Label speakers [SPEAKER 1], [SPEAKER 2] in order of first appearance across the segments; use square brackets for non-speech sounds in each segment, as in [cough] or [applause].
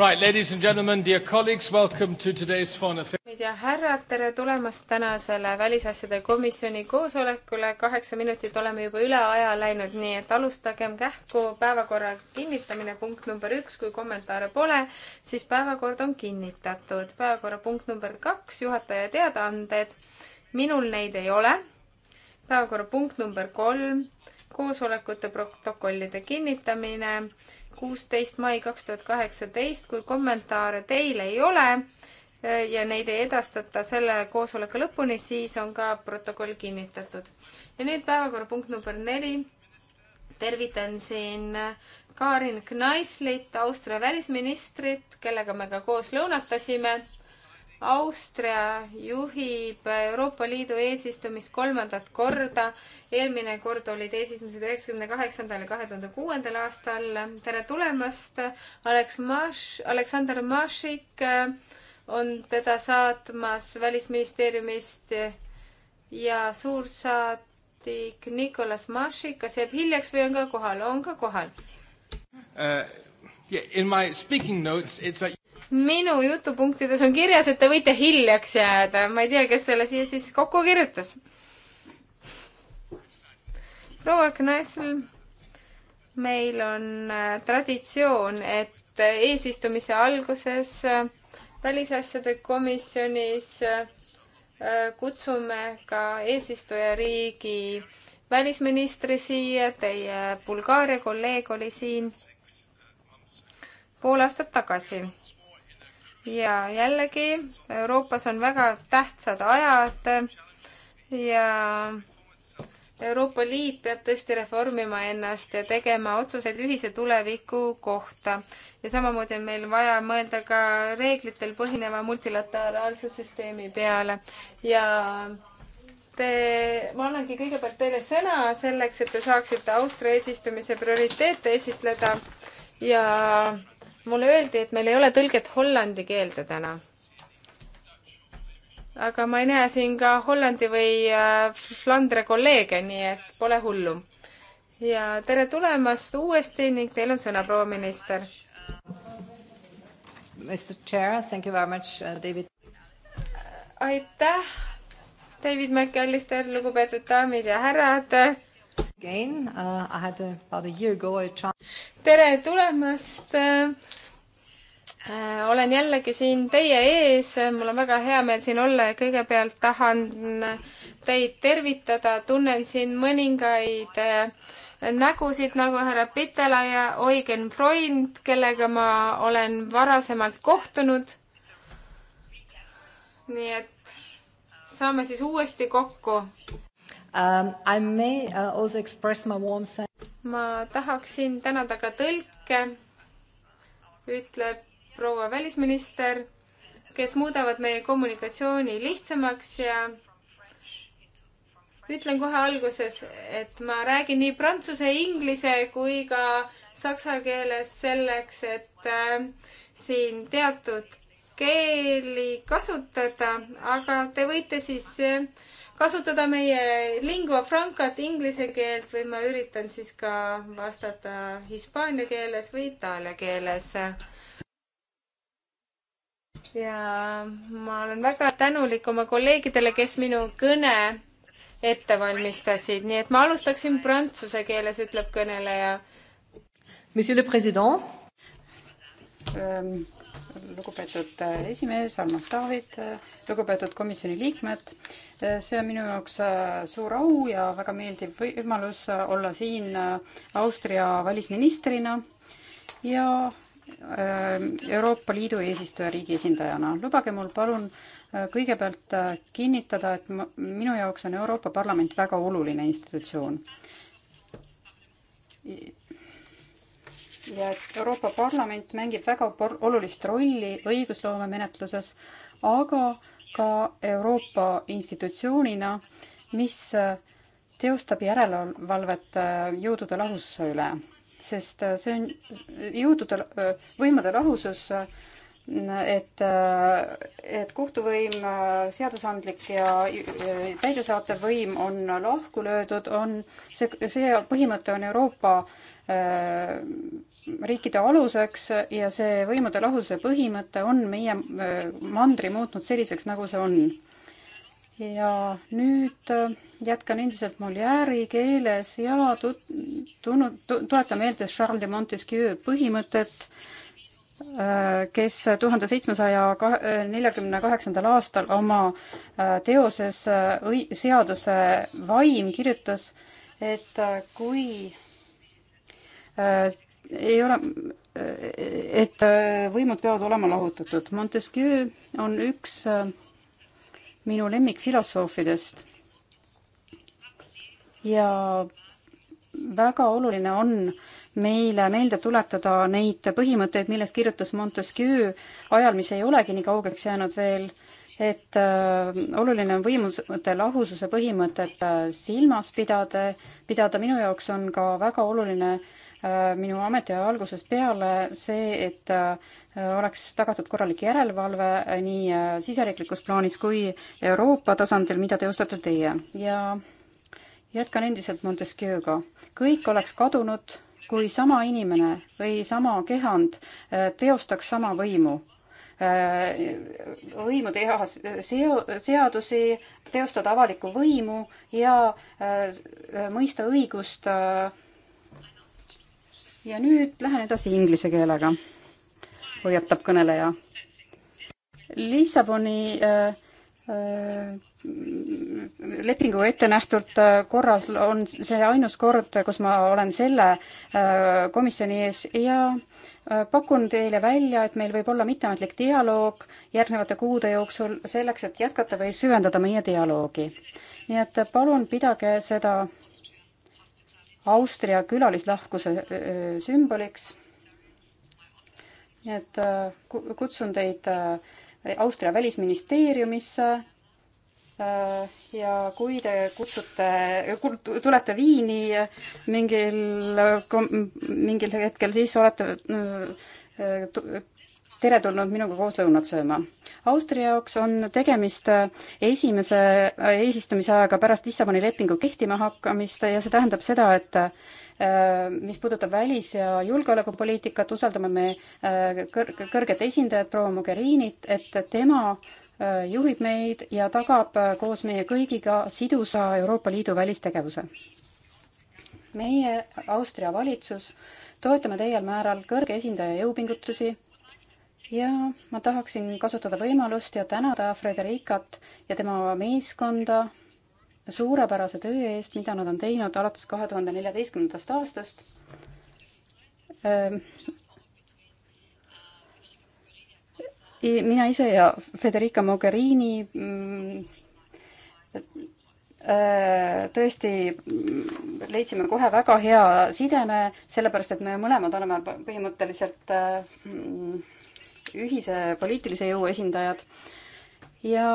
[SPEAKER 1] Right, ladies and gentlemen, dear colleagues, welcome to today's foreign affairs.
[SPEAKER 2] ja härrad, tere tulemast tänasele välisasjade komisjoni koosolekule. kaheksa minutit oleme juba üle aja läinud, nii et alustagem kähku päevakorra kinnitamine, punkt number üks, kui kommentaare pole, siis päevakord on kinnitatud. päevakorrapunkt number kaks, juhataja teadaanded. minul neid ei ole. päevakorrapunkt number kolm, koosolekute protokollide kinnitamine kuusteist mai kaks tuhat kaheksateist, kui kommentaare teil ei ole eh, ja neid ei edastata selle koosoleku lõpuni, siis on ka protokoll kinnitatud. ja nüüd päevakorrapunkt number neli. tervitan siin eh, Karin Knaislit, Austria välisministrit, kellega me ka koos lõunatasime Austria juhib Euroopa Liidu eesistumist kolmandat korda. eelmine kord olid eesistumised üheksakümne kaheksandal ja kahe tuhande kuuendal aastal. tere tulemast, Aleks Maš, Aleksander Mašik äh, on teda saatmas Välisministeeriumist ja suursaadik Nikolas Mašik, kas jääb hiljaks või on ka kohal? on ka kohal
[SPEAKER 1] uh,. Yeah, in my speaking notes it's a
[SPEAKER 2] minu jutupunktides on kirjas, et te võite hiljaks jääda, ma ei tea, kes selle siia siis kokku kirjutas. proua Knäsl, meil on äh, traditsioon, et eesistumise alguses äh, välisasjade komisjonis äh, kutsume ka eesistujariigi välisministri siia, teie Bulgaaria kolleeg oli siin pool aastat tagasi ja jällegi, Euroopas on väga tähtsad ajad ja Euroopa Liit peab tõesti reformima ennast ja tegema otsuseid ühise tuleviku kohta. ja samamoodi on meil vaja mõelda ka reeglitel põhineva multilateraalse süsteemi peale ja te, ma annangi kõigepealt teile sõna selleks, et te saaksite Austria eesistumise prioriteete esitleda ja mulle öeldi, et meil ei ole tõlget hollandi keelde täna. aga ma ei näe siin ka Hollandi või äh, Flandre kolleege, nii et pole hullu. ja tere tulemast uuesti ning teil on sõna, proua minister. Mr Chair, thank you very much, uh, David. aitäh, David McAllister, lugupeetud daamid ja härrad Again, uh, I had a, about a year ago I tried... tere tulemast äh,! olen jällegi siin teie ees, mul on väga hea meel siin olla ja kõigepealt tahan teid tervitada, tunnen siin mõningaid äh, nägusid nagu härra Pitela ja Eugen Freund, kellega ma olen varasemalt kohtunud. nii et saame siis uuesti kokku Um, I may uh, also express my warm ma tahaksin tänada ka tõlke, ütleb proua välisminister, kes muudavad meie kommunikatsiooni lihtsamaks ja ütlen kohe alguses, et ma räägin nii prantsuse, inglise kui ka saksa keeles selleks, et äh, siin teatud keeli kasutada, aga te võite siis äh, kasutada meie lingua francat inglise keelt või ma üritan siis ka vastata hispaania keeles või itaalia keeles. ja ma olen väga tänulik oma kolleegidele, kes minu kõne ette valmistasid, nii et ma alustaksin prantsuse keeles, ütleb
[SPEAKER 3] kõneleja. Monsieur le Président, Ehm, lugupeetud äh, esimees, armas David, äh, lugupeetud komisjoni liikmed. Äh, see on minu jaoks suur au ja väga meeldiv võimalus olla siin Austria välisministrina ja Euroopa Liidu eesistujariigi esindajana. lubage mul palun kõigepealt kinnitada, et ma, minu jaoks on Euroopa Parlament väga oluline institutsioon ja et Euroopa Parlament mängib väga olulist rolli õigusloomemenetluses, aga ka Euroopa institutsioonina, mis äh, teostab järelevalvet äh, jõudude lahususe üle, sest äh, see on jõudude, võimude lahusus, et, et kohtuvõim, seadusandlik ja täidesaatev võim on lahku löödud, on see, see põhimõte on Euroopa riikide aluseks ja see võimude lahususe põhimõte on meie äh, mandri muutnud selliseks, nagu see on. ja nüüd äh, jätkan endiselt Molieri keeles ja tut-, tunnud, tuletan meelde Charles de Montesquieu põhimõtet, äh, kes tuhande seitsmesaja neljakümne kaheksandal aastal oma teoses õi-, seaduse vaim kirjutas, et kui ei ole, et võimud peavad olema lahutatud. Montesquieu on üks äh, minu lemmikfilosoofidest ja väga oluline on meile meelde tuletada neid põhimõtteid, millest kirjutas Montesquieu ajal, mis ei olegi nii kaugeks jäänud veel, et äh, oluline on võimude lahususe põhimõtet äh, silmas pidada, pidada, minu jaoks on ka väga oluline äh, Äh, minu ametiaja algusest peale see, et äh, oleks tagatud korralik järelevalve äh, nii siseriiklikus plaanis kui Euroopa tasandil, mida teostate teie. ja jätkan endiselt Montesquieu'ga. kõik oleks kadunud, kui sama inimene või sama kehand teostaks sama võimu võimu teha seo-, seadusi, teostada avalikku võimu ja mõista õigust ja nüüd lähen edasi inglise keelega, hoiatab kõneleja. Lissaboni äh, äh lepingu ette nähtud äh, korras on see ainus kord, kus ma olen selle äh, komisjoni ees ja pakun teile välja, et meil võib olla mitteametlik dialoog järgnevate kuude jooksul selleks, et jätkata või süvendada meie dialoogi. nii et palun pidage seda Austria külalislahkuse äh, äh, sümboliks. nii et äh, kutsun teid Austria välisministeeriumisse ja kui te kutsute, tulete Viini mingil, mingil hetkel, siis olete teretulnud minuga koos lõunat sööma. Austria jaoks on tegemist esimese eesistumise ajaga pärast Lissaboni lepingu kehtima hakkamist ja see tähendab seda, et äh, mis puudutab välis- ja julgeolekupoliitikat, usaldame me äh, kõr-, kõrget esindajat proua Mogherinit, et tema äh, juhib meid ja tagab koos meie kõigiga sidusa Euroopa Liidu välistegevuse. meie Austria valitsus toetame täiel määral kõrge esindaja jõupingutusi ja ma tahaksin kasutada võimalust ja tänada Fredericat ja tema meeskonda suurepärase töö eest, mida nad on teinud alates kahe tuhande neljateistkümnendast aastast ähm.. mina ise ja Federica Mogherini mm, äh, tõesti mm, leidsime kohe väga hea sideme, sellepärast et me mõlemad oleme põhimõtteliselt äh, mm, ühise poliitilise jõu esindajad. ja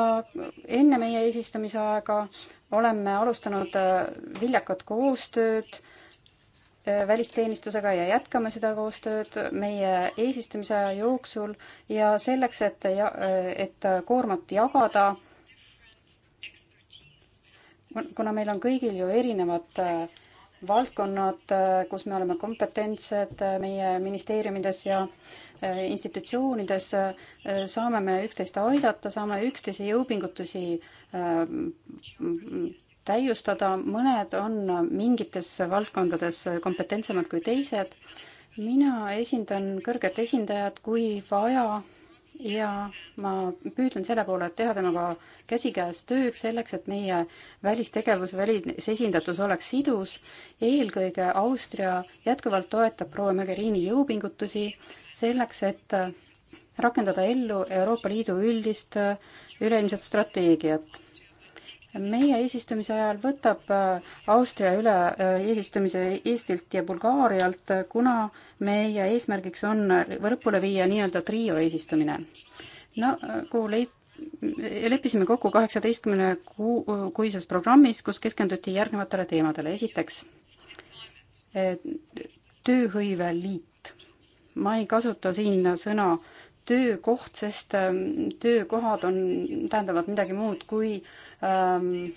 [SPEAKER 3] enne meie eesistumise aega oleme alustanud äh, viljakat koostööd äh, välisteenistusega ja jätkame seda koostööd meie eesistumise aja jooksul ja selleks, et, äh, et koormat jagada, kuna meil on kõigil ju erinevad valdkonnad, kus me oleme kompetentsed meie ministeeriumides ja institutsioonides äh, saame me üksteist aidata, saame üksteise jõupingutusi äh, täiustada, mõned on mingites valdkondades kompetentsemad kui teised. mina esindan kõrget esindajat, kui vaja ja ma püüdlen selle poole, et teha temaga käsikäes tööd selleks, et meie välistegevus, välisesindatus oleks sidus. eelkõige Austria jätkuvalt toetab proua Mögerini jõupingutusi selleks, et rakendada ellu Euroopa Liidu üldist üleilmset strateegiat meie eesistumise ajal võtab äh, Austria üle äh, eesistumise Eestilt ja Bulgaarialt, äh, kuna meie eesmärgiks on lõpule viia nii-öelda trio eesistumine. nagu leit-, leppisime kokku kaheksateistkümne kuu, kuises programmis, kus keskenduti järgnevatele teemadele. esiteks, tööhõiveliit. ma ei kasuta siin sõna töökoht, sest töökohad on, tähendavad midagi muud kui äh, Ähm,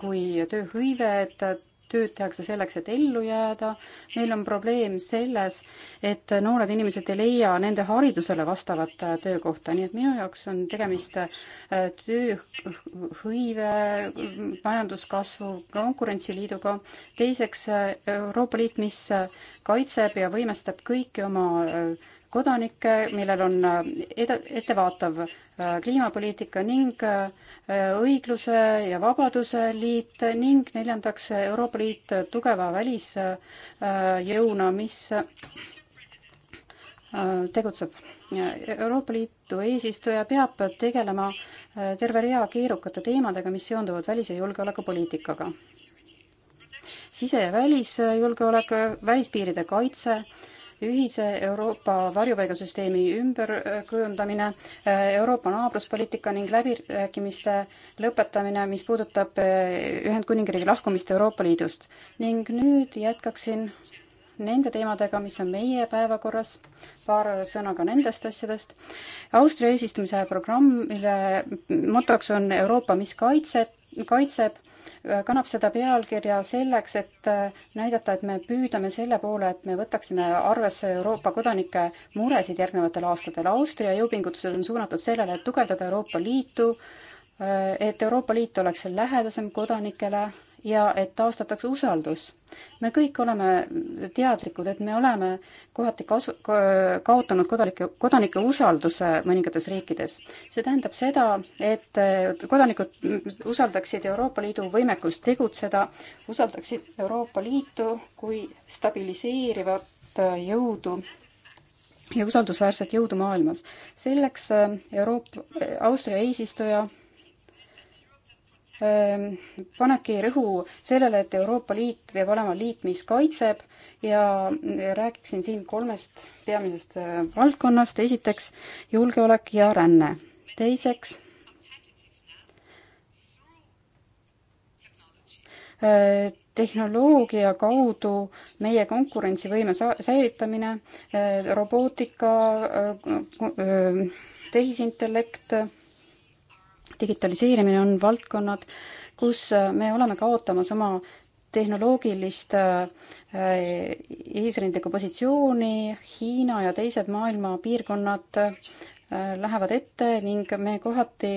[SPEAKER 3] kui tööhõive, et tööd tehakse selleks, et ellu jääda. meil on probleem selles, et noored inimesed ei leia nende haridusele vastavat äh, töökohta, nii et minu jaoks on tegemist äh, tööhõive, majanduskasvu, konkurentsiliiduga. teiseks äh, Euroopa Liit, mis kaitseb ja võimestab kõiki oma kodanikke, millel on eda-, ettevaatav kliimapoliitika ning äh, õigluse ja vabaduse liit ning neljandaks Euroopa Liit tugeva välisjõuna, mis äh, tegutseb. Euroopa Liidu eesistuja peab tegelema äh, terve rea keerukate teemadega, mis seonduvad välis- ja julgeolekupoliitikaga sise- ja välisjulgeolek, välispiiride kaitse, ühise Euroopa varjupaigasüsteemi ümberkujundamine, Euroopa naabruspoliitika ning läbirääkimiste lõpetamine, mis puudutab eh, Ühendkuningriigi lahkumist Euroopa Liidust. ning nüüd jätkaksin nende teemadega, mis on meie päevakorras, paar sõna ka nendest asjadest. Austria eesistumise programmile motoks on Euroopa, mis kaitse, kaitseb Äh, kannab seda pealkirja selleks, et äh, näidata, et me püüdleme selle poole, et me võtaksime arvesse Euroopa kodanike muresid järgnevatel aastatel. Austria jõupingutused on suunatud sellele, et tugevdada Euroopa Liitu, äh, et Euroopa Liit oleks lähedasem kodanikele ja et taastatakse usaldus. me kõik oleme teadlikud, et me oleme kohati kasu- ka,, kaotanud kodanike, kodanike usalduse mõningates riikides. see tähendab seda, et kodanikud usaldaksid Euroopa Liidu võimekust tegutseda, usaldaksid Euroopa Liitu kui stabiliseerivat jõudu ja usaldusväärset jõudu maailmas. selleks Euroopa, Austria eesistuja panebki rõhu sellele, et Euroopa Liit peab olema liit, mis kaitseb ja räägiksin siin kolmest peamisest valdkonnast. esiteks julgeolek ja ränne. teiseks tehnoloogia kaudu meie konkurentsivõime säilitamine, robootika, tehisintellekt digitaliseerimine on valdkonnad, kus äh, me oleme kaotamas oma tehnoloogilist äh, eesrindlikku positsiooni, Hiina ja teised maailma piirkonnad äh, lähevad ette ning me kohati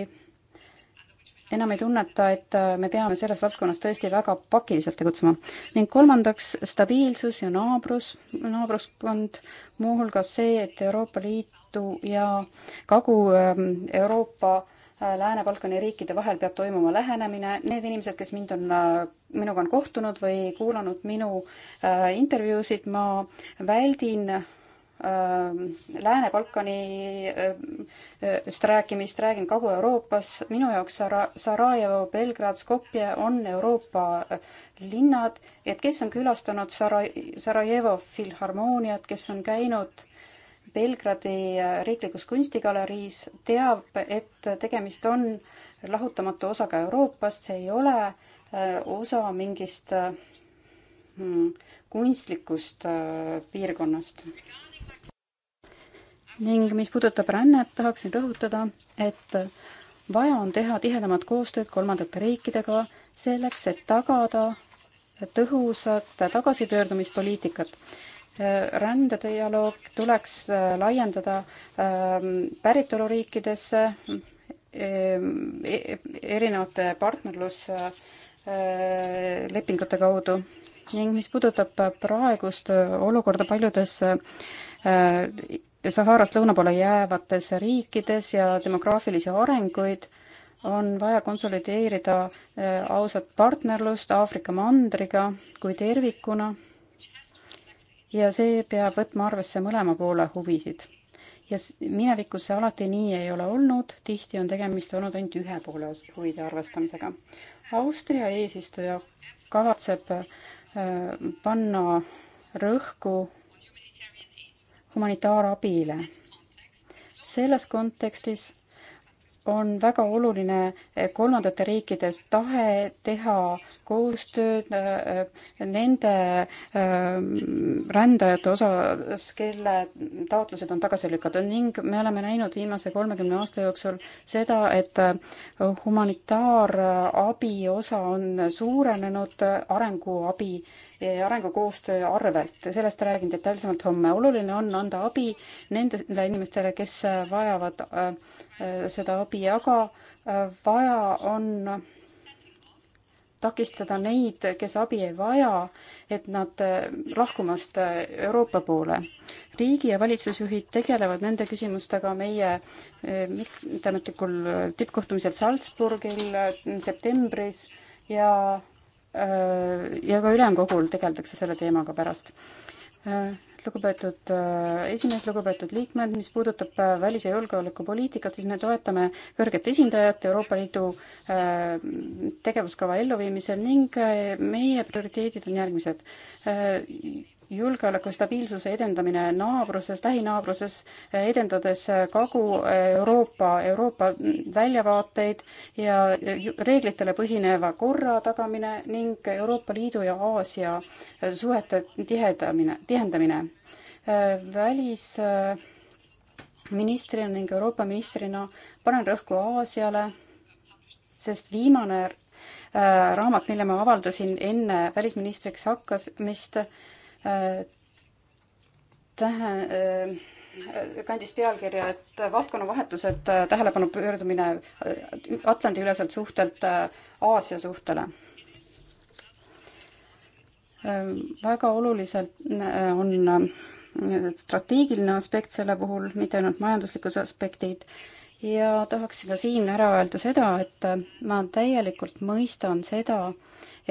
[SPEAKER 3] enam ei tunneta, et me peame selles valdkonnas tõesti väga pakiliselt tegutsema. ning kolmandaks, stabiilsus ja naabrus, naabruskond, muuhulgas see, et Euroopa Liitu ja Kagu-Euroopa ähm, Äh, Lääne-Balkani riikide vahel peab toimuma lähenemine, need inimesed, kes mind on, äh, minuga on kohtunud või kuulanud minu äh, intervjuusid, ma väldin äh, Lääne-Balkanist äh, äh rääkimist, räägin Kagu-Euroopas, minu jaoks Sara-, Sarajevo, Belgrad, Skopje on Euroopa linnad, et kes on külastanud Sara-, Sarajevo filharmooniat, kes on käinud Belgradi äh, riiklikus kunstigaleriis, teab, et tegemist on lahutamatu osaga Euroopast, see ei ole äh, osa mingist äh, mm, kunstlikust piirkonnast. ning mis puudutab rännet, tahaksin rõhutada, et vaja on teha tihedamat koostööd kolmandate riikidega selleks, et tagada tõhusat tagasipöördumispoliitikat rändedialoog tuleks äh, laiendada ähm, päritoluriikidesse ähm, e, erinevate partnerluslepingute äh, kaudu ning mis puudutab praegust äh, olukorda paljudes Saharast lõuna poole jäävates riikides ja demograafilisi arenguid, on vaja konsolideerida ausat partnerlust Aafrika mandriga kui tervikuna ja see peab võtma arvesse mõlema poole huvisid. ja minevikus see alati nii ei ole olnud, tihti on tegemist olnud ainult ühe poole huvide arvestamisega. Austria eesistuja kavatseb äh, panna rõhku humanitaarabile. selles kontekstis on väga oluline eh, kolmandate riikide tahe teha koostööd eh, nende eh, rändajate osas, kelle taotlused on tagasi lükatud ning me oleme näinud viimase kolmekümne aasta jooksul seda, et humanitaarabi osa on suurenenud arenguabi arengukoostöö arvelt, sellest räägin detailsemalt homme. oluline on anda abi nendele inimestele, kes vajavad äh, Äh, seda abi, aga äh, vaja on takistada neid, kes abi ei vaja, et nad äh, lahkumast Euroopa poole. riigi ja valitsusjuhid tegelevad nende küsimustega meie mitteametlikul tippkohtumisel Salzburgil septembris ja ja ka ülemkogul tegeldakse selle teemaga pärast lugupeetud äh, esimees, lugupeetud liikmed, mis puudutab äh, välis- ja julgeolekupoliitikat, siis me toetame kõrget esindajat Euroopa Liidu äh, tegevuskava elluviimisel ning meie prioriteedid on järgmised julgeoleku stabiilsuse edendamine naabruses, lähinaabruses, edendades Kagu-Euroopa, Euroopa väljavaateid ja reeglitele põhineva korra tagamine ning Euroopa Liidu ja Aasia suhete tihedamine, tihendamine välisministrina ning Euroopa ministrina panen rõhku Aasiale, sest viimane äh, raamat, mille ma avaldasin enne välisministriks hakkamist, äh, tähe-, äh, kandis pealkirja, et valdkonnavahetused, tähelepanu pöördumine Atlandi-üleselt suhtelt Aasia suhtele. väga oluliselt on strateegiline aspekt selle puhul, mitte ainult majanduslikud aspektid, ja tahaksin ka siin ära öelda seda, et ma täielikult mõistan seda,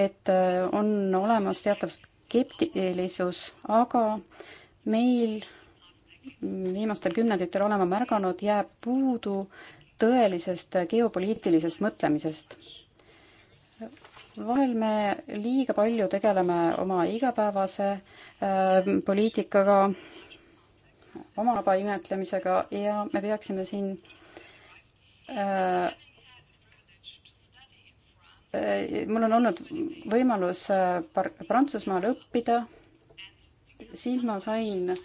[SPEAKER 3] et on olemas teatav skeptilisus, aga meil viimastel kümnenditel olema märganud, jääb puudu tõelisest geopoliitilisest mõtlemisest vahel me liiga palju tegeleme oma igapäevase äh, poliitikaga, oma laba imetlemisega ja me peaksime siin äh, äh, mul on olnud võimalus äh, Prantsusmaal õppida, siis ma sain äh,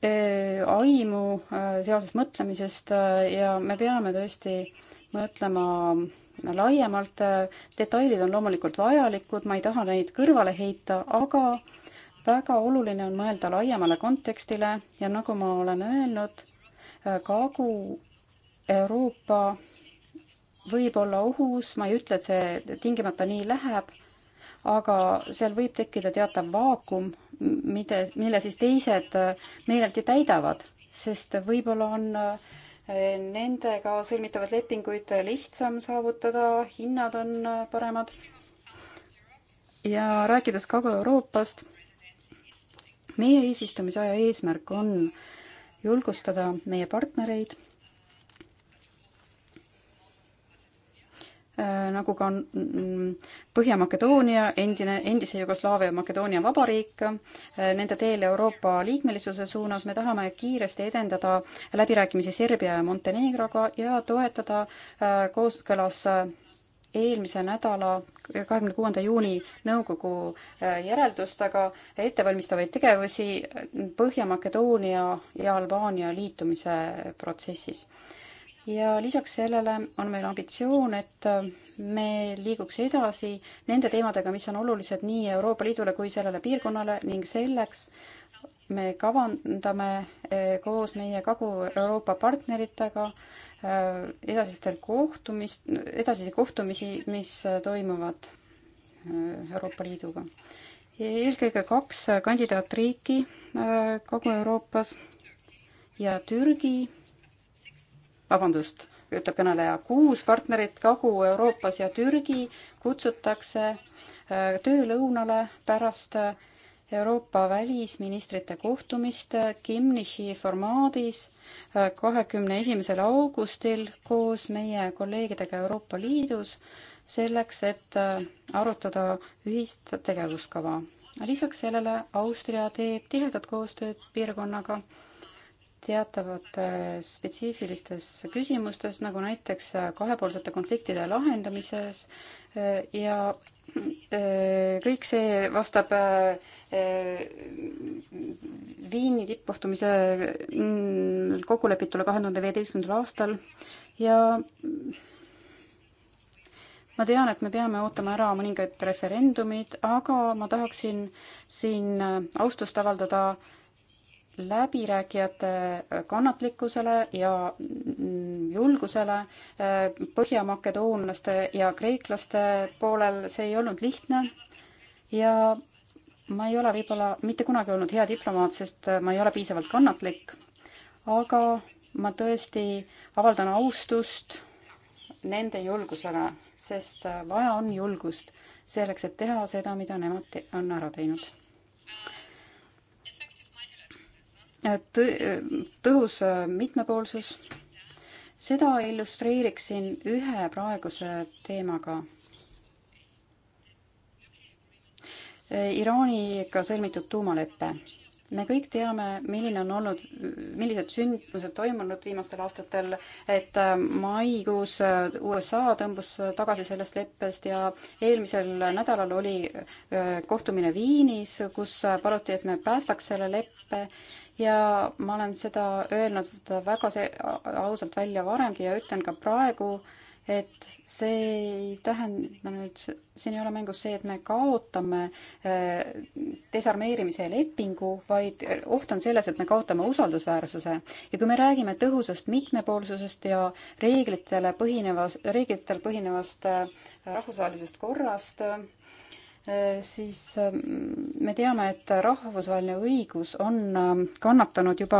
[SPEAKER 3] Eh, aimu eh, sealsest mõtlemisest eh, ja me peame tõesti mõtlema laiemalt. detailid on loomulikult vajalikud, ma ei taha neid kõrvale heita, aga väga oluline on mõelda laiemale kontekstile ja nagu ma olen öelnud, Kagu-Euroopa võib olla ohus, ma ei ütle, et see tingimata nii läheb, aga seal võib tekkida teatav vaakum mida, mille siis teised äh, meeleldi täidavad, sest võib-olla on äh, nendega sõlmitavaid lepinguid lihtsam saavutada, hinnad on äh, paremad. ja rääkides Kagu-Euroopast, meie eesistumisaja eesmärk on julgustada meie partnereid Äh, nagu ka mm, Põhja-Makedoonia, endine, endise Jugoslaavia Makedoonia vabariik, äh, nende teel Euroopa liikmelisuse suunas me tahame kiiresti edendada läbirääkimisi Serbia ja Montenegroga ja toetada äh, kooskõlas eelmise nädala, kahekümne kuuenda juuni nõukogu järeldustega ettevalmistavaid tegevusi Põhja-Makedoonia ja Albaania liitumise protsessis ja lisaks sellele on meil ambitsioon, et me liiguks edasi nende teemadega, mis on olulised nii Euroopa Liidule kui sellele piirkonnale ning selleks me kavandame eh, koos meie Kagu-Euroopa partneritega eh, edasistel kohtumist, edasisi kohtumisi, mis eh, toimuvad Euroopa Liiduga. eelkõige kaks kandidaatriiki Kagu-Euroopas ja Türgi vabandust, ütleb kõneleja, kuus partnerit Kagu-Euroopas ja Türgi kutsutakse äh, töölõunale pärast äh, Euroopa välisministrite kohtumist äh, Kimnichi formaadis kahekümne esimesel augustil koos meie kolleegidega Euroopa Liidus selleks, et arutada ühist tegevuskava. lisaks sellele Austria teeb tihedat koostööd piirkonnaga teatavates spetsiifilistes küsimustes, nagu näiteks kahepoolsete konfliktide lahendamises eh, ja eh, kõik see vastab eh, Viini tippkohtumise mm, kokkulepitule kahe tuhande viieteistkümnendal aastal ja ma tean, et me peame ootama ära mõningaid referendumid, aga ma tahaksin siin austust avaldada äh, läbirääkijate äh, kannatlikkusele ja mm, julgusele äh, põhjamakedoonlaste ja kreeklaste poolel, see ei olnud lihtne ja ma ei ole võib-olla mitte kunagi olnud hea diplomaat, sest äh, ma ei ole piisavalt kannatlik, aga ma tõesti avaldan austust nende julgusele, sest vaja on julgust selleks, et teha seda, mida nemad on ära teinud tõhus äh, mitmepoolsus. seda illustreeriksin ühe praeguse teemaga. Äh, Iraaniga sõlmitud tuumalepe. me kõik teame, milline on olnud, millised sündmused toimunud viimastel aastatel, et äh, maikuus USA tõmbus tagasi sellest leppest ja eelmisel nädalal oli kohtumine Viinis, kus paluti, et me päästaks selle leppe ja ma olen seda öelnud väga see, ausalt välja varemgi ja ütlen ka praegu, et see ei tähenda nüüd, siin ei ole mängus see, et me kaotame äh, desarmeerimise lepingu, vaid äh, oht on selles, et me kaotame usaldusväärsuse. ja kui me räägime tõhusast mitmepoolsusest ja reeglitele põhinevast, reeglitel põhinevast äh, rahvusvahelisest korrast, Äh, siis ähm, me teame, et rahvusvaheline õigus on ähm, kannatanud juba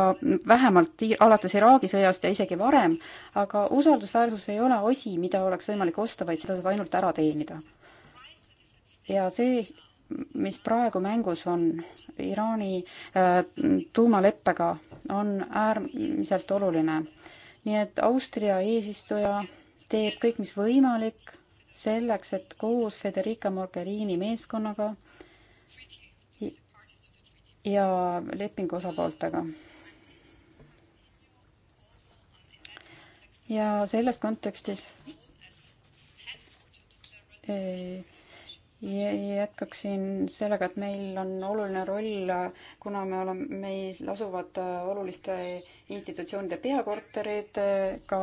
[SPEAKER 3] vähemalt alates Iraagi sõjast ja isegi varem, aga usaldusväärsus ei ole asi, mida oleks võimalik osta, vaid seda saab ainult ära teenida. ja see, mis praegu mängus on Iraani äh, tuumaleppega, on äärmiselt oluline. nii et Austria eesistuja teeb kõik, mis võimalik selleks, et koos Federica Mogherini meeskonnaga ja lepingu osapooltega. ja selles kontekstis eh, jätkaksin sellega, et meil on oluline roll, kuna me oleme, meil asuvad äh, oluliste institutsioonide peakorterid, äh, ka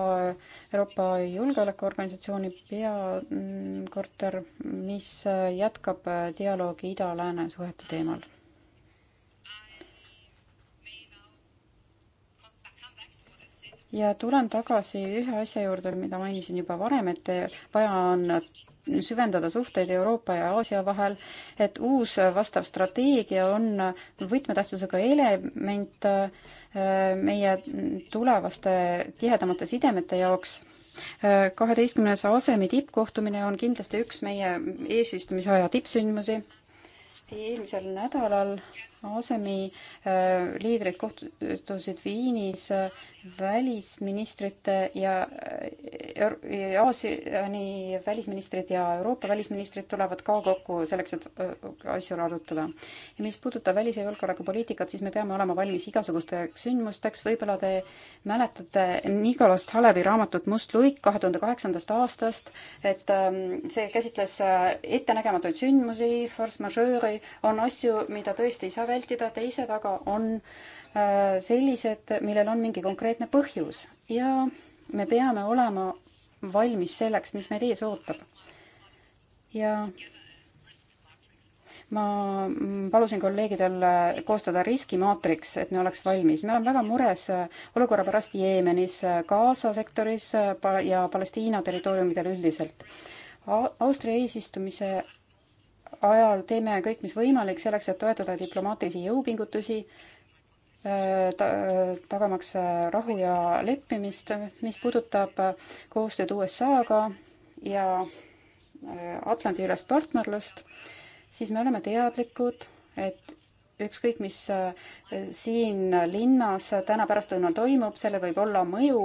[SPEAKER 3] Euroopa Julgeolekuorganisatsiooni peakorter, mis äh, jätkab dialoogi ida-lääne suhete teemal. ja tulen tagasi ühe asja juurde, mida mainisin juba varem, et vaja on süvendada suhteid Euroopa ja Aasia vahel, et uus vastav strateegia on võtmetähtsusega element äh, meie tulevaste tihedamate sidemete jaoks äh, kaheteistkümnes ASEMi tippkohtumine on kindlasti üks meie eesistumise aja tippsündmusi. eelmisel nädalal ASEMi äh, liidrid kohtusid Viinis välisministrite äh, ja Aasiani välisministrid ja Euroopa välisministrid tulevad ka kokku selleks, et äh, asju arutada. ja mis puudutab välis- ja julgeolekupoliitikat, siis me peame olema valmis igasugusteks sündmusteks, võib-olla te mäletate Nicolas Talevi raamatut Must luik kahe tuhande kaheksandast aastast, et ähm, see käsitles äh, ettenägematuid sündmusi, force majeure'i, on asju, mida tõesti ei saa vältida, teised aga on äh, Äh, sellised, millel on mingi konkreetne põhjus ja me peame olema valmis selleks, mis meid ees ootab. ja ma palusin kolleegidel äh, koostada riskimaatriks, et me oleks valmis. me oleme väga mures äh, olukorra pärast Jeemenis, Gaza sektoris ja Palestiina territooriumidel üldiselt. Austria eesistumise ajal teeme kõik, mis võimalik selleks, et toetada diplomaatilisi jõupingutusi Äh, ta-, äh, tagamaks äh, rahu ja leppimist, mis puudutab koostööd USA-ga ja Atlandi-ülest partnerlust, siis me oleme teadlikud, et ükskõik, mis siin linnas täna pärastlõunal toimub, sellel võib olla mõju,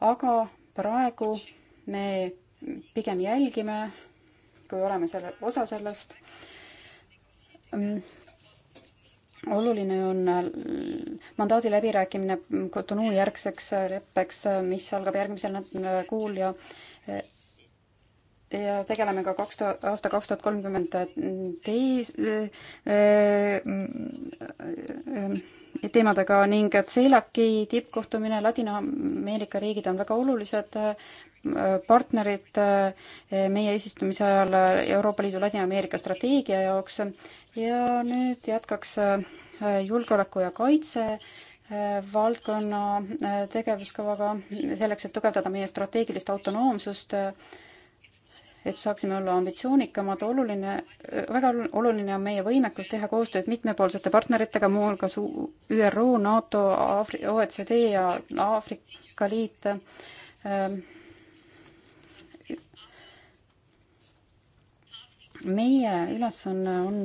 [SPEAKER 3] aga praegu me pigem jälgime, kui oleme selle, osa sellest. Mm oluline on äh, mandaadi läbirääkimine Cotonou järgseks äh, leppeks, äh, mis algab järgmisel kuul ja ja tegeleme ka kaks tuhat, aasta kaks tuhat kolmkümmend teis- mm, teemadega ning CELAC-i tippkohtumine, Ladina-Ameerika riigid on väga olulised partnerid eh, meie eesistumise ajal Euroopa Liidu Ladina-Ameerika strateegia jaoks ja nüüd jätkaks eh, julgeoleku ja kaitse eh, valdkonna tegevuskavaga selleks, et tugevdada meie strateegilist autonoomsust, et saaksime olla ambitsioonikamad, oluline, väga oluline on meie võimekus teha koostööd mitmepoolsete partneritega, muuhulgas ÜRO, NATO, Aafri-, OECD ja Aafrika Liit ähm, meie ülesanne on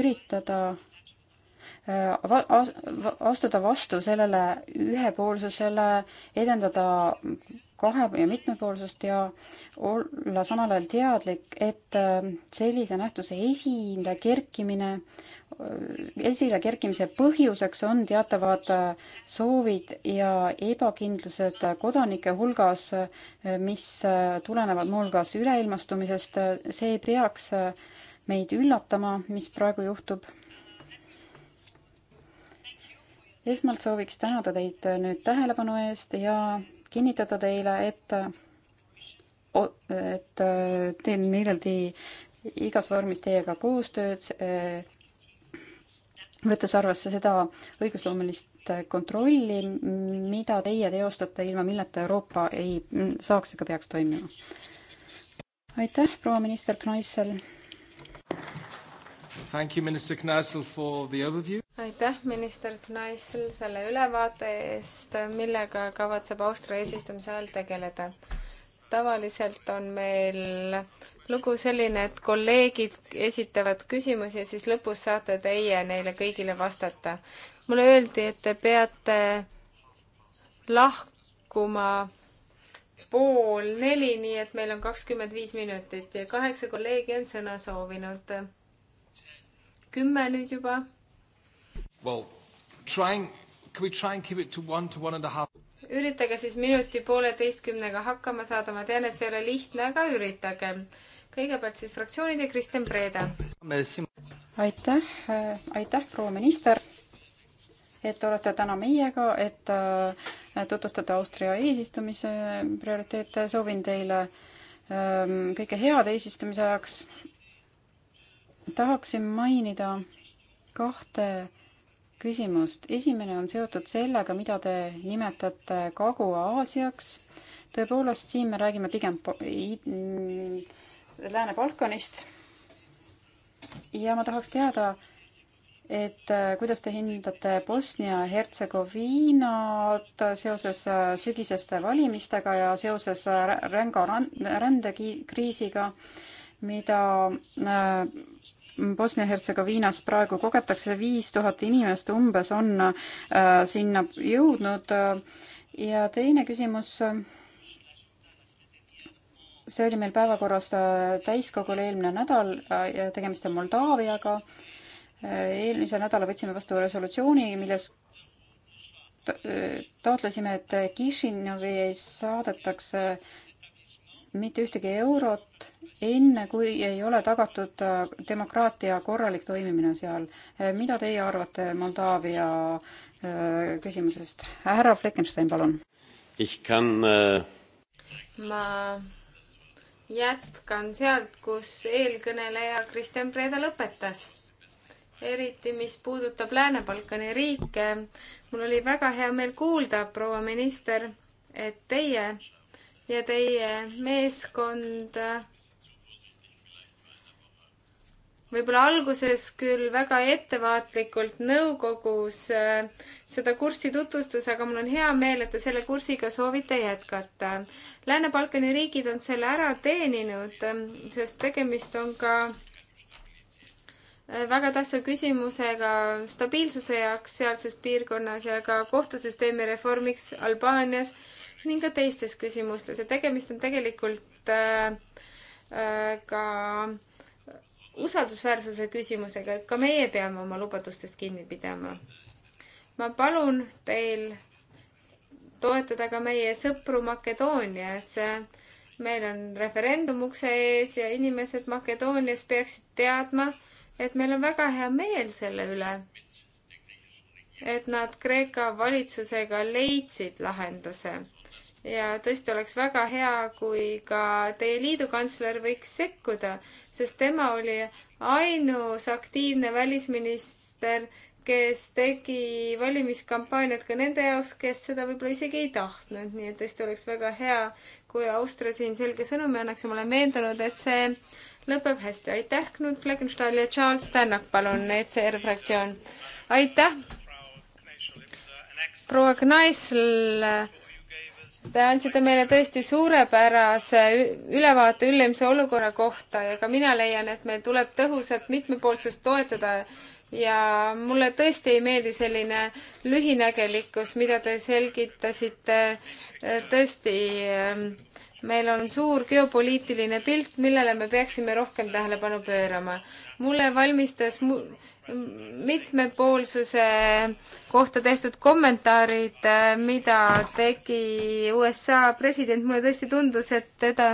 [SPEAKER 3] üritada äh, astuda vastu sellele ühepoolsusele, edendada kahe- ja mitmepoolsust ja olla samal ajal teadlik, et äh, sellise nähtuse esile kerkimine, äh, esile kerkimise põhjuseks on teatavad äh, soovid ja ebakindlused kodanike hulgas, mis tulenevad muuhulgas üleilmastumisest, see peaks meid üllatama, mis praegu juhtub esmalt sooviks tänada teid nüüd tähelepanu eest ja kinnitada teile, et et äh, teen meeleldi igas vormis teiega koostööd, äh, võttes arvesse seda õigusloomelist kontrolli, mida teie teostate, ilma milleta Euroopa ei mm, saaks ega peaks toimima. aitäh, proua minister Kneissel!
[SPEAKER 1] Thank you, minister Kneisel,
[SPEAKER 4] for the overview.
[SPEAKER 2] aitäh, minister Kneisel, selle ülevaate eest, millega kavatseb Austria eesistumise ajal tegeleda. tavaliselt on meil lugu selline, et kolleegid esitavad küsimusi ja siis lõpus saate teie neile kõigile vastata. mulle öeldi, et te peate lahkuma pool neli, nii et meil on kakskümmend viis minutit ja kaheksa kolleegi on sõna soovinud kümme nüüd juba.
[SPEAKER 1] Well, trying, can we try and keep it to one to one and a half?
[SPEAKER 2] üritage siis minuti pooleteistkümnega hakkama saada, ma tean, et see ei ole lihtne, aga üritage. kõigepealt siis fraktsioonide Kristjan Preeda.
[SPEAKER 3] aitäh, äh, aitäh, proua minister, et olete täna meiega, et äh, tutvustate Austria eesistumise prioriteete, soovin teile ähm, kõike head eesistumise ajaks tahaksin mainida kahte küsimust. esimene on seotud sellega, mida te nimetate Kagu-Aasiaks. tõepoolest, siin me räägime pigem mm, Lääne-Balkanist. ja ma tahaks teada, et äh, kuidas te hindate Bosnia-Hertsegoviinat seoses äh, sügiseste valimistega ja seoses äh, ränga rändekriisiga, mida Bosnia-Hertsegoviinas praegu kogetakse, viis tuhat inimest umbes on äh, sinna jõudnud. ja teine küsimus, see oli meil päevakorras äh, täiskogul eelmine nädal äh, ja tegemist on Moldaaviaga. eelmisel nädalal võtsime vastu resolutsiooni, milles taotlesime, et Kišinjovi saadetakse mitte ühtegi eurot, enne kui ei ole tagatud äh, demokraatia korralik toimimine seal. Äh, mida teie arvate Moldaavia äh, küsimusest? härra Fleckenstein, palun. Äh... ma
[SPEAKER 2] jätkan sealt, kus eelkõneleja Kristjan Preda lõpetas. eriti, mis puudutab Lääne-Balkani riike. mul oli väga hea meel kuulda, proua minister, et teie ja teie meeskond võib-olla alguses küll väga ettevaatlikult nõukogus äh, seda kurssi tutvustus, aga mul on hea meel, et te selle kursiga soovite jätkata. Lääne-Balkani riigid on selle ära teeninud, äh, sest tegemist on ka äh, väga tähtsa küsimusega stabiilsuse jaoks sealses piirkonnas ja ka kohtusüsteemi reformiks Albaanias ning ka teistes küsimustes ja tegemist on tegelikult äh, äh, ka usaldusväärsuse küsimusega, ka meie peame oma lubadustest kinni pidama. ma palun teil toetada ka meie sõpru Makedoonias. meil on referendum ukse ees ja inimesed Makedoonias peaksid teadma, et meil on väga hea meel selle üle, et nad Kreeka valitsusega leidsid lahenduse ja tõesti oleks väga hea, kui ka teie liidukantsler võiks sekkuda, sest tema oli ainus aktiivne välisminister, kes tegi valimiskampaaniat ka nende jaoks, kes seda võib-olla isegi ei tahtnud, nii et tõesti oleks väga hea, kui Austria siin selge sõnumi annaks ja ma olen veendunud, et see lõpeb hästi. aitäh, Knut Fleckenstahl ja Charles Tannak, palun, ECR fraktsioon. aitäh! proua Knaisl Te andsite meile tõesti suurepärase ülevaate ülemise olukorra kohta ja ka mina leian, et meil tuleb tõhusat mitmepoolsust toetada ja mulle tõesti ei meeldi selline lühinägelikkus, mida te selgitasite. tõesti, ehm, meil on suur geopoliitiline pilt, millele me peaksime rohkem tähelepanu pöörama. mulle valmistas mu mitmepoolsuse kohta tehtud kommentaarid, mida tegi USA president, mulle tõesti tundus, et teda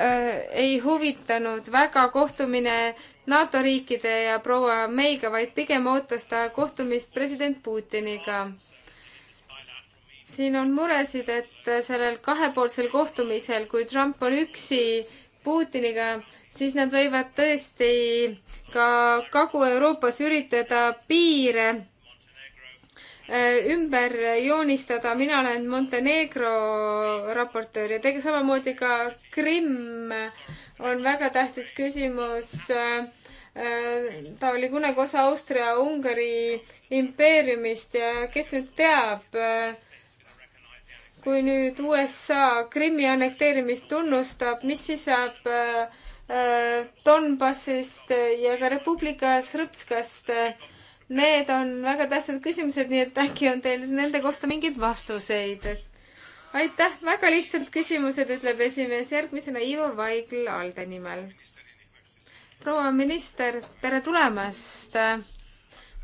[SPEAKER 2] äh, ei huvitanud väga kohtumine NATO riikide ja proua Meiga, vaid pigem ootas ta kohtumist president Putiniga. siin on muresid, et sellel kahepoolsel kohtumisel, kui Trump on üksi Putiniga, siis nad võivad tõesti ka Kagu-Euroopas üritada piire äh, ümber joonistada, mina olen Montenegro raportöör ja tegelikult samamoodi ka Krimm on väga tähtis küsimus. Äh, äh, ta oli kunagi osa Austria-Ungari impeeriumist ja kes nüüd teab, kui nüüd USA Krimmi annekteerimist tunnustab, mis siis saab äh, Äh, Donbassist äh, ja ka Republika Srpskast. Äh, need on väga tähtsad küsimused, nii et äkki on teil nende kohta mingeid vastuseid? aitäh, väga lihtsad küsimused, ütleb esimees, järgmisena Ivo Vaigl ALDE nimel. proua minister, tere tulemast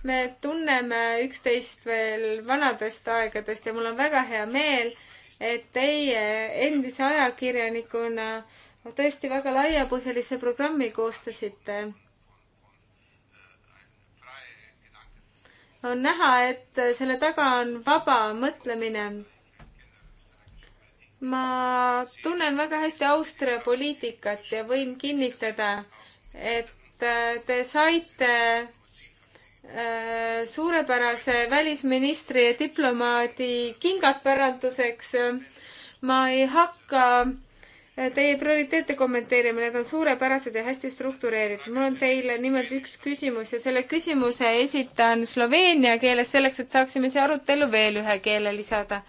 [SPEAKER 2] me tunneme üksteist veel vanadest aegadest ja mul on väga hea meel, et teie endise ajakirjanikuna äh, tõesti väga laiapõhjalise programmi koostasite. on näha, et selle taga on vaba mõtlemine. ma tunnen väga hästi Austria poliitikat ja võin kinnitada, et te saite äh, suurepärase välisministri ja diplomaadi kingad päranduseks. ma ei hakka äh, Teie prioriteete kommenteerima, need on suurepärased ja hästi struktureeritud. mul on teile nimelt üks küsimus ja selle küsimuse esitan sloveenia keeles selleks, et saaksime siia arutellu veel ühe keele lisada.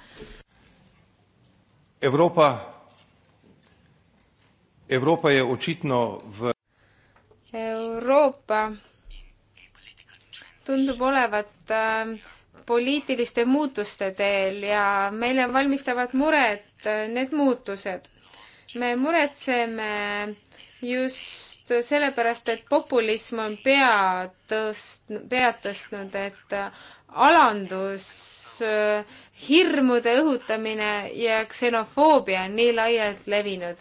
[SPEAKER 4] Euroopa,
[SPEAKER 1] Euroopa ja očitno v
[SPEAKER 2] Euroopa tundub olevat äh, poliitiliste muutuste teel ja meile valmistavad mured äh, need muutused me muretseme just sellepärast, et populism on pea tõst-, pead tõstnud, et alandus, äh, hirmude õhutamine ja ksenofoobia on nii laialt levinud.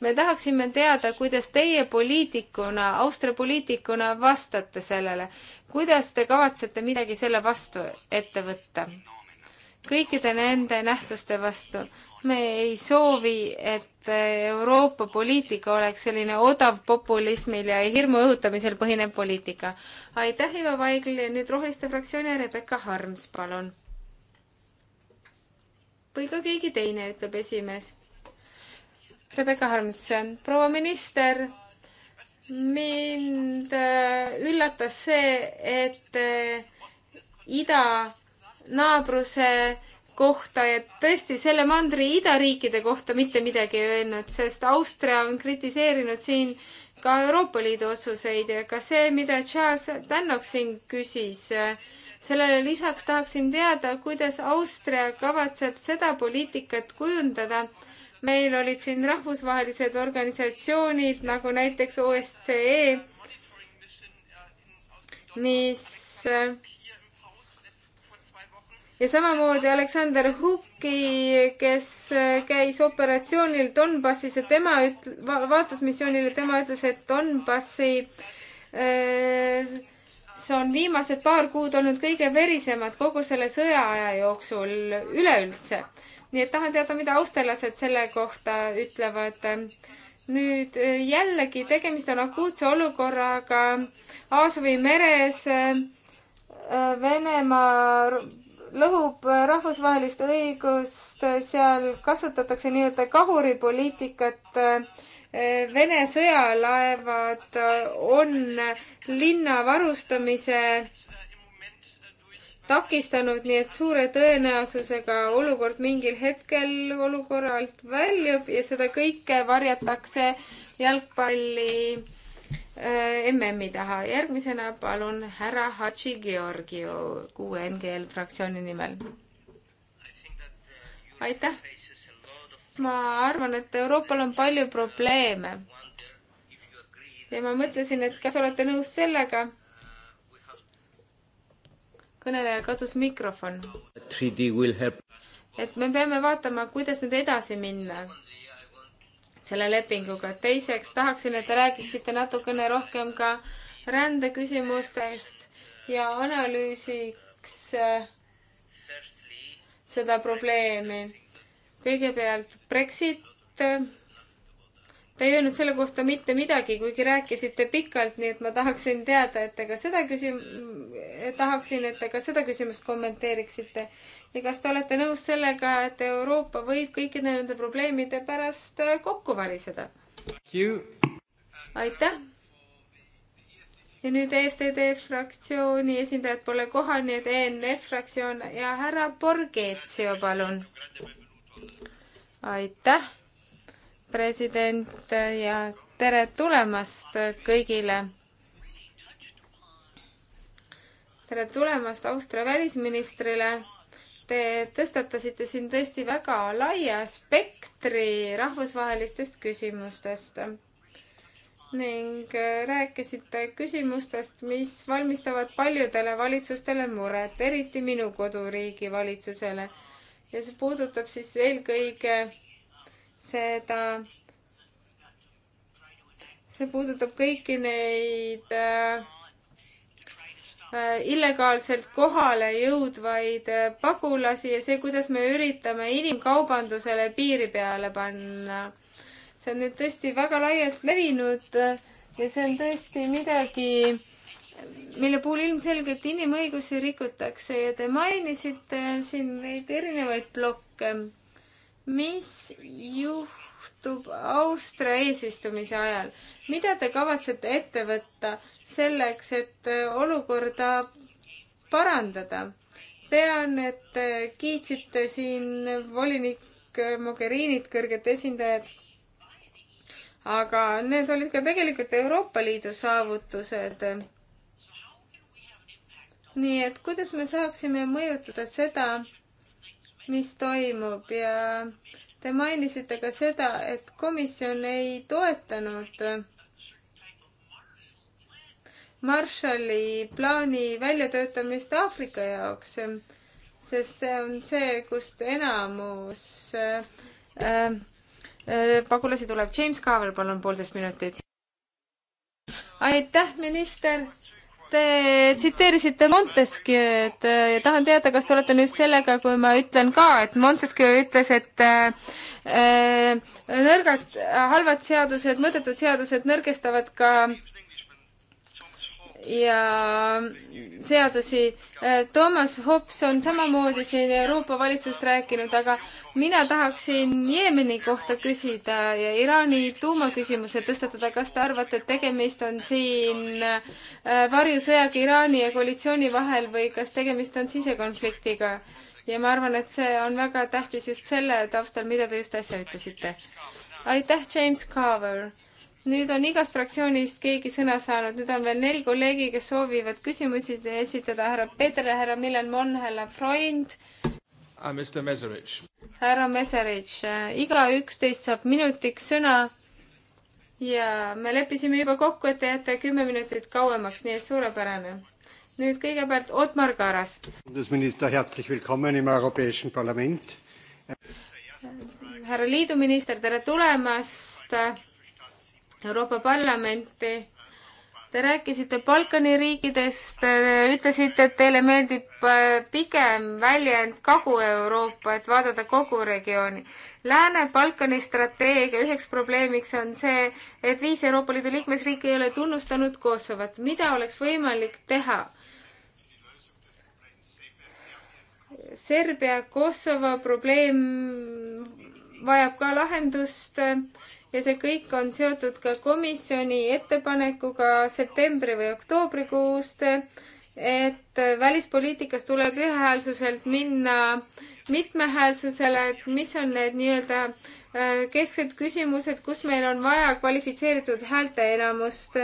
[SPEAKER 2] me tahaksime teada, kuidas teie poliitikuna, Austria poliitikuna vastate sellele. kuidas te kavatsete midagi selle vastu ette võtta? kõikide nende nähtuste vastu. me ei soovi, et Euroopa poliitika oleks selline odav populismil ja hirmu õhutamisel põhinev poliitika. aitäh, Ivo Vaigel ja nüüd Roheliste fraktsiooni Rebecca Harms, palun. või ka keegi teine, ütleb esimees. Rebecca Harms, proua minister, mind äh, üllatas see, et äh, idanaabruse kohta ja tõesti selle mandri idariikide kohta mitte midagi öelnud, sest Austria on kritiseerinud siin ka Euroopa Liidu otsuseid ja ka see, mida Charles Tannock siin küsis. sellele lisaks tahaksin teada, kuidas Austria kavatseb seda poliitikat kujundada. meil olid siin rahvusvahelised organisatsioonid nagu näiteks OSCE, mis ja samamoodi Aleksander Hukki, kes äh, käis operatsioonil Donbassis ja tema üt-, vaatlusmissioonil ja tema ütles, et Donbassi äh, see on viimased paar kuud olnud kõige verisemad kogu selle sõjaaja jooksul üleüldse. nii et tahan teada, mida austerlased selle kohta ütlevad nüüd äh, jällegi tegemist on akuutse olukorraga Aasovi meres Venemaa lõhub rahvusvahelist õigust, seal kasutatakse nii-öelda kahuripoliitikat. Vene sõjalaevad on linna varustamise takistanud, nii et suure tõenäosusega olukord mingil hetkel olukorralt väljub ja seda kõike varjatakse jalgpalli Äh, MM-i taha. järgmisena palun härra Hadži Georgiu QNGL fraktsiooni nimel. aitäh. ma arvan, et Euroopal on palju probleeme. ja ma mõtlesin, et kas olete nõus sellega? kõnelejal kadus mikrofon. et me peame vaatama, kuidas nüüd edasi minna selle lepinguga. teiseks tahaksin, et te räägiksite natukene rohkem ka rändeküsimustest ja analüüsiks äh, seda probleemi. kõigepealt Brexit Te ei öelnud selle kohta mitte midagi, kuigi rääkisite pikalt, nii et ma tahaksin teada, et te ka seda küsim-, tahaksin, et te ka seda küsimust kommenteeriksite. ja kas te olete nõus sellega, et Euroopa võib kõikide nende probleemide pärast äh, kokku variseda? aitäh! ja nüüd EFTD fraktsiooni esindajad pole kohal, nii et ENF fraktsioon ja härra Borgetsio, palun. aitäh president ja tere tulemast kõigile. tere tulemast Austria välisministrile. Te tõstatasite siin tõesti väga laia spektri rahvusvahelistest küsimustest ning rääkisite küsimustest, mis valmistavad paljudele valitsustele muret, eriti minu koduriigi valitsusele. ja see puudutab siis eelkõige seda, see puudutab kõiki neid äh, illegaalselt kohale jõudvaid äh, pagulasi ja see, kuidas me üritame inimkaubandusele piiri peale panna. see on nüüd tõesti väga laialt levinud äh, ja see on tõesti midagi, mille puhul ilmselgelt inimõigusi rikutakse ja te mainisite siin neid erinevaid blokke mis juhtub Austria eesistumise ajal? mida te kavatsete ette võtta selleks, et äh, olukorda parandada? tean, et te äh, kiitsite siin volinik äh, Mogherinit, kõrget esindajat, aga need olid ka tegelikult Euroopa Liidu saavutused nii et kuidas me saaksime mõjutada seda, mis toimub ja te mainisite ka seda, et komisjon ei toetanud Marshalli plaani väljatöötamist Aafrika jaoks, sest see on see, kust enamus äh, äh, pagulasi tuleb. James Carver, palun poolteist minutit. aitäh, minister Te tsiteerisite Montesquieu'd eh, ja tahan teada, kas te olete nüüd sellega, kui ma ütlen ka, et Montesquieu ütles, et äh, nõrgad, halvad seadused, mõttetud seadused nõrgestavad ka äh, ja seadusi. Äh, Toomas Hops on samamoodi siin Euroopa valitsust rääkinud, aga mina tahaksin Jeemeni kohta küsida ja Iraani tuumaküsimuse tõstatada. kas te arvate, et tegemist on siin äh, varjusõjaga Iraani ja koalitsiooni vahel või kas tegemist on sisekonfliktiga? ja ma arvan, et see on väga tähtis just selle taustal, mida te just äsja ütlesite. aitäh, James Carver nüüd on igast fraktsioonist keegi sõna saanud, nüüd on veel neli kolleegi, kes soovivad küsimusi esitada, härra Peeter, härra Milen Mon, härra Freund. Ah, härra Meserich, äh, igaüks teist saab minutiks sõna. ja me leppisime juba kokku, et te jääte kümme minutit kauemaks, nii et suurepärane. nüüd kõigepealt Otmar Karas. härra liiduminister, tere tulemast Euroopa Parlamenti. Te rääkisite Balkani riikidest, ütlesite, et teile meeldib äh, pigem väljend Kagu-Euroopa, et vaadata kogu regiooni. Lääne-Balkani strateegia üheks probleemiks on see, et viis Euroopa Liidu liikmesriiki ei ole tunnustanud Kosovot. mida oleks võimalik teha? Serbia-Kosovo probleem vajab ka lahendust ja see kõik on seotud ka komisjoni ettepanekuga septembri või oktoobrikuust, et välispoliitikas tuleb ühehäälsuselt minna mitmehäälsusele, et mis on need nii-öelda äh, kesksed küsimused, kus meil on vaja kvalifitseeritud häälteenamust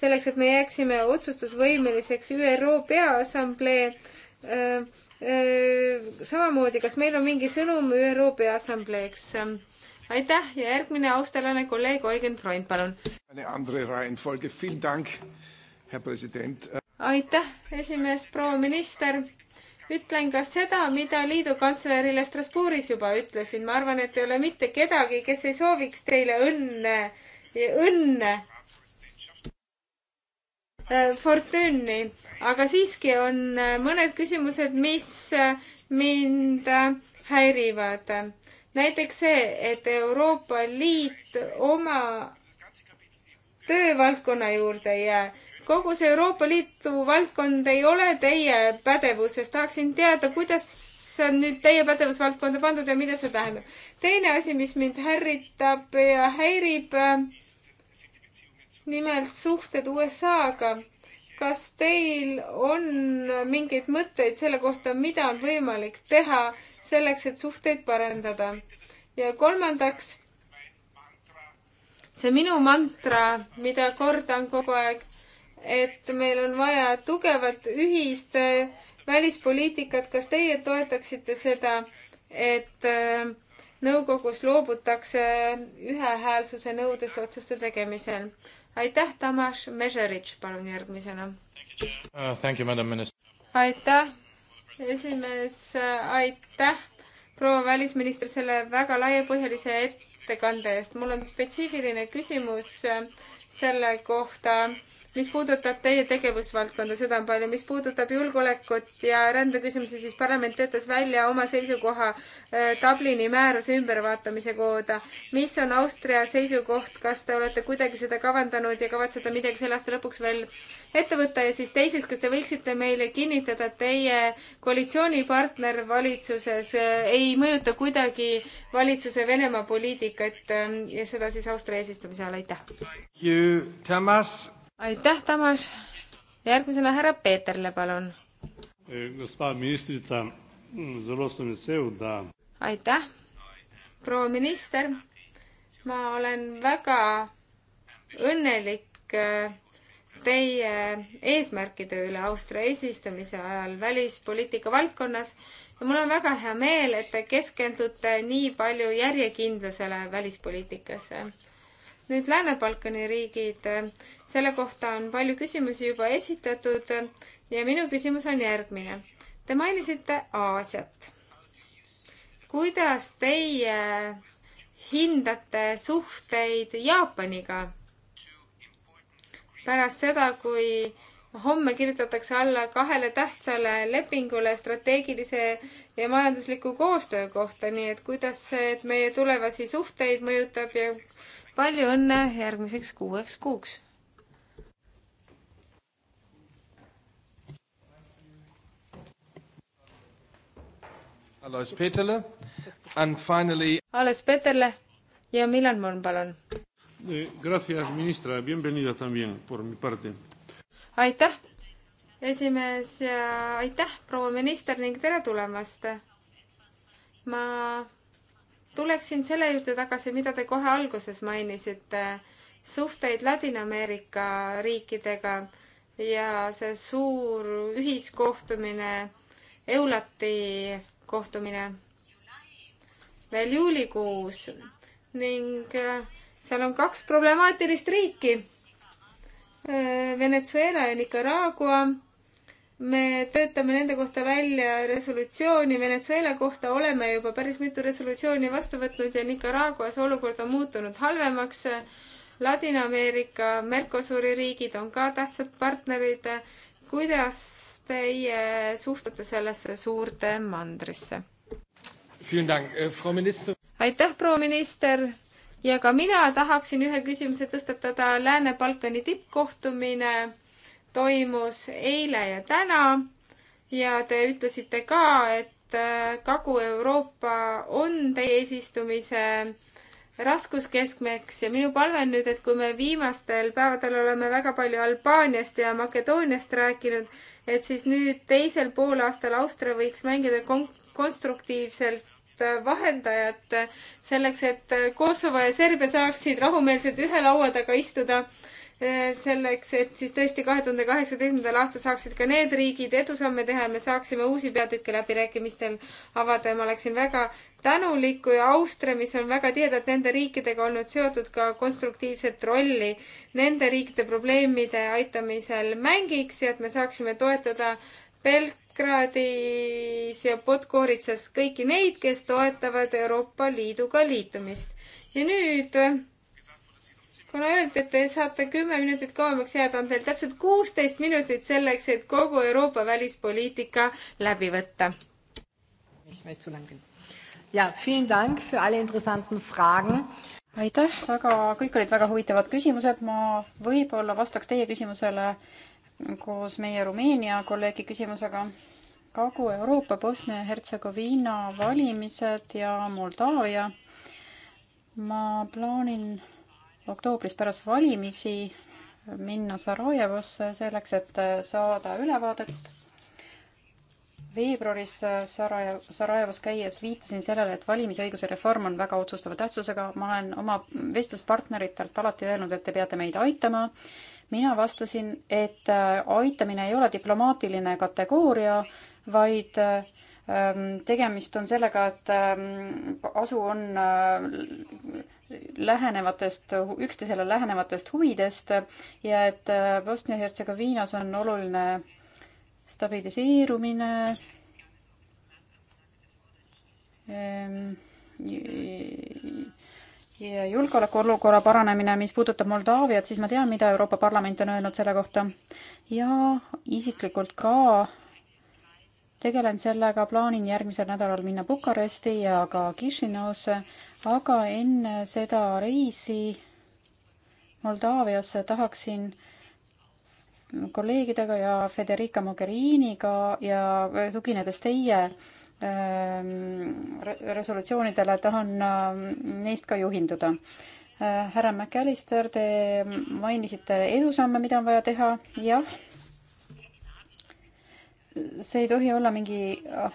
[SPEAKER 2] selleks, et me jääksime otsustusvõimeliseks ÜRO Peaassamblee äh, äh, samamoodi, kas meil on mingi sõnum ÜRO Peaassambleeks? aitäh ja järgmine austerlane kolleeg Eugen Freund, palun. aitäh, esimees, proua minister. ütlen ka seda, mida liidu kantslerile Strasbourgis juba ütlesin. ma arvan, et ei ole mitte kedagi, kes ei sooviks teile õnne, õnne äh, fortüüni, aga siiski on äh, mõned küsimused, mis äh, mind häirivad näiteks see, et Euroopa Liit oma töövaldkonna juurde ei jää. kogu see Euroopa Liitu valdkond ei ole teie pädevuses. tahaksin teada, kuidas see on nüüd teie pädevusvaldkonda pandud ja mida see tähendab. teine asi, mis mind ärritab ja häirib, äh, nimelt suhted USA-ga kas teil on mingeid mõtteid selle kohta, mida on võimalik teha selleks, et suhteid parandada? ja kolmandaks, see minu mantra, mida kordan kogu aeg, et meil on vaja tugevat ühist välispoliitikat, kas teie toetaksite seda, et äh, nõukogus loobutakse ühehäälsuse nõudest otsuste tegemisel? aitäh, Tamas Mežerich, palun järgmisena.
[SPEAKER 1] Uh,
[SPEAKER 2] aitäh, esimees, aitäh, proua välisminister, selle väga laiapõhjalise ettekande eest. mul on spetsiifiline küsimus selle kohta mis puudutab teie tegevusvaldkonda, seda on palju, mis puudutab julgeolekut ja rändeküsimusi, siis parlament töötas välja oma seisukoha äh, Dublini määruse ümbervaatamise kohta. mis on Austria seisukoht, kas te olete kuidagi seda kavandanud ja kavatsete midagi selle aasta lõpuks veel ette võtta ja siis teiseks, kas te võiksite meile kinnitada, et teie koalitsioonipartner valitsuses äh, ei mõjuta kuidagi valitsuse Venemaa poliitikat ähm, ja seda siis Austria eesistumise all, aitäh! Tamas aitäh, Tamas. järgmisena härra Peeterle, palun. aitäh, proua minister. ma olen väga õnnelik äh, teie eesmärkide üle Austria eesistumise ajal välispoliitika valdkonnas ja mul on väga hea meel, et te keskendute nii palju järjekindlusele välispoliitikasse nüüd Lääne-Balkani riigid, selle kohta on palju küsimusi juba esitatud ja minu küsimus on järgmine. Te mainisite Aasiat. kuidas teie hindate suhteid Jaapaniga pärast seda, kui homme kirjutatakse alla kahele tähtsale lepingule strateegilise ja majandusliku koostöö kohta, nii et kuidas see meie tulevasi suhteid mõjutab ja palju õnne järgmiseks kuueks kuuks!
[SPEAKER 4] Alois Peterle and finally
[SPEAKER 2] Alois Peterle ja Milan Mon, palun!
[SPEAKER 4] Eh, gracias, ministra, bienvenida también por mi parte.
[SPEAKER 2] aitäh, esimees ja aitäh, proua minister ning tere tulemast! ma tuleksin selle juurde tagasi, mida te kohe alguses mainisite, suhteid Ladina-Ameerika riikidega ja see suur ühiskohtumine, EULAT-i kohtumine veel juulikuus ning äh, seal on kaks problemaatilist riiki. Äh, Venezuela ja Nicaragua me töötame nende kohta välja resolutsiooni Venezuela kohta, oleme juba päris mitu resolutsiooni vastu võtnud ja Nicaraguas olukord on muutunud halvemaks. Ladina-Ameerika, Mercosuri riigid on ka tähtsad partnerid. kuidas teie suhtute sellesse suurde mandrisse? Äh, aitäh, proua minister ja ka mina tahaksin ühe küsimuse tõstatada, Lääne-Balkani tippkohtumine toimus eile ja täna ja te ütlesite ka, et äh, Kagu-Euroopa on teie eesistumise raskuskeskmeks ja minu palve on nüüd, et kui me viimastel päevadel oleme väga palju Albaaniast ja Makedooniast rääkinud, et siis nüüd teisel poolaastal Austria võiks mängida kon-, konstruktiivselt äh, vahendajat selleks, et äh, Kosovo ja Serbia saaksid rahumeelselt ühe laua taga istuda Eh, selleks, et siis tõesti kahe tuhande kaheksateistkümnendal aastal saaksid ka need riigid edusamme teha ja me saaksime uusi peatükke läbirääkimistel avada ja ma oleksin väga tänulik, kui Austria, mis on väga tihedalt nende riikidega olnud seotud, ka konstruktiivset rolli nende riikide probleemide aitamisel mängiks ja et me saaksime toetada Belgradis ja Podgoritsas kõiki neid, kes toetavad Euroopa Liiduga liitumist. ja nüüd kuna öeldi, et te saate kümme minutit kauemaks jääda, on teil täpselt kuusteist minutit selleks, et kogu Euroopa välispoliitika läbi võtta.
[SPEAKER 3] aitäh, väga, kõik olid väga huvitavad küsimused, ma võib-olla vastaks teie küsimusele koos meie Rumeenia kolleegi küsimusega. Kagu-Euroopa, Bosnia-Hertsegoviina valimised ja Moldaavia. ma plaanin oktoobris pärast valimisi minna Sarajevosse selleks, et äh, saada ülevaadet. veebruaris äh, Sarajev, Sarajevos käies viitasin sellele, et valimisõiguse reform on väga otsustava tähtsusega. ma olen oma vestluspartneritelt alati öelnud, et te peate meid aitama. mina vastasin, et äh, aitamine ei ole diplomaatiline kategooria, vaid Ehm, tegemist on sellega, et kasu ehm, on äh, lähenevatest, üksteisele lähenevatest huvidest ja et äh, Bosnia-Hertsegoviinas on oluline stabiliseerumine ehm, ja julgeolekuolukorra paranemine, mis puudutab Moldaaviat, siis ma tean, mida Euroopa Parlament on öelnud selle kohta ja isiklikult ka tegelen sellega, plaanin järgmisel nädalal minna Bukaresti ja ka Kišinausse, aga enne seda reisi Moldaaviasse tahaksin kolleegidega ja Federica Mogheriniga ja tuginedes teie ähm, resolutsioonidele tahan ähm, neist ka juhinduda. Äh, härra McAllister, te mainisite edusamme, mida on vaja teha. jah see ei tohi olla mingi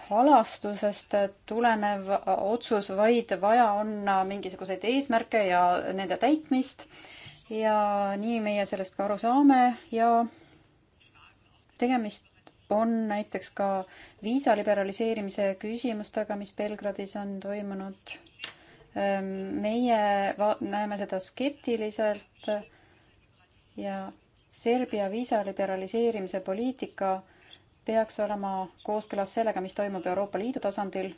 [SPEAKER 3] halastusest tulenev otsus, vaid vaja on mingisuguseid eesmärke ja nende täitmist. ja nii meie sellest ka aru saame ja tegemist on näiteks ka viisa liberaliseerimise küsimustega, mis Belgradis on toimunud. Ehm, meie näeme seda skeptiliselt ja Serbia viisa liberaliseerimise poliitika peaks olema kooskõlas sellega, mis toimub Euroopa Liidu tasandil.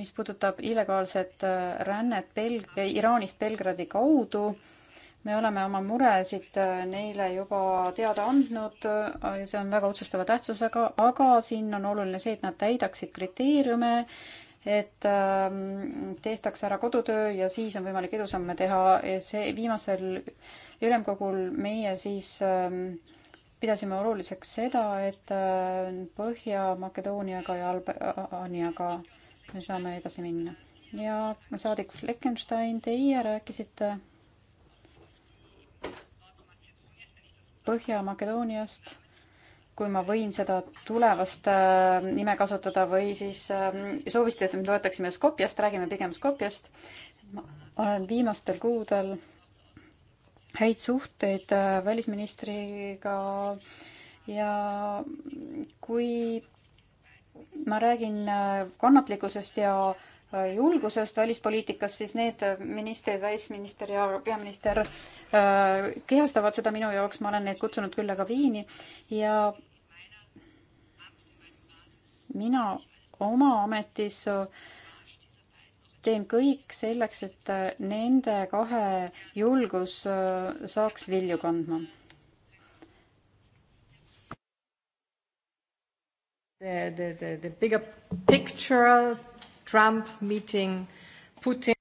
[SPEAKER 3] mis puudutab illegaalset äh, rännet Bel-, äh, Iraanist Belgradi kaudu, me oleme oma muresid äh, neile juba teada andnud ja see on väga otsustava tähtsusega, aga siin on oluline see, et nad täidaksid kriteeriume, et ähm, tehtakse ära kodutöö ja siis on võimalik edusamme teha. see viimasel ülemkogul meie siis ähm, pidasime oluliseks seda, et äh, Põhja-Makedooniaga ja Albaaniaga me saame edasi minna. ja saadik Fleckenstein, teie rääkisite Põhja-Makedooniast, kui ma võin seda tulevast äh, nime kasutada või siis äh, soovisite, et me toetaksime Skopjast, räägime pigem Skopjast. ma olen viimastel kuudel häid suhteid äh, välisministriga ja kui ma räägin äh, kannatlikkusest ja äh, julgusest välispoliitikas, siis need ministrid, välisminister ja peaminister kehastavad seda minu jaoks, ma olen neid kutsunud küll aga Viini ja mina oma ametis äh, teen kõik selleks, et nende kahe julgus äh, saaks vilju kandma. The, the,
[SPEAKER 1] the,
[SPEAKER 4] the bigger picture, Trump meeting Putin.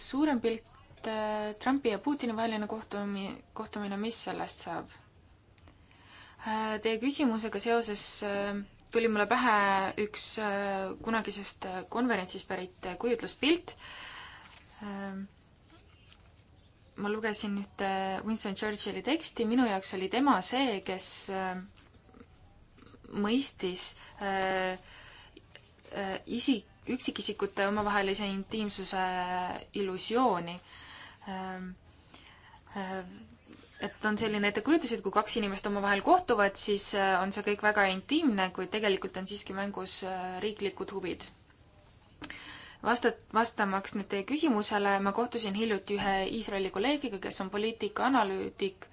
[SPEAKER 4] suurem pilt äh, Trumpi ja Putini vaheline kohtumi-, kohtumine, mis sellest saab? Äh, teie küsimusega seoses tuli mulle pähe üks äh, kunagisest äh, konverentsist pärit äh, kujutluspilt. ma lugesin ühte Winston Churchilli teksti, minu jaoks oli tema see, kes mõistis isik, üksikisikute omavahelise intiimsuse illusiooni et on selline ettekujutus, et kui kaks inimest omavahel kohtuvad, siis äh, on see kõik väga intiimne, kuid tegelikult on siiski mängus äh, riiklikud huvid. Vasta-, vastamaks nüüd teie küsimusele, ma kohtusin hiljuti ühe Iisraeli kolleegiga, kes on poliitikaanalüütik.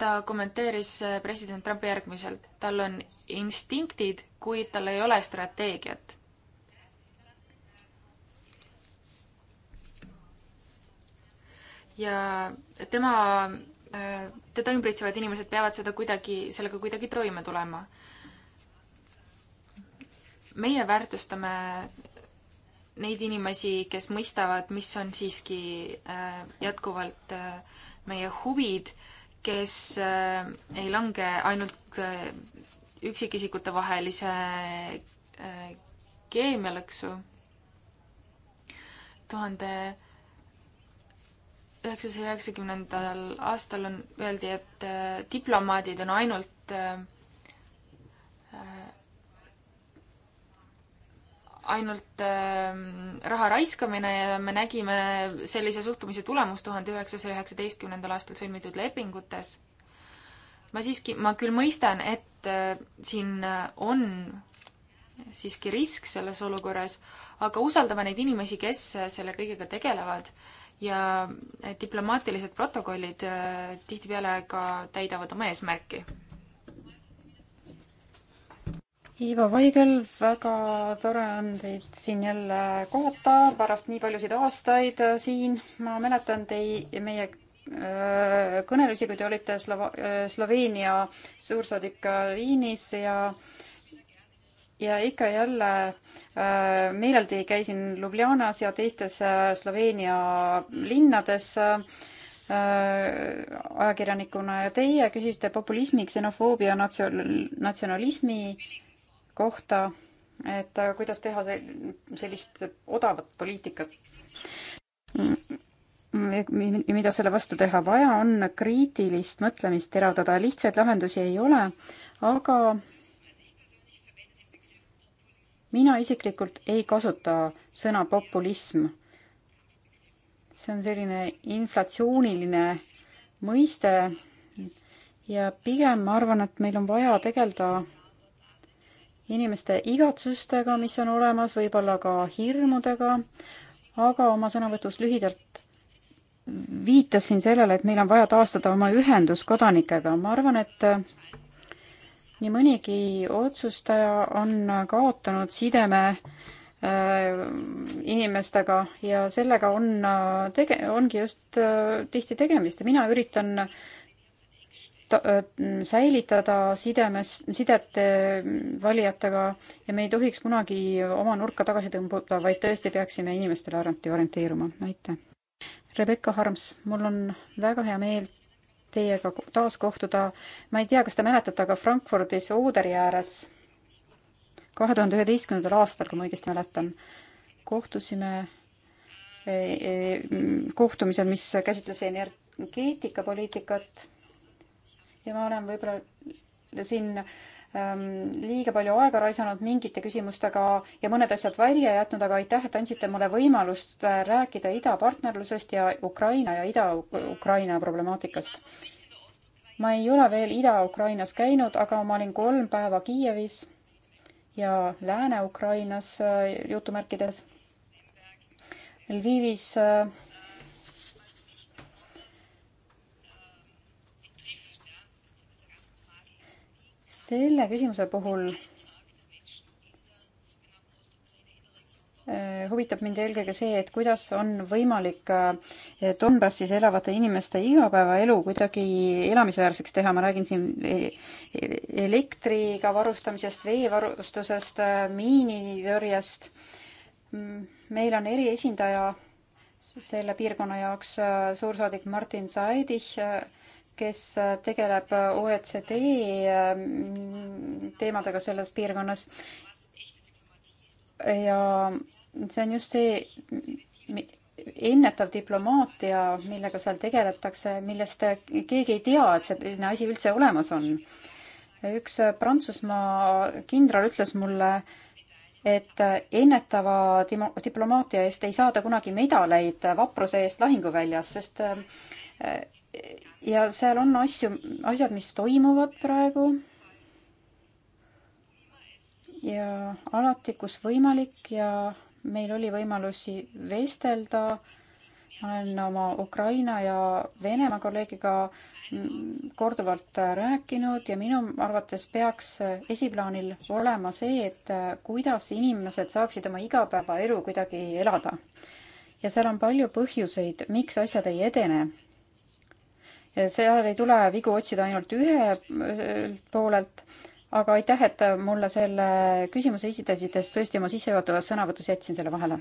[SPEAKER 4] ta kommenteeris äh, president Trumpi järgmiselt. tal on instinktid, kuid tal ei ole strateegiat ja tema Äh, teda ümbritsevad inimesed peavad seda kuidagi, sellega kuidagi toime tulema. meie väärtustame neid inimesi, kes mõistavad, mis on siiski äh, jätkuvalt äh, meie huvid, kes ei lange ainult üksikisikute vahelise keemialõksu. tuhande üheksasaja üheksakümnendal aastal on, öeldi, et äh, diplomaadid on ainult äh, äh, ainult raha raiskamine ja me nägime sellise suhtumise tulemust tuhande üheksasaja üheksateistkümnendal aastal sõlmitud lepingutes. ma siiski, ma küll mõistan, et siin on siiski risk selles olukorras, aga usaldame neid inimesi, kes selle kõigega tegelevad ja diplomaatilised protokollid äh, tihtipeale ka täidavad oma eesmärki.
[SPEAKER 3] Ivo Vaigel, väga tore on teid siin jälle kohata pärast nii paljusid aastaid äh, siin. ma mäletan tei-, meie äh, kõnelusi, kui te olite Slova-, Sloveenia suursaadik Viinis ja äh, ja ikka ja jälle äh, meeleldi käisin Ljubljanas ja teistes äh, Sloveenia linnades äh, ajakirjanikuna ja teie küsisite populismi, ksenofoobia, natsio-, natsionalismi kohta, et äh, kuidas teha sellist odavat poliitikat mm, mida selle vastu teha vaja on, kriitilist mõtlemist teravdada, lihtsaid lahendusi ei ole, aga mina isiklikult ei kasuta sõna populism. see on selline inflatsiooniline mõiste ja pigem ma arvan, et meil on vaja tegeleda inimeste igatsustega, mis on olemas, võib-olla ka hirmudega, aga oma sõnavõtus lühidalt viitasin sellele, et meil on vaja taastada oma ühendus kodanikega. ma arvan, et nii mõnigi otsustaja on kaotanud sideme äh, inimestega ja sellega on äh, tege-, ongi just äh, tihti tegemist ja mina üritan ta-, säilitada sidemes, sidet valijatega ja me ei tohiks kunagi oma nurka tagasi tõmbuda, vaid tõesti peaksime inimestele arvati orienteeruma. aitäh! Rebecca Harms, mul on väga hea meel teiega taas kohtuda. ma ei tea, kas te mäletate, aga Frankfurdis Ooderi ääres kahe tuhande üheteistkümnendal aastal, kui ma õigesti mäletan, kohtusime e, e, kohtumisel, mis käsitles energeetikapoliitikat ja ma olen võib-olla siin Ähm, liiga palju aega raisanud mingite küsimustega ja mõned asjad välja jätnud, aga aitäh, et andsite mulle võimalust äh, rääkida idapartnerlusest ja Ukraina ja Ida-Ukraina problemaatikast. ma ei ole veel Ida-Ukrainas käinud, aga ma olin kolm päeva Kiievis ja Lääne-Ukrainas äh, jutumärkides. Lvivis äh, selle küsimuse puhul äh, huvitab mind eelkõige see, et kuidas on võimalik äh, Donbassis elavate inimeste igapäevaelu kuidagi elamisväärseks teha, ma räägin siin e, e, elektriga varustamisest, veevarustusest, äh, miinitõrjest. Mm, meil on eriesindaja selle piirkonna jaoks, suursaadik Martin Zaidich kes äh, tegeleb äh, OECD äh, teemadega selles piirkonnas. ja see on just see ennetav diplomaatia, millega seal tegeletakse, millest keegi ei tea, et selline asi üldse olemas on. üks Prantsusmaa kindral ütles mulle, et ennetava diplomaatia eest ei saada kunagi medaleid vapruse eest lahinguväljas, sest ja seal on asju, asjad, mis toimuvad praegu. ja alati, kus võimalik ja meil oli võimalusi vestelda. ma olen oma Ukraina ja Venemaa kolleegiga korduvalt rääkinud ja minu arvates peaks esiplaanil olema see, et kuidas inimesed saaksid oma igapäevaelu kuidagi elada. ja seal on palju põhjuseid, miks asjad ei edene seal ei tule vigu otsida ainult ühe poolelt, aga aitäh, et mulle selle küsimuse esitasite, sest tõesti oma sissejuhatavas sõnavõtus jätsin selle vahele.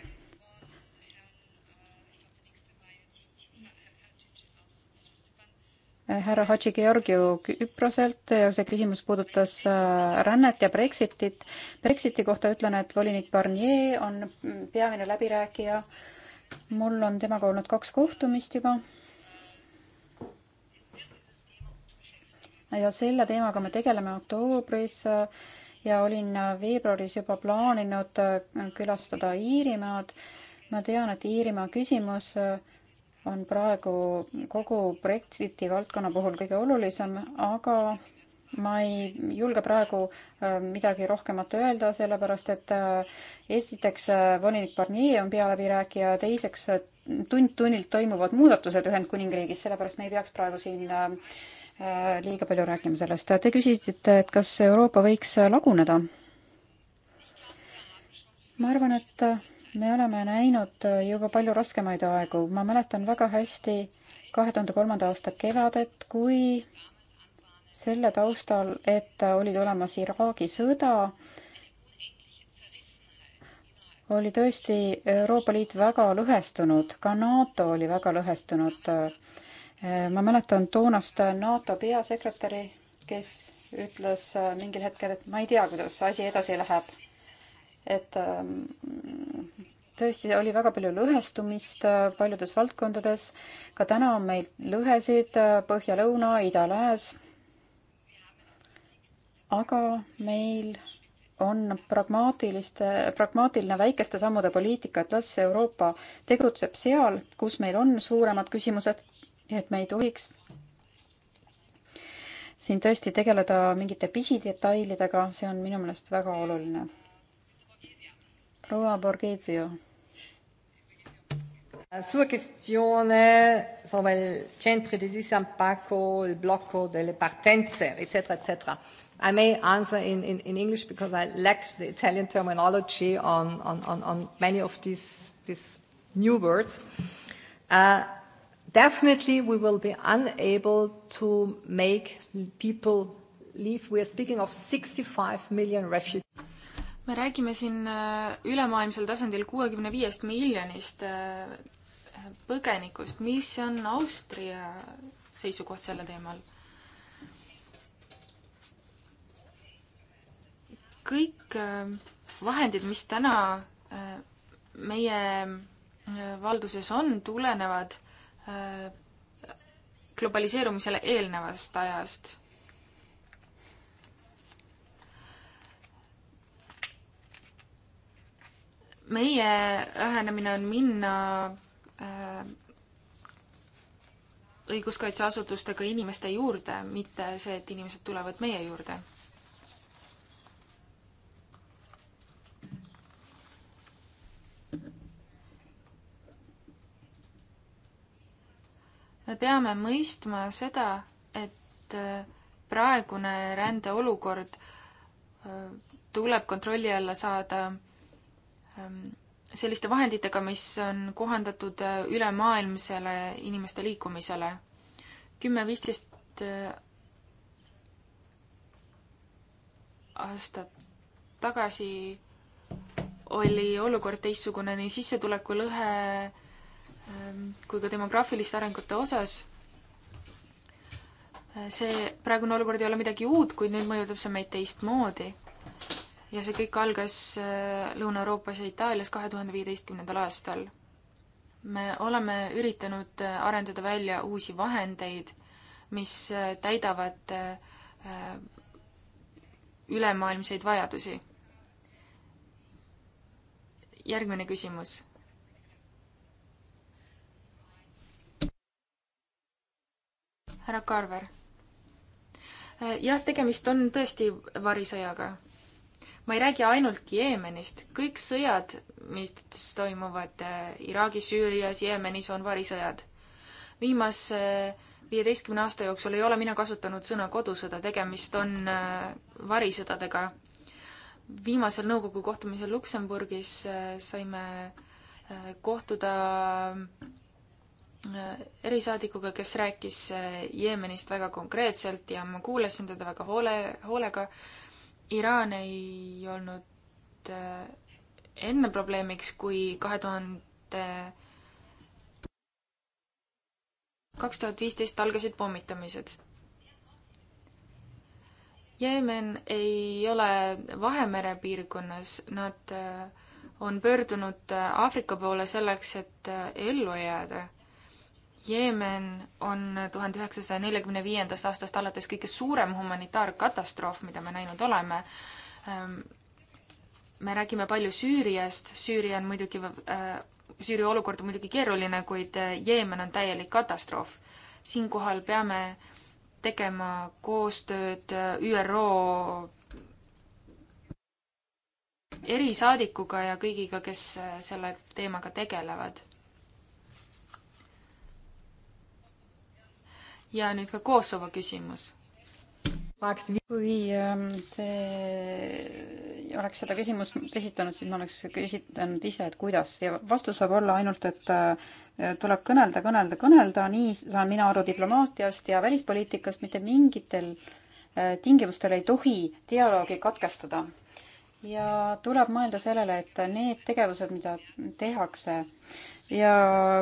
[SPEAKER 3] härra Hadži Georgiu Küproselt ja see küsimus puudutas äh, rännet ja Brexitit. Brexiti kohta ütlen, et volinik Barnier on peamine läbirääkija. mul on temaga olnud kaks kohtumist juba ja selle teemaga me tegeleme oktoobris äh, ja olin äh, veebruaris juba plaaninud äh, külastada Iirimaad. ma tean, et Iirimaa küsimus on praegu kogu Brexiti valdkonna puhul kõige olulisem, aga ma ei julge praegu midagi rohkemat öelda, sellepärast et esiteks volinik Barnier on pealeläbirääkija, teiseks tund-tunnilt toimuvad muudatused Ühendkuningriigis, sellepärast me ei peaks praegu siin äh, Äh, liiga palju rääkima sellest. Te küsisite, et kas Euroopa võiks laguneda? ma arvan, et me oleme näinud juba palju raskemaid aegu. ma mäletan väga hästi kahe tuhande kolmanda aasta kevadet, kui selle taustal, et olid olemas Iraagi sõda, oli tõesti Euroopa Liit väga lõhestunud, ka NATO oli väga lõhestunud Äh, ma mäletan toonast NATO peasekretäri, kes ütles äh, mingil hetkel, et ma ei tea, kuidas asi edasi läheb. et ähm, tõesti oli väga palju lõhestumist äh, paljudes valdkondades. ka täna on meil lõhesid põhja-lõuna, ida-lääs. aga meil on pragmaatiliste, pragmaatiline väikeste sammude poliitika, et las Euroopa tegutseb seal, kus meil on suuremad küsimused, et me ei tohiks siin tõesti tegeleda mingite pisidetailidega, see on minu meelest väga oluline. proua Borghezio.
[SPEAKER 1] Sua questione sobre il centro di San Paco, il blocco delle partenze, eccetera, eccetera. I may answer in, in, in English because I lack the Italian terminology on, on, on, on many of these, these new words. Uh, definitely we will be unable to make people leave. We are speaking of 65 million refugees.
[SPEAKER 4] me räägime siin äh, ülemaailmsel tasandil kuuekümne viiest miljonist äh, põgenikust. mis on Austria seisukoht selle teemal? kõik äh, vahendid, mis täna meie valduses on, tulenevad äh, Äh, globaliseerumisele eelnevast ajast. meie lähenemine on minna äh, õiguskaitseasutustega inimeste juurde, mitte see, et inimesed tulevad meie juurde peame mõistma seda, et äh, praegune rändeolukord äh, tuleb kontrolli alla saada ähm, selliste vahenditega, mis on kohandatud äh, ülemaailmsele inimeste liikumisele. kümme-viisteist aastat tagasi oli olukord teistsugune, nii sissetulekulõhe Ehm, kui ka demograafiliste arengute osas. Eh, see praegune olukord ei ole midagi uut, kuid nüüd mõjutab see meid teistmoodi. ja see kõik algas eh, Lõuna-Euroopas ja Itaalias kahe tuhande viieteistkümnendal aastal. me oleme üritanud eh, arendada välja uusi vahendeid, mis täidavad ülemaailmseid vajadusi. järgmine küsimus härra Carver. jah, tegemist on tõesti varisõjaga. ma ei räägi ainult Jeemenist, kõik sõjad, mis toimuvad eh, Iraagis, Süürias, Jeemenis, on varisõjad. viimase eh, viieteistkümne aasta jooksul ei ole mina kasutanud sõna kodusõda, tegemist on eh, varisõdadega. viimasel nõukogu kohtumisel Luksemburgis saime kohtuda Äh, erisaadikuga, kes rääkis äh, Jeemenist väga konkreetselt ja ma kuulasin teda väga hoole, hoolega. Iraan ei olnud äh, enne probleemiks, kui kahe tuhande, kaks tuhat viisteist algasid pommitamised. Jeemen ei ole Vahemere piirkonnas, nad on pöördunud Aafrika poole selleks, et ellu jääda Jeemen on tuhande üheksasaja neljakümne viiendast aastast alates kõige suurem humanitaarkatastroof, mida me näinud oleme. Ehm, me räägime palju Süüriast, Süüria on muidugi, äh, Süüria olukord on muidugi keeruline, kuid äh, Jeemen on täielik katastroof. siinkohal peame tegema koostööd äh, ÜRO erisaadikuga ja kõigiga, kes selle teemaga tegelevad ja nüüd ka Kosovo küsimus.
[SPEAKER 3] kui ähm, te oleks seda küsimust esitanud, siis ma oleks küsitanud ise, et kuidas ja vastus saab olla ainult, et äh, tuleb kõnelda, kõnelda, kõnelda, nii saan mina aru diplomaatiast ja välispoliitikast, mitte mingitel äh, tingimustel ei tohi dialoogi katkestada ja tuleb mõelda sellele, et need tegevused, mida tehakse ja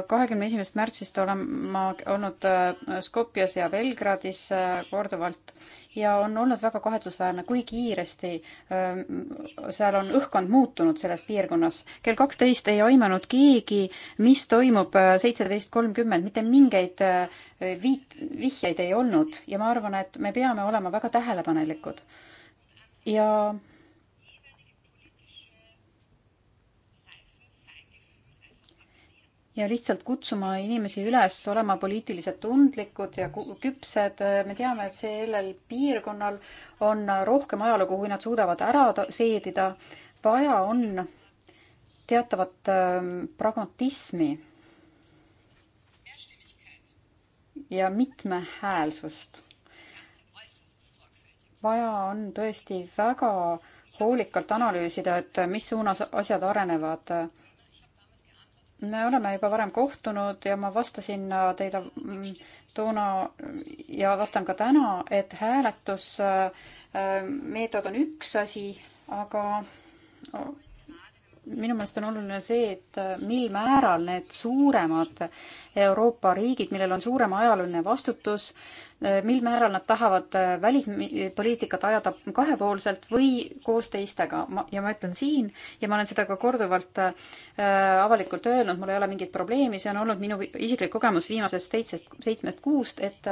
[SPEAKER 3] kahekümne esimesest märtsist olen ma olnud äh, Skopjas ja Belgradis äh, korduvalt ja on olnud väga kahetsusväärne, kui kiiresti äh, seal on õhkkond muutunud selles piirkonnas. kell kaksteist ei aimanud keegi, mis toimub seitseteist kolmkümmend, mitte mingeid viit-, vihjeid ei olnud ja ma arvan, et me peame olema väga tähelepanelikud. ja ja lihtsalt kutsuma inimesi üles olema poliitiliselt tundlikud ja küpsed. me teame, et sellel piirkonnal on rohkem ajalugu, kui nad suudavad ära seedida. vaja on teatavat ähm, pragmatismi ja mitmehäälsust. vaja on tõesti väga hoolikalt analüüsida, et mis suunas asjad arenevad me oleme juba varem kohtunud ja ma vastasin teile mm, toona ja vastan ka täna, et hääletusmeetod äh, on üks asi, aga minu meelest on oluline see, et äh, mil määral need suuremad Euroopa riigid, millel on suurem ajalooline vastutus, Äh, mil määral nad tahavad äh, välispoliitikat ajada kahepoolselt või koos teistega. ma, ja ma ütlen siin ja ma olen seda ka korduvalt äh, äh, avalikult öelnud, mul ei ole mingit probleemi, see on olnud minu isiklik kogemus viimasest seitsest, seitsmest kuust, et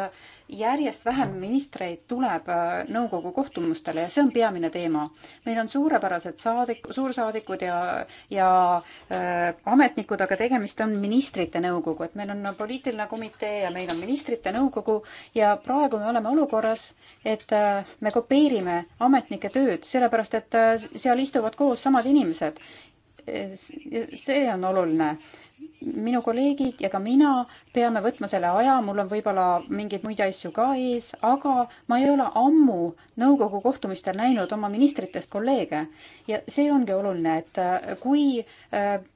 [SPEAKER 3] järjest vähem ministreid tuleb nõukogu kohtumustele ja see on peamine teema. meil on suurepärased saadik, suursaadikud ja, ja äh, ametnikud, aga tegemist on ministrite nõukogu, et meil on poliitiline komitee ja meil on ministrite nõukogu ja praegu me oleme olukorras, et äh, me kopeerime ametnike tööd, sellepärast et äh, seal istuvad koos samad inimesed. see on oluline. minu kolleegid ja ka mina peame võtma selle aja, mul on võib-olla mingeid muid asju ka ees, aga ma ei ole ammu nõukogu kohtumistel näinud oma ministritest kolleege ja see ongi oluline, et äh, kui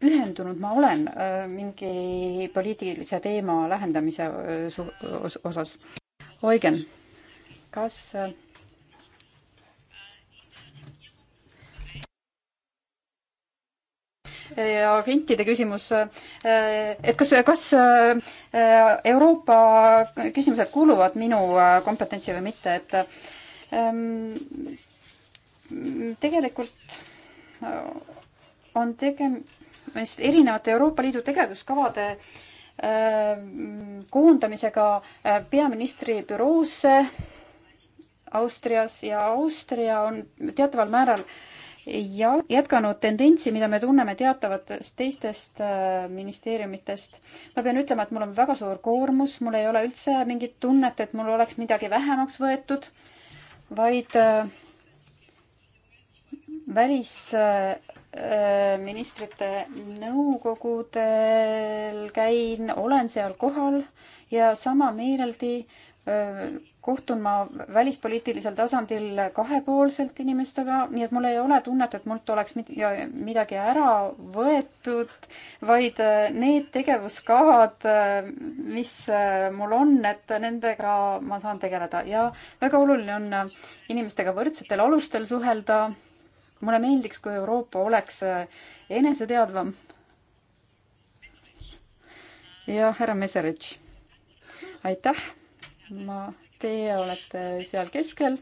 [SPEAKER 3] pühendunud ma olen mingi poliitilise teema lähendamise osas. Oigen, kas äh, agentide küsimus, äh, et kas, kas äh, Euroopa küsimused kuuluvad minu kompetentsi või mitte, et ähm, tegelikult on tegemist erinevate Euroopa Liidu tegevuskavade äh, Äh, koondamisega äh, peaministri büroosse Austrias ja Austria on teataval määral ja jätkanud tendentsi, mida me tunneme teatavatest teistest äh, ministeeriumitest. ma pean ütlema, et mul on väga suur koormus, mul ei ole üldse mingit tunnet, et mul oleks midagi vähemaks võetud, vaid välis Äh, ministrite nõukogudel käin, olen seal kohal ja sama meeleldi äh, kohtun ma välispoliitilisel tasandil kahepoolselt inimestega, nii et mul ei ole tunnet, et mult oleks midagi ära võetud, vaid äh, need tegevuskavad, mis mul on, et nendega ma saan tegeleda ja väga oluline on inimestega võrdsetel alustel suhelda mulle meeldiks, kui Euroopa oleks äh, eneseteadvam. ja härra Meserich, aitäh, ma, teie
[SPEAKER 1] olete seal keskel.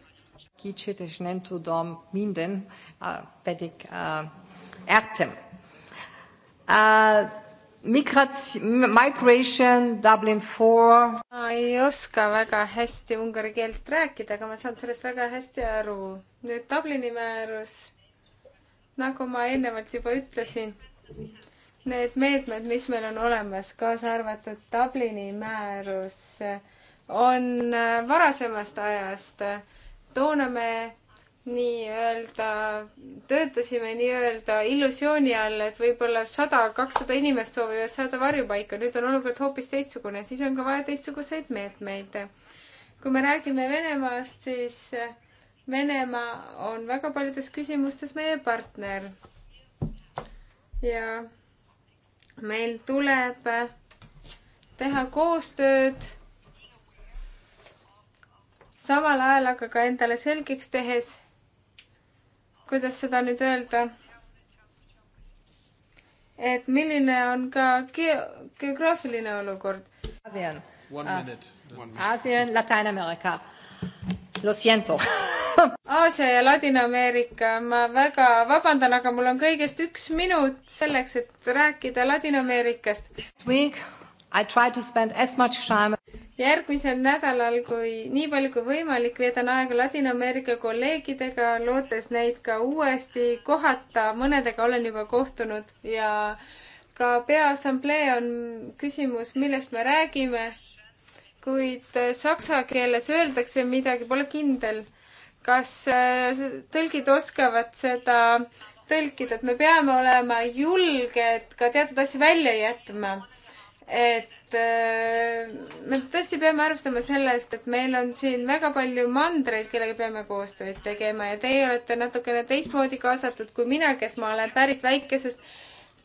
[SPEAKER 1] Kicsit és nem tudom minden, äh, pedig értem. Äh, migration, Dublin Four.
[SPEAKER 2] ma ei oska väga hästi ungari keelt rääkida, aga ma saan sellest väga hästi aru. nüüd Dublini määrus nagu ma eelnevalt juba ütlesin, need meetmed, mis meil on olemas, kaasa arvatud Dublini määrus, on äh, varasemast ajast. toona me nii-öelda, töötasime nii-öelda illusiooni all, et võib-olla sada, kakssada inimest soovivad saada varjupaika, nüüd on olukord hoopis teistsugune, siis on ka vaja teistsuguseid meetmeid. kui me räägime Venemaast, siis äh, Venemaa on väga paljudes küsimustes meie partner. ja meil tuleb teha koostööd, samal ajal aga ka endale selgeks tehes, kuidas seda nüüd öelda, et milline on ka ge geograafiline olukord. ASEAN,
[SPEAKER 1] ah.
[SPEAKER 2] ASEAN, Latinameerika Lo siento [laughs] Aasia ja Ladina-Ameerika, ma väga vabandan, aga mul on kõigest üks minut selleks, et rääkida Ladina-Ameerikast. järgmisel nädalal, kui nii palju kui võimalik, veedan aega Ladina-Ameerika kolleegidega, lootes neid ka uuesti kohata, mõnedega olen juba kohtunud ja ka Peaassamblee on küsimus, millest me räägime kuid äh, saksa keeles öeldakse midagi, pole kindel, kas äh, tõlgid oskavad seda tõlkida, et me peame olema julged ka teatud asju välja jätma. et äh, me tõesti peame arvestama sellest, et meil on siin väga palju mandreid, kellega peame koostööd tegema ja teie olete natukene teistmoodi kaasatud kui mina, kes ma olen pärit väikesest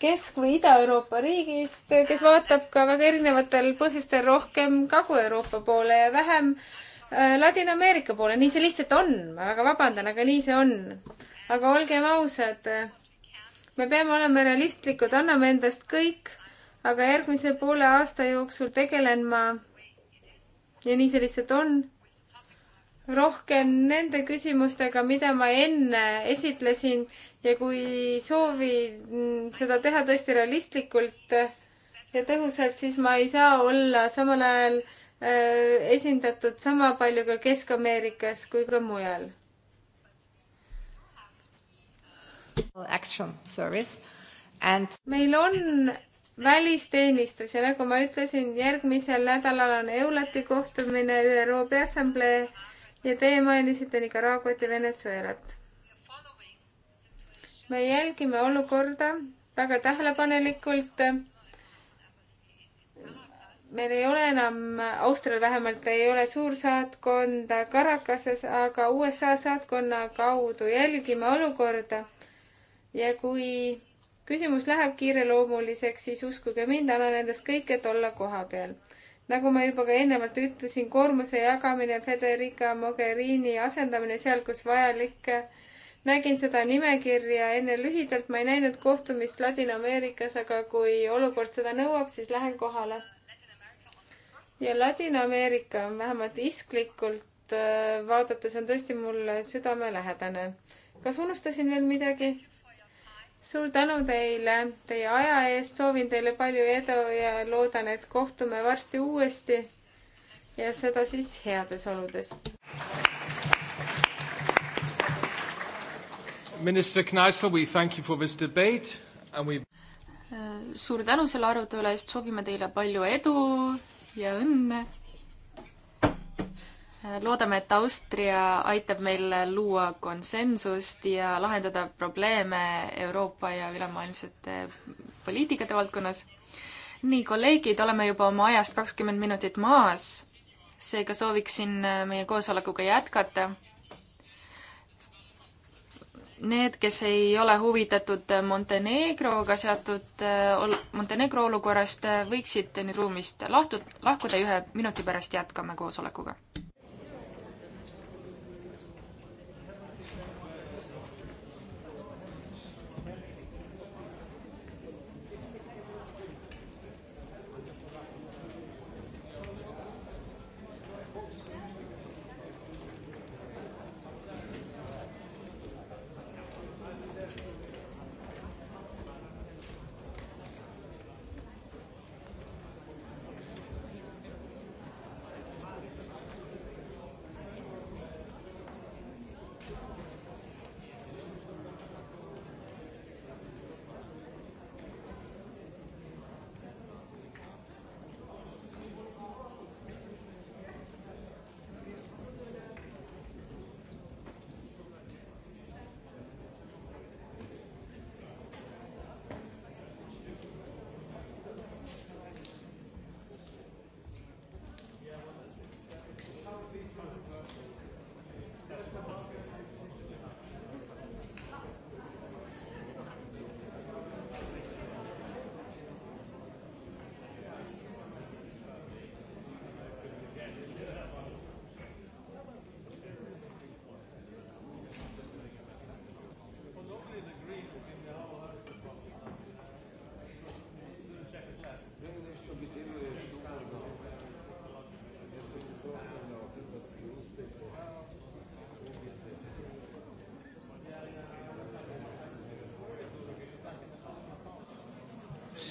[SPEAKER 2] Kesk- või Ida-Euroopa riigist, kes vaatab ka väga erinevatel põhjustel rohkem Kagu-Euroopa poole ja vähem äh, Ladina-Ameerika poole, nii see lihtsalt on, ma väga vabandan, aga nii see on. aga olgem ausad, me peame olema realistlikud, anname endast kõik, aga järgmise poole aasta jooksul tegelen ma ja nii see lihtsalt on rohkem nende küsimustega, mida ma enne esitlesin ja kui soovin mm, seda teha tõesti realistlikult äh, ja tõhusalt, siis ma ei saa olla samal ajal äh, esindatud sama palju ka Kesk-Ameerikas kui ka mujal. Action service and meil on välisteenistus ja nagu ma ütlesin, järgmisel nädalal on EULAT-i kohtumine ÜRO Peaassamblee ja teie mainisite Nicaraguat ja Venezuelat me jälgime olukorda väga tähelepanelikult. meil ei ole enam, Austrial vähemalt ei ole suursaatkonda Caracases, aga USA saatkonna kaudu jälgime olukorda. ja kui küsimus läheb kiireloomuliseks, siis uskuge mind, annan endast kõik, et olla kohapeal. nagu ma juba ka eelnevalt ütlesin, koormuse jagamine, Federica Mogherini asendamine seal, kus vajalik nägin seda nimekirja enne lühidalt, ma ei näinud kohtumist Ladina-Ameerikas, aga kui olukord seda nõuab, siis lähen kohale. ja Ladina-Ameerika on vähemalt isklikult äh, vaadates on tõesti mulle südamelähedane. kas unustasin veel midagi? suur tänu teile teie aja eest, soovin teile palju edu ja loodan, et kohtume varsti uuesti ja seda siis heades oludes.
[SPEAKER 1] Minister Kneisel, we thank you for this debate and we
[SPEAKER 4] suur tänu selle arutelu eest, soovime teile palju edu ja õnne. loodame, et Austria aitab meil luua konsensust ja lahendada probleeme Euroopa ja ülemaailmsete poliitikate valdkonnas. nii, kolleegid, oleme juba oma ajast kakskümmend minutit maas. seega sooviksin meie koosolekuga jätkata need, kes ei ole huvitatud Montenegroga seotud eh, ol-, Montenegro olukorrast, eh, võiksid nüüd ruumist lahtu, lahkuda ja ühe minuti pärast jätkame koosolekuga.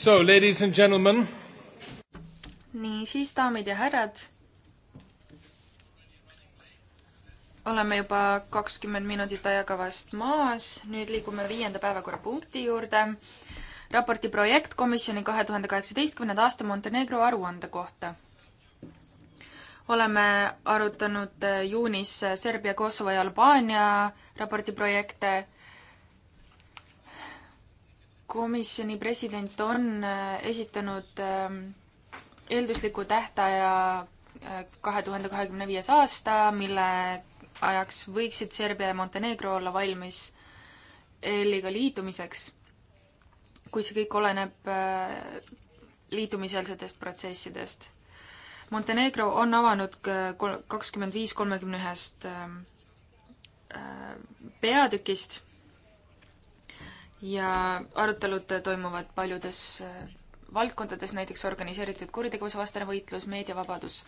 [SPEAKER 1] So, ladies and gentlemen.
[SPEAKER 4] niisiis, daamid ja härrad. oleme juba kakskümmend minutit ajakavast maas, nüüd liigume viienda päevakorrapunkti juurde. raporti projekt komisjoni kahe tuhande kaheksateistkümnenda aasta Montenegro aruande kohta oleme arutanud eh, juunis Serbia, Kosovo ja Albaania raporti projekte komisjoni president on äh, esitanud ähm, eeldusliku tähtaja äh, kahe tuhande kahekümne viies aasta, mille ajaks võiksid Serbia ja Montenegro olla valmis EL-iga liitumiseks, kuid see kõik oleneb äh, liitumiseelsetest protsessidest. Montenegro on avanud kakskümmend viis kolmekümne ühest ähm, peatükist ja arutelud toimuvad paljudes äh, valdkondades, näiteks organiseeritud kuritegevuse vastane võitlus, meediavabadus.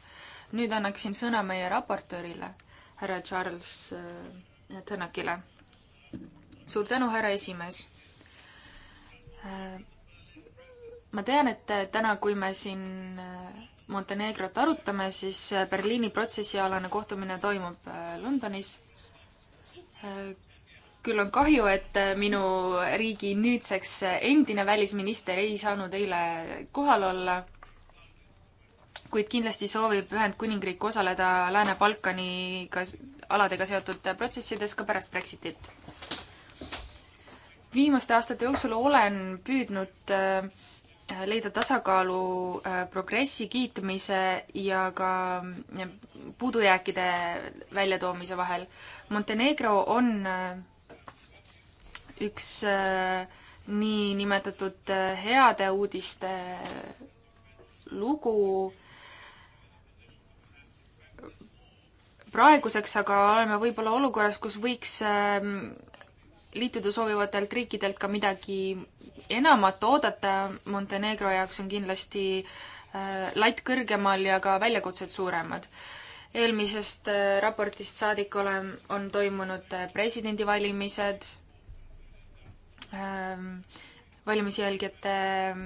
[SPEAKER 4] nüüd annaksin sõna meie raportöörile, härra Charles äh, Tänakile. suur tänu, härra esimees. Äh, ma tean, et täna, kui me siin Montenegrot arutame, siis Berliini protsessi alane kohtumine toimub Londonis küll on kahju, et äh, minu riigi nüüdseks äh, endine välisminister ei saanud eile kohal olla, kuid kindlasti soovib Ühendkuningriik osaleda Lääne-Balkaniga, aladega seotud äh, protsessides ka pärast Brexitit. viimaste aastate jooksul olen püüdnud leida tasakaalu progressi kiitmise ja ka mm, puudujääkide väljatoomise vahel. Montenegro on üks äh, niinimetatud äh, heade uudiste äh, lugu. praeguseks aga oleme võib-olla olukorras, kus võiks ähm, liituda soovivatelt riikidelt ka midagi enamat oodata. Montenegro jaoks on kindlasti latt kõrgemal ja ka väljakutsed suuremad eelmisest raportist saadik olen, on toimunud presidendivalimised Ähm, valimisjälgijate ähm,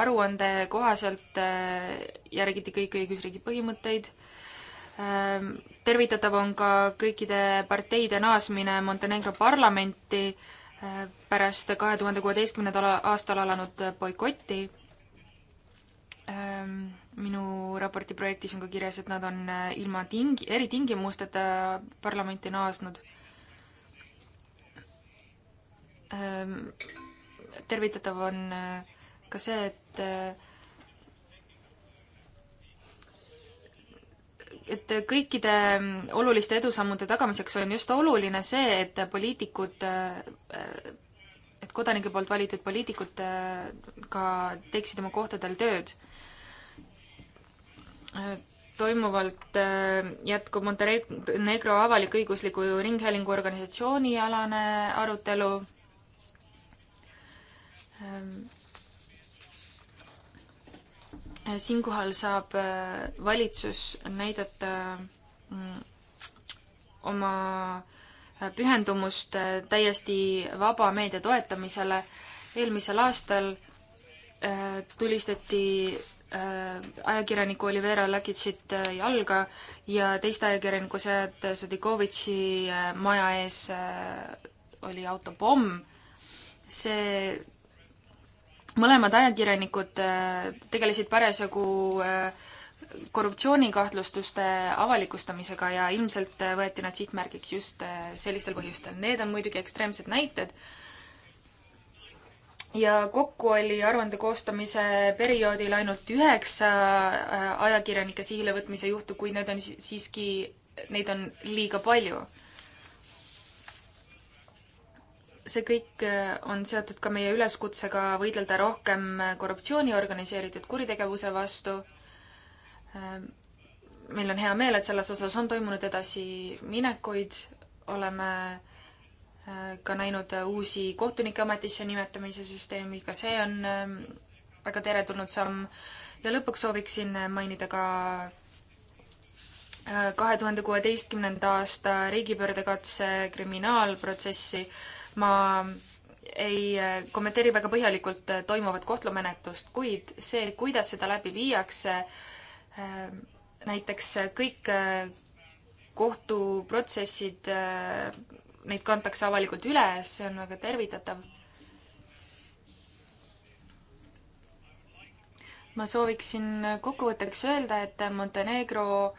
[SPEAKER 4] aruande kohaselt äh, järgiti kõiki õigusriigi põhimõtteid. Ähm, tervitatav on ka kõikide parteide naasmine Montenegro parlamenti äh, pärast kahe tuhande kuueteistkümnendal aastal alanud boikotti. minu raporti projektis on ka kirjas, et nad on äh, ilma ting-, eritingimusteta parlamenti naasnud Ehm, tervitatav on äh, ka see, et äh, et kõikide mm, oluliste edusammude tagamiseks on just oluline see, et poliitikud, äh, et kodanike poolt valitud poliitikud ka teeksid oma kohtadel tööd. toimuvalt jätkub Montenegro avalik-õigusliku ringhäälingu organisatsiooni alane arutelu Ähm, siinkohal saab äh, valitsus näidata mm, oma äh, pühendumust äh, täiesti vaba meedia toetamisele. eelmisel aastal tulistati ajakirjaniku Olivera Lakitšit jalga ja teiste ajakirjaniku sead Sadikovitši maja ees oli autopomm. see mõlemad ajakirjanikud äh, tegelesid parasjagu äh, korruptsioonikahtlustuste avalikustamisega ja ilmselt äh, võeti nad sihtmärgiks just sellistel põhjustel. Need on muidugi ekstreemsed näited. ja kokku oli aruande koostamise perioodil ainult üheksa ajakirjanike sihile võtmise juhtu, kuid need on siiski, neid on liiga palju see kõik äh, on seotud ka meie üleskutsega võidelda rohkem äh, korruptsiooni organiseeritud kuritegevuse vastu. Ähm, meil on hea meel, et selles osas on toimunud edasiminekuid, oleme äh, ka näinud uusi kohtunike ametisse nimetamise süsteemi, ka see on ähm, väga teretulnud samm. ja lõpuks sooviksin mainida ka kahe tuhande kuueteistkümnenda aasta riigipöördekatse kriminaalprotsessi ma ei äh, kommenteeri väga põhjalikult äh, toimuvat kohtumenetlust, kuid see, kuidas seda läbi viiakse, äh, näiteks kõik kohtuprotsessid, neid kantakse avalikult üle, see on väga tervitatav. ma sooviksin kokkuvõtteks öelda, et Montenegro äh,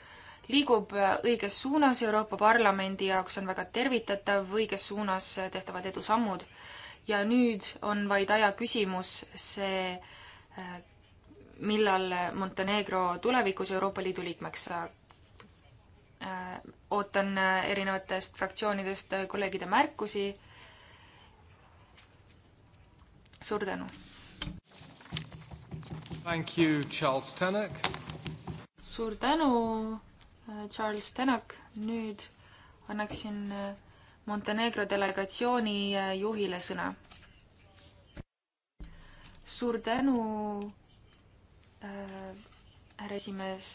[SPEAKER 4] liigub äh, õiges suunas, Euroopa Parlamendi jaoks on väga tervitatav õiges suunas äh, tehtavad edusammud ja nüüd on vaid aja küsimus see, äh, millal Montenegro tulevikus Euroopa Liidu liikmeks saab. ootan erinevatest fraktsioonidest kolleegide märkusi. suur tänu!
[SPEAKER 1] Thank you, Charles Tannock.
[SPEAKER 4] suur tänu, Äh, Charles Tenak, nüüd annaksin äh, Montenegro delegatsiooni äh, juhile sõna. suur tänu äh,, härra esimees.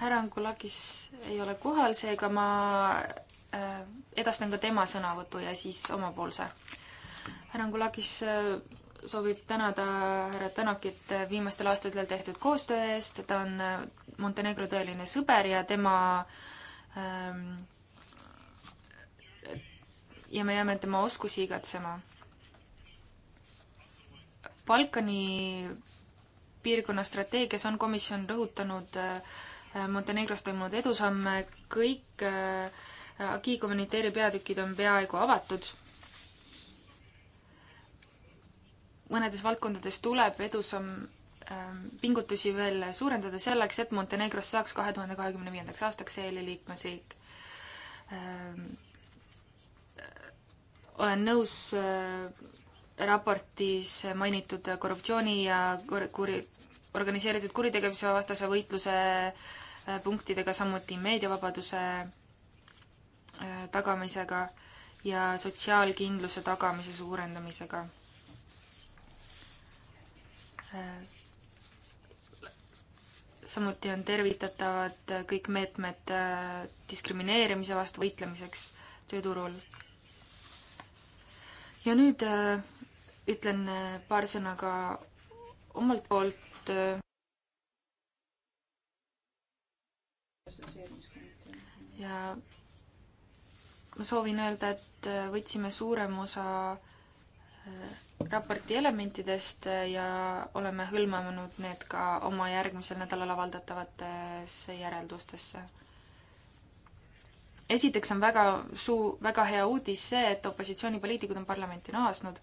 [SPEAKER 4] härra Angulakis ei ole kohal, seega ma äh, edastan ka tema sõnavõtu ja siis omapoolse. härra Angulakis äh, soovib tänada härra Tänakit viimastel aastatel tehtud koostöö eest, ta on äh, Montenegro tõeline sõber ja tema ähm, ja me jääme tema oskusi igatsema. Balkani piirkonna strateegias on komisjon rõhutanud äh, Montenegros toimunud edusamme, kõik äh, Agi kommenteeri peatükid on peaaegu avatud mõnedes valdkondades tuleb edusamm ähm, pingutusi veel suurendada selleks, et Montenegrost saaks kahe tuhande kahekümne viiendaks aastaks EL-i liikmesriik. Ähm, olen nõus äh, raportis mainitud korruptsiooni ja kor-, kuri-, organiseeritud kuritegevuse vastase võitluse äh, punktidega, samuti meediavabaduse äh, tagamisega ja sotsiaalkindluse tagamise suurendamisega Äh, samuti on tervitatavad kõik meetmed äh, diskrimineerimise vastu võitlemiseks tööturul. ja nüüd äh, ütlen paar sõna ka omalt poolt. ja ma soovin öelda, et võtsime suurem osa raporti elementidest ja oleme hõlmanud need ka oma järgmisel nädalal avaldatavatesse järeldustesse. esiteks on väga suu-, väga hea uudis see, et opositsioonipoliitikud on parlamenti naasnud.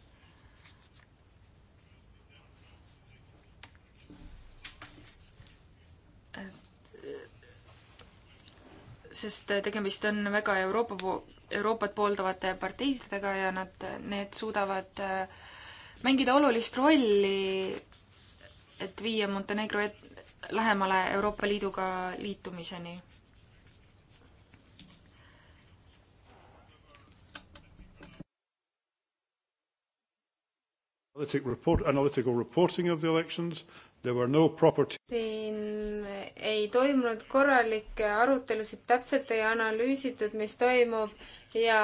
[SPEAKER 4] sest tegemist on väga Euroopa, Euroopat pooldavate parteisidega ja nad, need suudavad äh, mängida olulist rolli, et viia Montenegro et-, lähemale Euroopa Liiduga liitumiseni.
[SPEAKER 1] Analytic report, analytical reporting of the elections No
[SPEAKER 4] siin
[SPEAKER 2] ei toimunud korralikke arutelusid, täpselt ei analüüsitud, mis toimub ja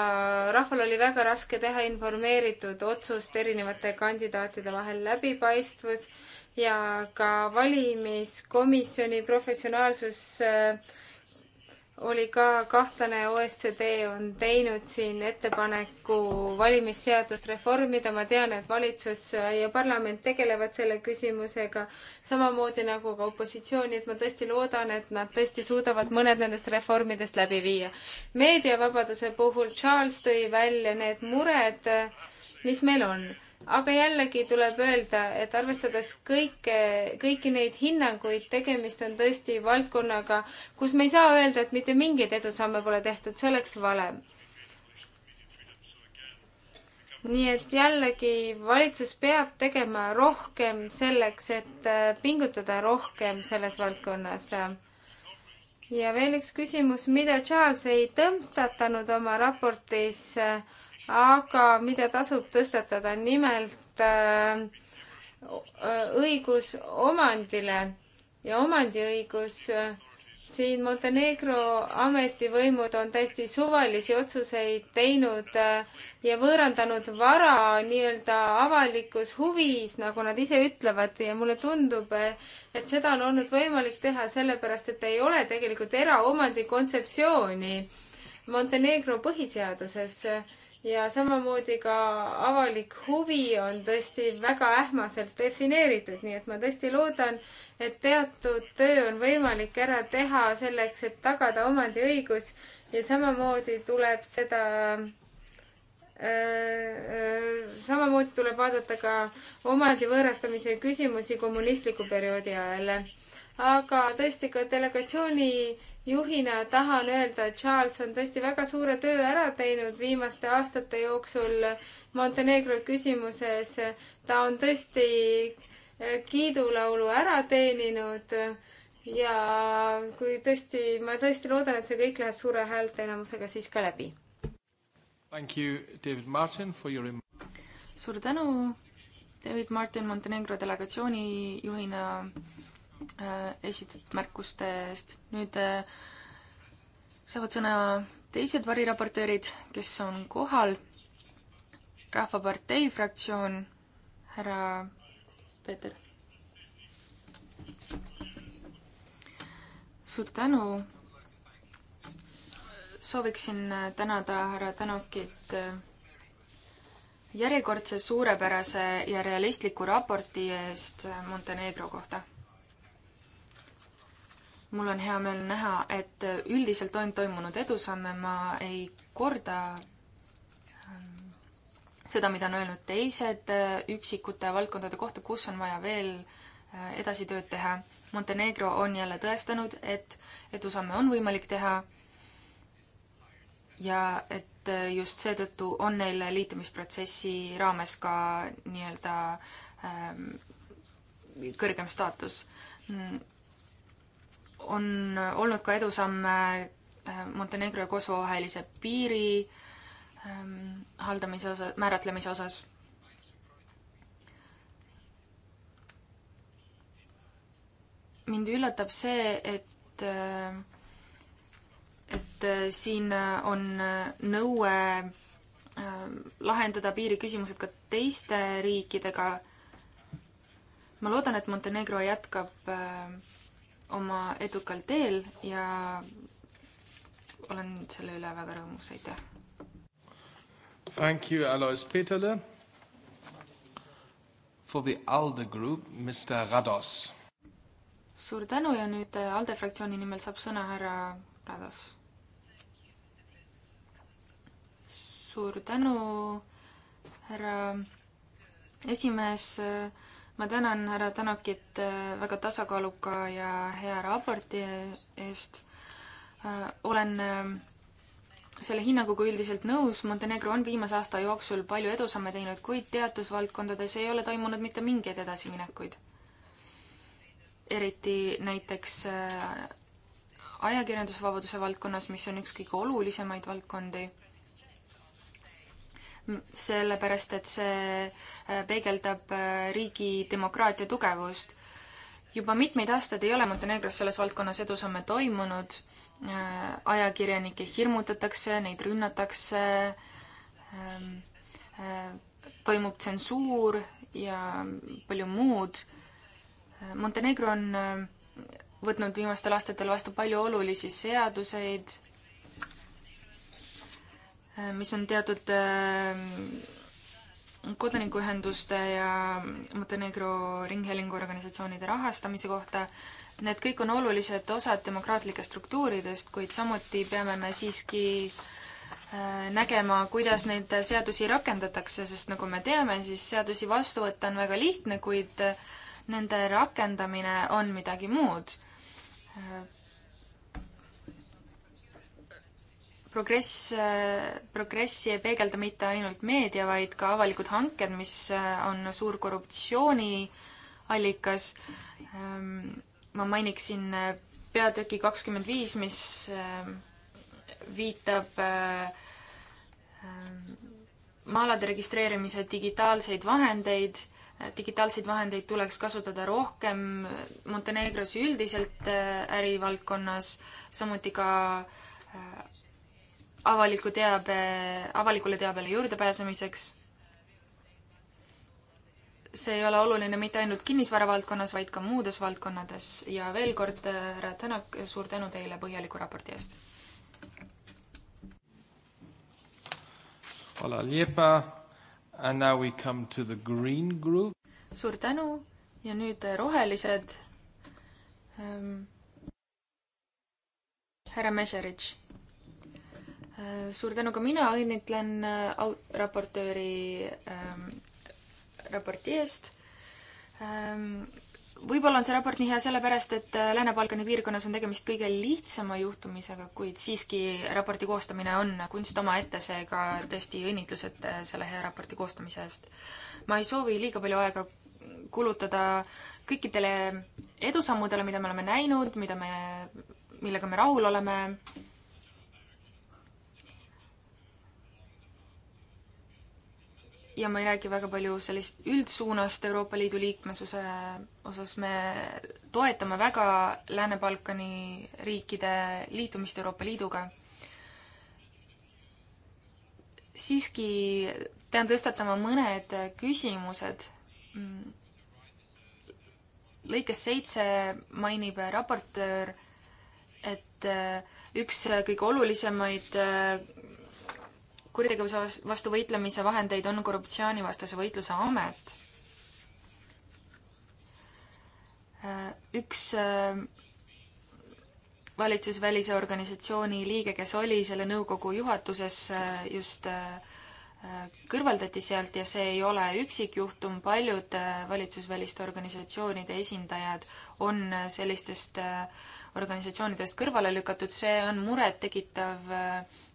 [SPEAKER 2] rahval oli väga raske teha informeeritud otsust erinevate kandidaatide vahel. läbipaistvus ja ka valimiskomisjoni professionaalsus äh, oli ka kahtlane, OSCD on teinud siin ettepaneku valimisseadust reformida, ma tean, et valitsus ja parlament tegelevad selle küsimusega, samamoodi nagu ka opositsioon, nii et ma tõesti loodan, et nad tõesti suudavad mõned nendest reformidest läbi viia. meediavabaduse puhul Charles tõi välja need mured, mis meil on aga jällegi tuleb öelda, et arvestades kõike, kõiki neid hinnanguid, tegemist on tõesti valdkonnaga, kus me ei saa öelda, et mitte mingeid edusamme pole tehtud, see oleks vale. nii et jällegi valitsus peab tegema rohkem selleks, et äh, pingutada rohkem selles valdkonnas. ja veel üks küsimus, mida Charles ei tõstatanud oma raportis äh, aga mida tasub tõstatada, nimelt äh, õigus omandile ja omandiõigus. siin Montenegro ametivõimud on täiesti suvalisi otsuseid teinud äh, ja võõrandanud vara nii-öelda avalikus huvis, nagu nad ise ütlevad ja mulle tundub, äh, et seda on olnud võimalik teha sellepärast, et ei ole tegelikult eraomandi kontseptsiooni Montenegro põhiseaduses ja samamoodi ka avalik huvi on tõesti väga ähmaselt defineeritud, nii et ma tõesti loodan, et teatud töö on võimalik ära teha selleks, et tagada omandiõigus ja samamoodi tuleb seda äh, samamoodi tuleb vaadata ka omandi võõrastamise küsimusi kommunistliku perioodi ajal. aga tõesti ka delegatsiooni juhina tahan öelda, et Charles on tõesti väga suure töö ära teinud viimaste aastate jooksul Montenegro küsimuses. ta on tõesti eh, kiidulaulu ära teeninud ja kui tõesti, ma tõesti loodan, et see kõik läheb suure häälteenamusega siis ka läbi.
[SPEAKER 1] Your...
[SPEAKER 4] suur tänu, David Martin Montenegro delegatsiooni juhina Äh, esitatud märkuste eest. nüüd äh, saavad sõna teised variraportöörid, kes on kohal. rahvapartei fraktsioon, härra Peeter. suur tänu. sooviksin äh, tänada härra Tänokit järjekordse suurepärase ja realistliku raporti eest Montenegro kohta mul on hea meel näha, et üldiselt on toimunud edusamme, ma ei korda ähm, seda, mida on öelnud teised äh, üksikute valdkondade kohta, kus on vaja veel äh, edasi tööd teha. Montenegro on jälle tõestanud, et edusamme on võimalik teha ja et äh, just seetõttu on neil liitumisprotsessi raames ka nii-öelda ähm, kõrgem staatus mm, on olnud ka edusamme äh, Montenegro ja Kosovo vahelise piiri ähm, haldamise osa, määratlemise osas. mind üllatab see, et äh, et äh, siin on nõue ähm, lahendada piiriküsimused ka teiste riikidega. ma loodan, et Montenegro jätkab äh, oma edukal teel ja olen selle üle väga rõõmus, aitäh!
[SPEAKER 1] Thank you, Alois Peterle. For the ALDE group, Mr Rados.
[SPEAKER 4] suur tänu ja nüüd äh, ALDE fraktsiooni nimel saab sõna härra Rados. suur tänu, härra esimees äh, ma tänan härra Tanakit äh, väga tasakaaluka ja hea raporti eest. Äh, olen äh, selle hinnanguga üldiselt nõus, Montenegro on viimase aasta jooksul palju edusamme teinud, kuid teadusvaldkondades ei ole toimunud mitte mingeid edasiminekuid. eriti näiteks ajakirjandusvabaduse valdkonnas, mis on üks kõige olulisemaid valdkondi sellepärast et see äh, peegeldab äh, riigi demokraatia tugevust. juba mitmeid aastaid ei ole Montenegros selles valdkonnas edusamme toimunud, äh, ajakirjanikke hirmutatakse, neid rünnatakse, ähm, toimub tsensuur ja palju muud. Montenegro on võtnud viimastel aastatel vastu palju olulisi seaduseid mis on teatud ehm, kodanikuühenduste ja Montenegro Ringhäälingu organisatsioonide rahastamise kohta. Need kõik on olulised osad demokraatlikest struktuuridest, kuid samuti peame me siiski ehm, nägema, kuidas neid seadusi rakendatakse, sest nagu me teame, siis seadusi vastu võtta on väga lihtne, kuid nende rakendamine on midagi muud progress, progressi ei peegelda mitte ainult meedia, vaid ka avalikud hanked, mis äh, on suur korruptsiooniallikas. Ähm, ma mainiksin äh, peatüki kakskümmend viis, mis äh, viitab maa-alade ähm, registreerimise digitaalseid vahendeid digitaalseid vahendeid tuleks kasutada rohkem Montenegros üldiselt ärivaldkonnas, samuti ka avaliku teabe, avalikule teabele juurdepääsemiseks. see ei ole oluline mitte ainult kinnisvara valdkonnas, vaid ka muudes valdkonnades ja veel kord, härra Tänak, suur tänu teile põhjaliku raporti eest. suur tänu ja nüüd rohelised ähm,. härra Mešeritš Äh, suur tänu ka mina õnnitlen äh, au-, raportööri ähm, raporti eest ähm, võib-olla on see raport nii hea sellepärast, et äh, Lääne-Balkani piirkonnas on tegemist kõige lihtsama juhtumisega, kuid siiski raporti koostamine on kunst omaette, seega tõesti õnnitlused selle hea raporti koostamise eest. ma ei soovi liiga palju aega kulutada kõikidele edusammudele, mida me oleme näinud, mida me, millega me rahul oleme ja ma ei räägi väga palju sellist üldsuunast Euroopa Liidu liikmesuse osas, me toetame väga Lääne-Balkani riikide liitumist Euroopa Liiduga. siiski pean tõstatama mõned küsimused. lõikes seitse mainib raportöör, et üks kõige olulisemaid kuritegevuse vastu võitlemise vahendeid on korruptsioonivastase võitluse amet. üks äh, valitsusvälise organisatsiooni liige, kes oli selle nõukogu juhatuses, äh, just äh, kõrvaldati sealt ja see ei ole üksikjuhtum, paljud valitsusväliste organisatsioonide esindajad on sellistest organisatsioonidest kõrvale lükatud, see on murettekitav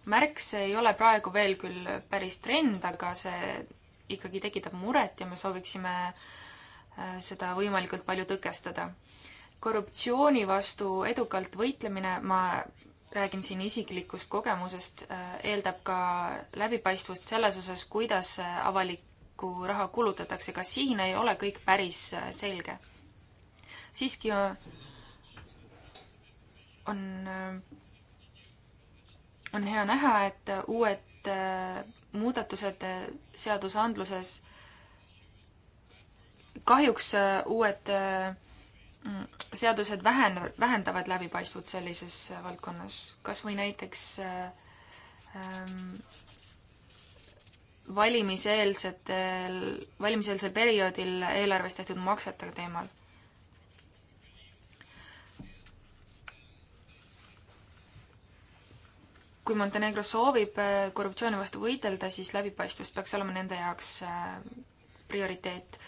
[SPEAKER 4] märk, see ei ole praegu veel küll päris trend, aga see ikkagi tekitab muret ja me sooviksime äh, seda võimalikult palju tõkestada. korruptsiooni vastu edukalt võitlemine, ma räägin siin isiklikust kogemusest, äh, eeldab ka läbipaistvust selles osas, kuidas avalikku raha kulutatakse, ka siin ei ole kõik päris äh, selge. siiski on, on on hea näha, et äh, uued äh, muudatused äh, seadusandluses, kahjuks uued mm, seadused vähen-, vähendavad läbipaistvust sellises valdkonnas, kas või näiteks ähm, valimiseelsetel, valimiseelsel perioodil eelarves tehtud maksete teemal kui Montenegro soovib äh, korruptsiooni vastu võidelda, siis läbipaistvus peaks olema nende jaoks äh, prioriteet.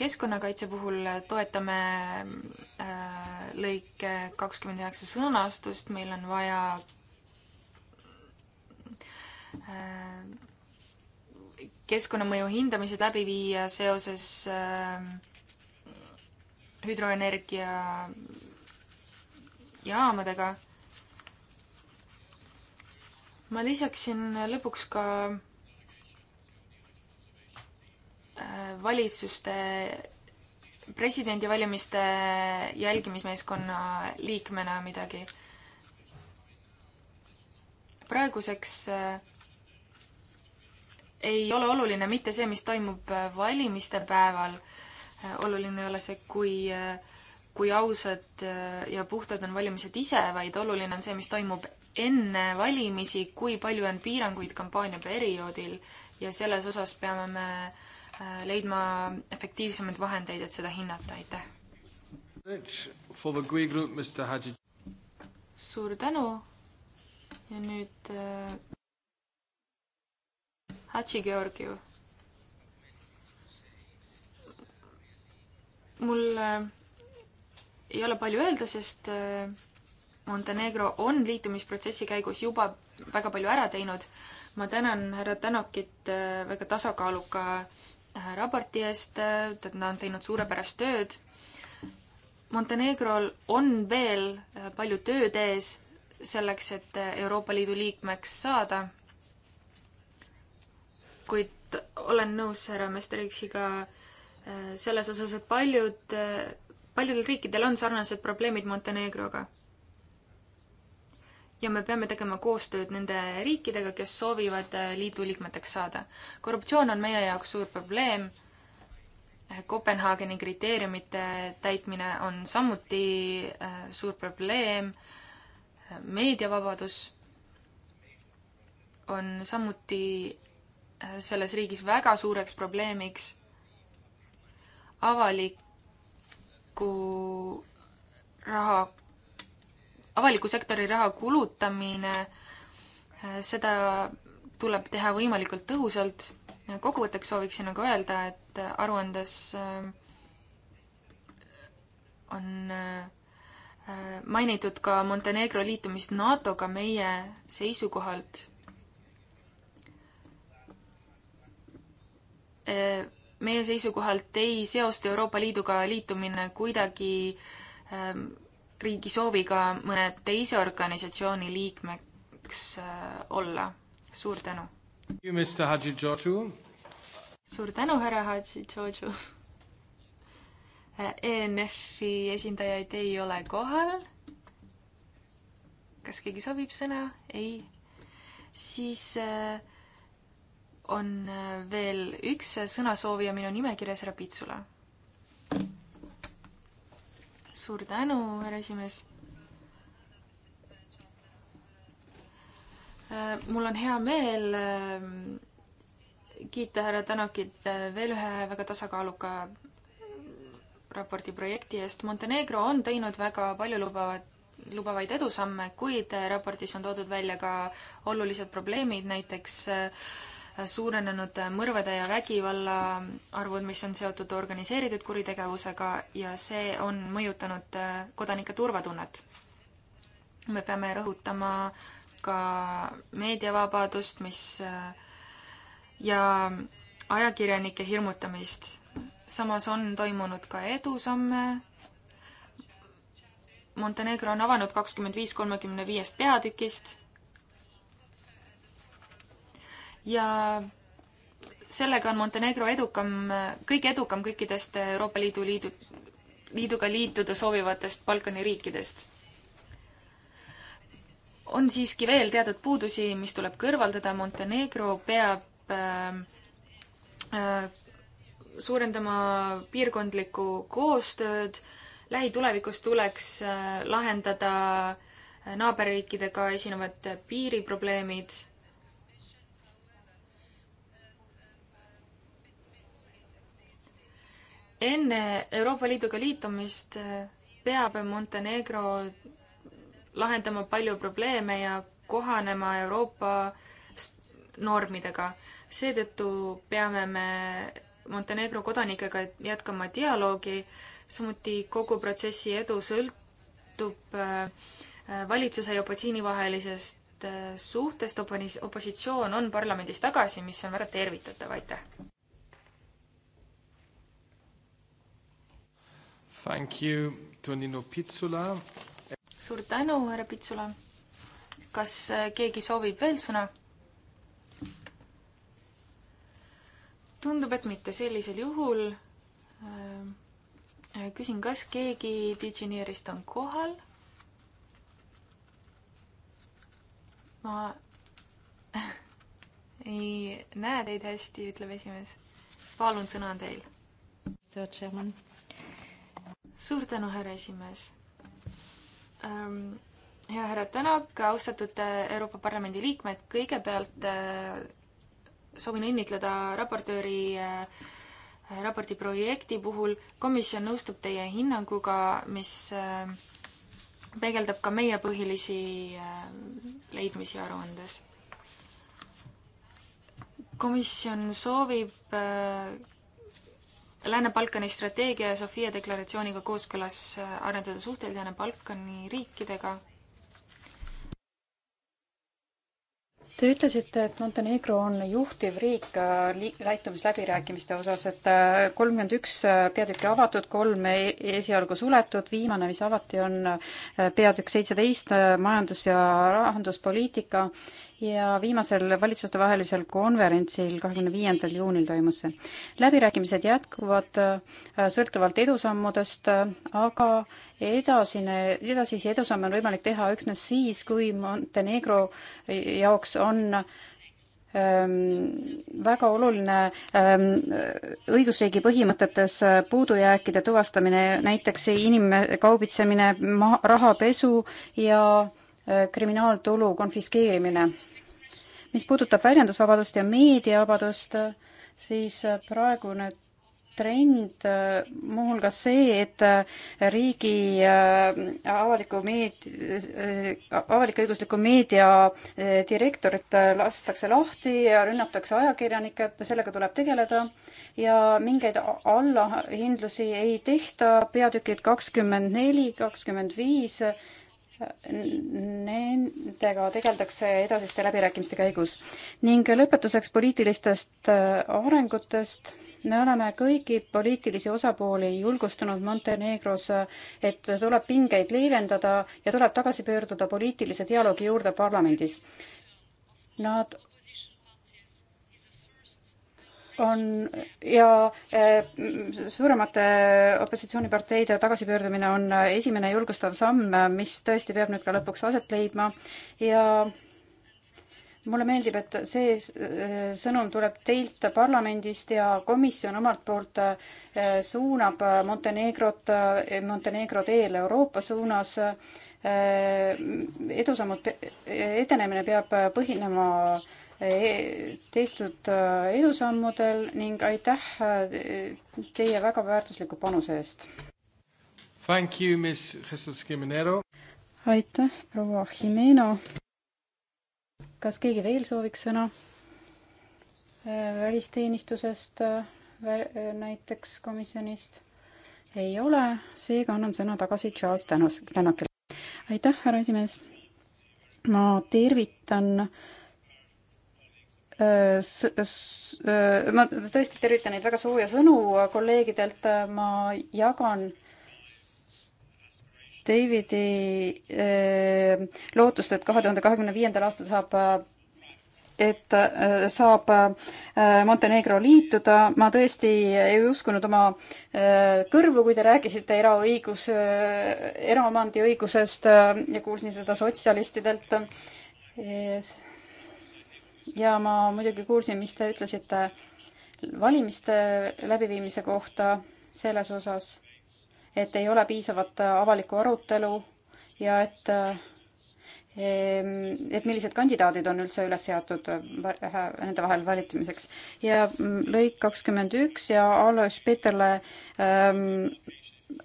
[SPEAKER 4] keskkonnakaitse puhul äh, toetame lõike kakskümmend üheksa sõnastust, meil on vaja keskkonnamõju hindamised läbi viia seoses hüdroenergia jaamadega ma lisaksin lõpuks ka äh, valitsuste, presidendivalimiste jälgimismeeskonna liikmena midagi. praeguseks äh, ei ole oluline mitte see, mis toimub äh, valimiste päeval, oluline ei ole see, kui, kui ausad ja puhtad on valimised ise, vaid oluline on see, mis toimub enne valimisi, kui palju on piiranguid kampaaniaperioodil ja selles osas peame me äh, leidma efektiivsemaid vahendeid, et seda hinnata, aitäh. suur tänu ja nüüd äh, Hatši Georgiev. mul äh, ei ole palju öelda, sest äh, Montenegro on liitumisprotsessi käigus juba väga palju ära teinud. ma tänan härra Tänokit äh, väga tasakaaluka äh, raporti eest, äh, ta on teinud suurepärast tööd. Montenegrol on veel palju tööd ees selleks, et Euroopa Liidu liikmeks saada. kuid olen nõus härra Mesteriksiga selles osas, et paljud, paljudel riikidel on sarnased probleemid Montenegroga ja me peame tegema koostööd nende riikidega, kes soovivad äh, liidu liikmeteks saada. korruptsioon on meie jaoks suur probleem. Kopenhaageni kriteeriumite täitmine on samuti äh, suur probleem. meediavabadus on samuti äh, selles riigis väga suureks probleemiks. avaliku raha avaliku sektori raha kulutamine, äh, seda tuleb teha võimalikult tõhusalt. kokkuvõtteks sooviksin aga öelda, et äh, aruandes äh, on mainitud ka Montenegro liitumist NATO-ga meie seisukohalt. meie seisukohalt ei seosta Euroopa Liiduga liitumine kuidagi ähm, riigi sooviga mõne teise organisatsiooni liikmeks äh, olla. suur tänu! suur tänu, härra Hadži Georgiou! Äh, ENF-i esindajaid ei ole kohal. kas keegi soovib sõna? ei. siis äh, on äh, veel üks sõnasoovija minu nimekirjas, härra Pitsula suur tänu, härra esimees. Äh, mul on hea meel äh, kiita härra Tänakit äh, veel ühe väga tasakaaluka raporti projekti eest. Montenegro on teinud väga paljulubavat lubavaid edusamme, kuid raportis on toodud välja ka olulised probleemid, näiteks äh, suurenenud mõrvade ja vägivalla arvud, mis on seotud organiseeritud kuritegevusega ja see on mõjutanud äh, kodanike turvatunnet. me peame rõhutama ka meediavabadust, mis äh, ja ajakirjanike hirmutamist. samas on toimunud ka edusamme. Montenegro on avanud kakskümmend viis kolmekümne viiest peatükist ja sellega on Montenegro edukam, kõige edukam kõikidest Euroopa Liidu liidu, liiduga liituda soovivatest Balkani riikidest. on siiski veel teatud puudusi, mis tuleb kõrvaldada, Montenegro peab äh, äh, suurendama piirkondlikku koostööd, lähitulevikus tuleks äh, lahendada äh, naaberriikidega esinevad piiriprobleemid enne Euroopa Liiduga liitumist äh, peab Montenegro lahendama palju probleeme ja kohanema Euroopa normidega. seetõttu peame me Montenegro kodanikega jätkama dialoogi, samuti kogu protsessi edu sõltub äh, äh, valitsuse ja opositsiooni vahelisest suhtest, opositsioon on parlamendis tagasi, mis on väga tervitatav, aitäh!
[SPEAKER 1] Thank you, Tonino Pitsula.
[SPEAKER 4] suur tänu, härra Pitsula. kas äh, keegi soovib veel sõna? tundub, et mitte sellisel juhul äh,. küsin, kas keegi Digineerist on kohal? ma [laughs] ei näe teid hästi, ütleb esimees. palun, sõna on teil. Mr Chairman suur tänu, härra esimees ähm,. hea härra Tänak, austatud äh, Euroopa Parlamendi liikmed, kõigepealt äh, soovin õnnitleda raportööri äh, raporti projekti puhul. komisjon nõustub teie hinnanguga, mis äh, peegeldab ka meie põhilisi äh, leidmisi aruandes. komisjon soovib äh, Lääne-Balkani strateegia ja Sofia deklaratsiooniga kooskõlas äh, arendada suhteid Lääne-Balkani riikidega.
[SPEAKER 3] Te ütlesite, et Montenegro on juhtiv riik äh, läitumisläbirääkimiste osas, et äh, kolmkümmend üks peatükki avatud, kolm e-, esialgu suletud, viimane, mis avati, on peatükk seitseteist, majandus- ja rahanduspoliitika ja viimasel valitsustevahelisel konverentsil, kahekümne viiendal juunil toimus see. läbirääkimised jätkuvad äh, sõltuvalt edusammudest, äh, aga edasine, edasisi edusamme on võimalik teha üksnes siis, kui Montenegro jaoks on ähm, väga oluline ähm, õigusriigi põhimõtetes äh, puudujääkide tuvastamine, näiteks inimkaubitsemine, rahapesu ja kriminaaltulu konfiskeerimine mis puudutab väljendusvabadust ja meediavabadust, siis praegune trend, äh, muuhulgas see, et äh, riigi äh, avaliku meed-, avalik-õigusliku meedia direktorit lastakse lahti ja rünnatakse ajakirjanikke, et sellega tuleb tegeleda ja mingeid allahindlusi ei tehta, peatükid kakskümmend neli, kakskümmend viis Nendega tegeldakse edasiste läbirääkimiste käigus. ning lõpetuseks poliitilistest äh, arengutest. me oleme kõigi poliitilisi osapooli julgustanud Montenegros, äh, et tuleb pingeid leevendada ja tuleb tagasi pöörduda poliitilise dialoogi juurde parlamendis. Nad on ja eh, suuremate opositsiooniparteide tagasipöördumine on esimene julgustav samm, mis tõesti peab nüüd ka lõpuks aset leidma ja mulle meeldib, et see eh, sõnum tuleb teilt parlamendist ja komisjon omalt poolt eh, suunab Montenegrot, Montenegro teel Euroopa suunas. edusammud, edenemine peab põhinema tehtud äh, edusammudel ning aitäh äh, teie väga väärtusliku panuse eest.
[SPEAKER 1] Thank you, Miss Jesus Jimenero.
[SPEAKER 3] aitäh, proua Jimeno. kas keegi veel sooviks sõna? Äh, välisteenistusest näiteks komisjonist ei ole, seega annan sõna tagasi Charles Tänak-, Tänakile. aitäh, härra esimees. ma tervitan äh, Äh, ma tõesti tervitan neid väga sooja sõnu kolleegidelt, ma jagan Davidi äh, lootust, et kahe tuhande kahekümne viiendal aastal saab et äh, saab Montenegro liituda, ma tõesti ei uskunud oma kõrvu, kui te rääkisite eraõigus, eraomandiõigusest ja kuulsin seda sotsialistidelt yes ja ma muidugi kuulsin, mis te ütlesite valimiste läbiviimise kohta selles osas, et ei ole piisavat avalikku arutelu ja et ehm, et millised kandidaadid on üldse üles seatud nende vahel valitsemiseks. ja lõik kakskümmend üks ja Alois Peterle ähm,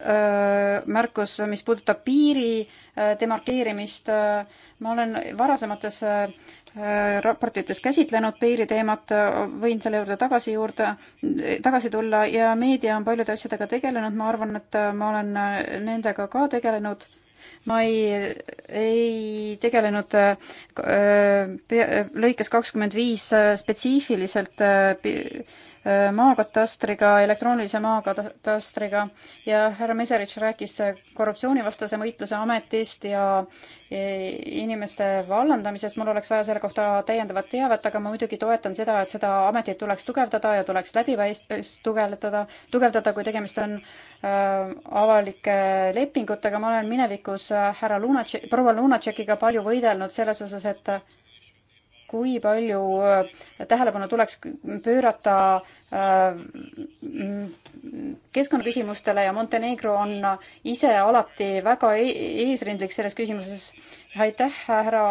[SPEAKER 3] äh, märkus, mis puudutab piiri äh, demarkeerimist äh,. ma olen varasemates äh, raportites käsitlenud piiriteemat, võin selle juurde tagasi juurde, tagasi tulla ja meedia on paljude asjadega tegelenud, ma arvan, et ma olen nendega ka tegelenud. ma ei, ei tegelenud äh, lõikes kakskümmend viis äh, spetsiifiliselt äh, maakatastriga, elektroonilise maakatastriga ja härra Meserich rääkis korruptsioonivastase võitluse ametist ja e, inimeste vallandamisest, mul oleks vaja selle kohta täiendavat teavet, aga ma muidugi toetan seda, et seda ametit tuleks tugevdada ja tuleks läbipaist-, tugevdada, tugevdada, kui tegemist on äh, avalike lepingutega, ma olen minevikus äh, härra Lunatšek, proua Lunatšekiga palju võidelnud selles osas, et kui palju äh, tähelepanu tuleks pöörata äh, keskkonnaküsimustele ja Montenegro on ise alati väga e-, eesrindlik selles küsimuses. aitäh härra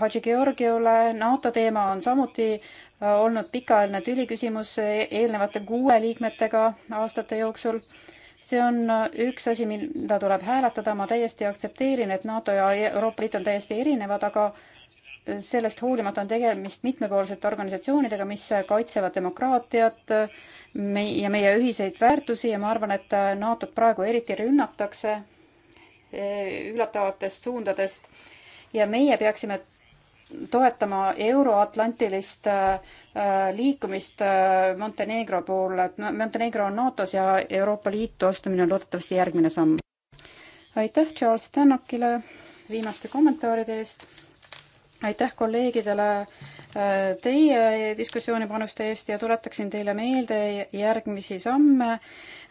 [SPEAKER 3] Hadži Georgiole, NATO teema on samuti äh, olnud pikaajaline tüliküsimus e-, eelnevate kuue liikmetega aastate jooksul see on üks asi, mida tuleb hääletada, ma täiesti aktsepteerin, et NATO ja Euroopa Liit on täiesti erinevad, aga sellest hoolimata on tegemist mitmepoolsete organisatsioonidega, mis kaitsevad demokraatiat mei- ja meie ühiseid väärtusi ja ma arvan, et NATO-t praegu eriti rünnatakse eh, üllatavatest suundadest ja meie peaksime toetama euroatlantilist eh, liikumist eh, Montenegro poole, et Montenegro on NATO-s ja Euroopa Liitu astumine on loodetavasti järgmine samm. aitäh Charles Stanokile viimaste kommentaaride eest aitäh kolleegidele äh, teie diskussiooni panuste eest ja tuletaksin teile meelde järgmisi samme.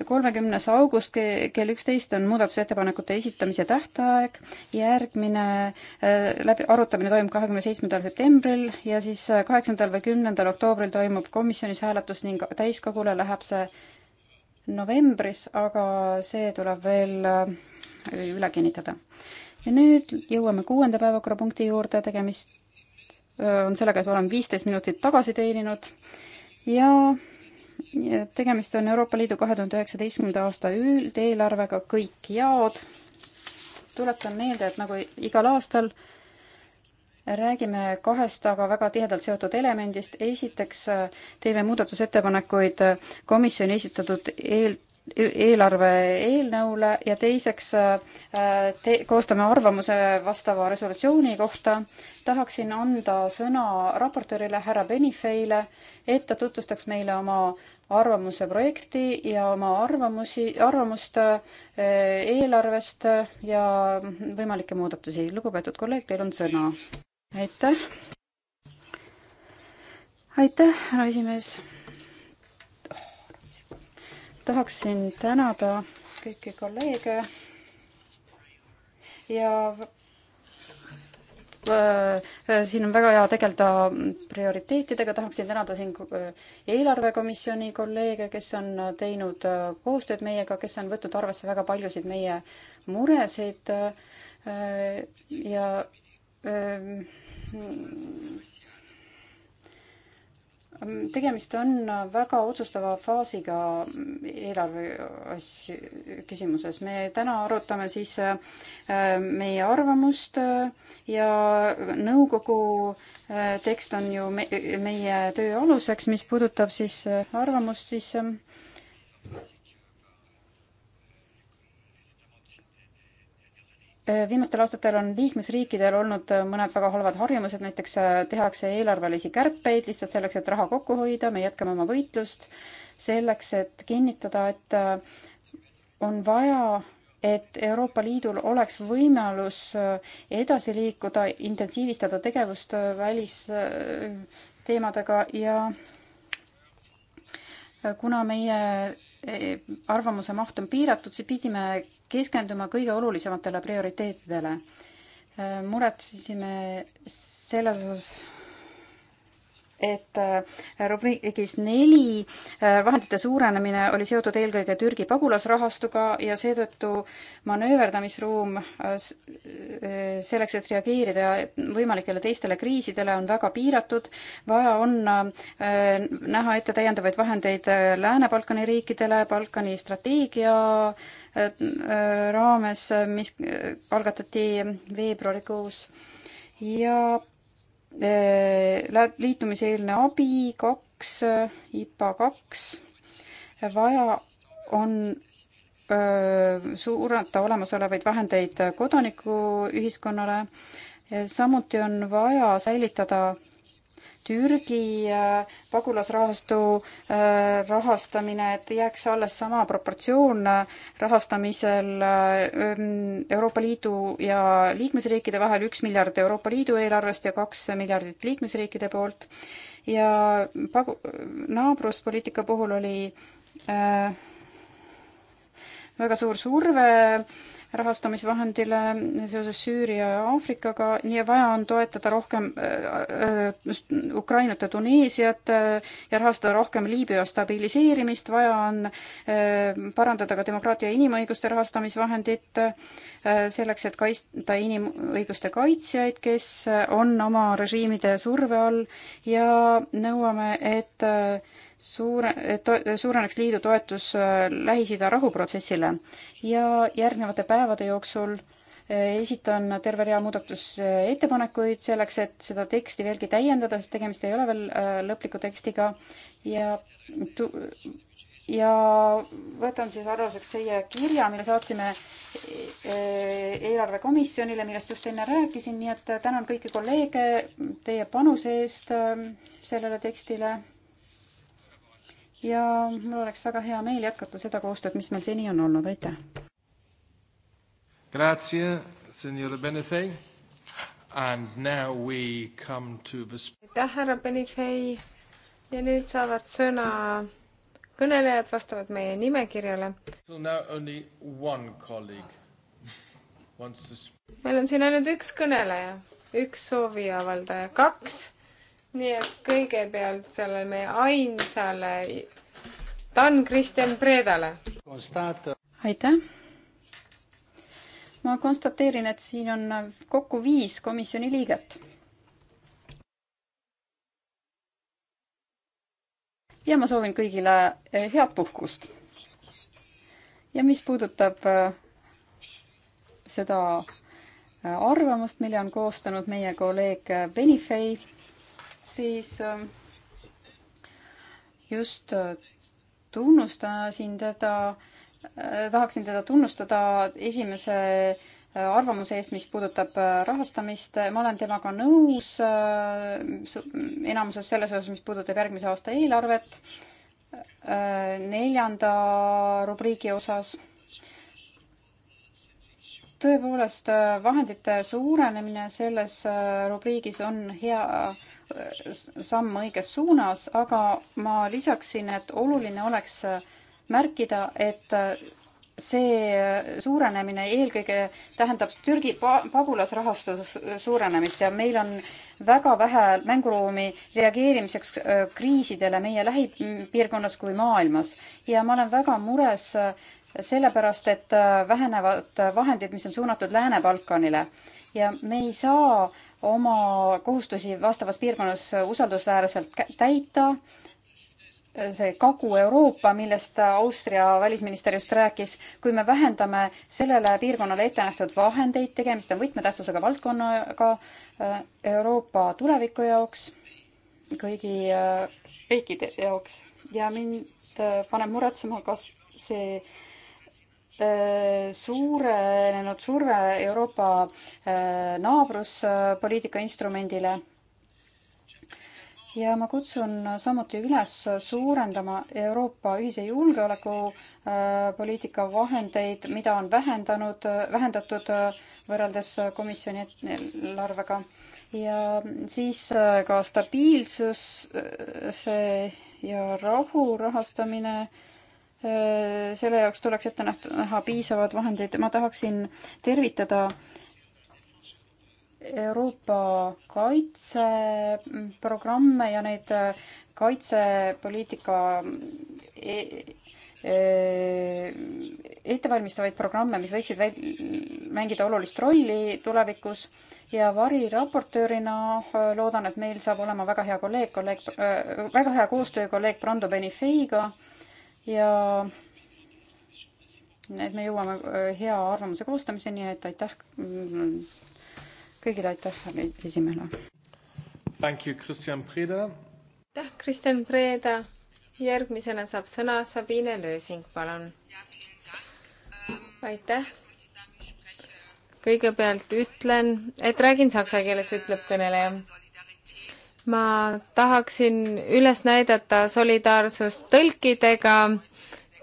[SPEAKER 3] kolmekümnes august kell üksteist on muudatusettepanekute esitamise tähtaeg, järgmine äh, läbi, arutamine toimub kahekümne seitsmendal septembril ja siis äh, kaheksandal või kümnendal oktoobril toimub komisjonis hääletus ning täiskogule läheb see novembris, aga see tuleb veel üle kinnitada ja nüüd jõuame kuuenda päevakorrapunkti juurde, tegemist on sellega, et oleme viisteist minutit tagasi teeninud ja tegemist on Euroopa Liidu kahe tuhande üheksateistkümnenda aasta üldeelarvega Kõik jaod. tuletan meelde, et nagu igal aastal räägime kahest aga väga tihedalt seotud elemendist. esiteks teeme muudatusettepanekuid komisjoni esitatud eel, eelarve eelnõule ja teiseks äh, te koostame arvamuse vastava resolutsiooni kohta. tahaksin anda sõna raportöörile härra Benifeile, et ta tutvustaks meile oma arvamuse projekti ja oma arvamusi, arvamust äh, eelarvest ja võimalikke muudatusi. lugupeetud kolleeg, teil on sõna. aitäh. aitäh, härra esimees tahaksin tänada kõiki kolleege ja äh, äh, siin on väga hea tegeleda prioriteetidega, tahaksin tänada siin äh, eelarvekomisjoni kolleege, kes on teinud koostööd meiega, kes on võtnud arvesse väga paljusid meie muresid ja tegemist on äh, väga otsustava faasiga mm, eelarve asju, küsimuses. me täna arutame siis äh, äh, meie arvamust ja nõukogu tekst on ju me meie töö aluseks, mis puudutab siis arvamust, siis ähm, Äh, viimastel aastatel on liikmesriikidel olnud äh, mõned väga halvad harjumused, näiteks äh, tehakse eelarvelisi kärpeid lihtsalt selleks, et raha kokku hoida, me jätkame oma võitlust selleks, et kinnitada, et on vaja, et Euroopa Liidul oleks võimalus edasi liikuda, intensiivistada tegevust välisteemadega ja kuna meie arvamuse maht on piiratud, siis pidime keskenduma kõige olulisematele prioriteetidele. Äh, muretsesime selles osas, et äh, rubriigis neli äh, vahendite suurenemine oli seotud eelkõige Türgi pagulasrahastuga ja seetõttu manööverdamisruum selleks, et reageerida võimalikele teistele kriisidele, on väga piiratud. vaja on näha ette täiendavaid vahendeid Lääne-Balkani riikidele, Balkani strateegia raames, mis algatati veebruarikuus ja äh, liitumiseelne abi kaks, IPA kaks, vaja on äh, suurendada olemasolevaid vahendeid kodanikuühiskonnale, samuti on vaja säilitada Türgi äh, pagulasrahastu äh, rahastamine, et jääks alles sama proportsioon äh, rahastamisel ähm, Euroopa Liidu ja liikmesriikide vahel, üks miljard Euroopa Liidu eelarvest ja kaks miljardit liikmesriikide poolt. ja pagu-, naabruspoliitika puhul oli äh, väga suur surve äh, rahastamisvahendile seoses Süüria ja Aafrikaga, nii vaja on toetada rohkem äh, äh, Ukrainat ja Tuneesiat äh, ja rahastada rohkem Liibüa stabiliseerimist, vaja on parandada ka demokraatia ja inimõiguste rahastamisvahendit selleks, et kaitsta inimõiguste kaitsjaid, kes on oma režiimide surve all ja nõuame, et suure, suureneks liidu toetus äh, Lähis-Ida rahuprotsessile ja järgnevate päevade jooksul äh, esitan terve rea muudatusettepanekuid selleks, et seda teksti veelgi täiendada, sest tegemist ei ole veel äh, lõpliku tekstiga ja tu-, ja võtan siis arveseks teie kirja, mille saatsime eelarvekomisjonile, millest just enne rääkisin, nii et tänan kõiki kolleege teie panuse eest sellele tekstile ja mul oleks väga hea meel jätkata seda koostööd, mis meil seni on olnud, aitäh!
[SPEAKER 1] Grazie, senor Benefei. And now we come to the...
[SPEAKER 2] aitäh, härra Benefei! ja nüüd saavad sõna kõnelejad vastavalt meie nimekirjale. meil on siin ainult üks kõneleja, üks sooviavaldaja, kaks. nii et kõigepealt sellele meie ainsale Dan Kristjan Predale.
[SPEAKER 3] aitäh. ma konstateerin, et siin on kokku viis komisjoni liiget. ja ma soovin kõigile eh, head puhkust. ja mis puudutab eh, seda eh, arvamust, mille on koostanud meie kolleeg Benifei, siis just tunnustasin teda, äh, tahaksin teda tunnustada esimese äh, arvamuse eest, mis puudutab äh, rahastamist. ma olen temaga nõus enamuses selles osas, mis puudutab järgmise aasta eelarvet, neljanda rubriigi osas. tõepoolest, vahendite suurenemine selles rubriigis on hea samm õiges suunas, aga ma lisaksin, et oluline oleks märkida, et see suurenemine eelkõige tähendab Türgi pagulasrahastu suurenemist ja meil on väga vähe mänguruumi reageerimiseks äh, kriisidele meie lähipiirkonnas kui maailmas. ja ma olen väga mures äh, sellepärast, et äh, vähenevad vahendid, mis on suunatud Lääne-Balkanile ja me ei saa oma kohustusi vastavas piirkonnas usaldusväärselt täita. see Kagu-Euroopa, millest Austria välisminister just rääkis, kui me vähendame sellele piirkonnale ette nähtud vahendeid, tegemist on võtmetähtsusega valdkonnaga äh, Euroopa tuleviku jaoks, kõigi äh, riikide jaoks ja mind äh, paneb muretsema, kas see äh, Äh, suurenenud surve Euroopa äh, naabruspoliitika instrumendile. ja ma kutsun samuti üles suurendama Euroopa ühise julgeolekupoliitika äh, vahendeid, mida on vähendanud, vähendatud võrreldes komisjoni eelarvega. ja siis ka stabiilsus see ja rahu rahastamine Äh, selle jaoks tuleks ette näha piisavad vahendid. ma tahaksin tervitada Euroopa kaitseprogramme ja neid äh, kaitsepoliitika e e ettevalmistavaid programme, mis võiksid mängida olulist rolli tulevikus ja variraportöörina äh, loodan, et meil saab olema väga hea kolleeg, kolleeg äh,, väga hea koostöö kolleeg Brando Benifeiga äh, ja et me jõuame äh, hea arvamuse koostamiseni, et aitäh mm, kõigile, aitäh härra esimehele.
[SPEAKER 1] Thank you, Kristjan Preda.
[SPEAKER 3] aitäh, Kristjan
[SPEAKER 2] Preda. järgmisena saab sõna Sabine Lösing, palun. aitäh. kõigepealt ütlen, et räägin saksa keeles, ütleb kõneleja ma tahaksin üles näidata solidaarsust tõlkidega,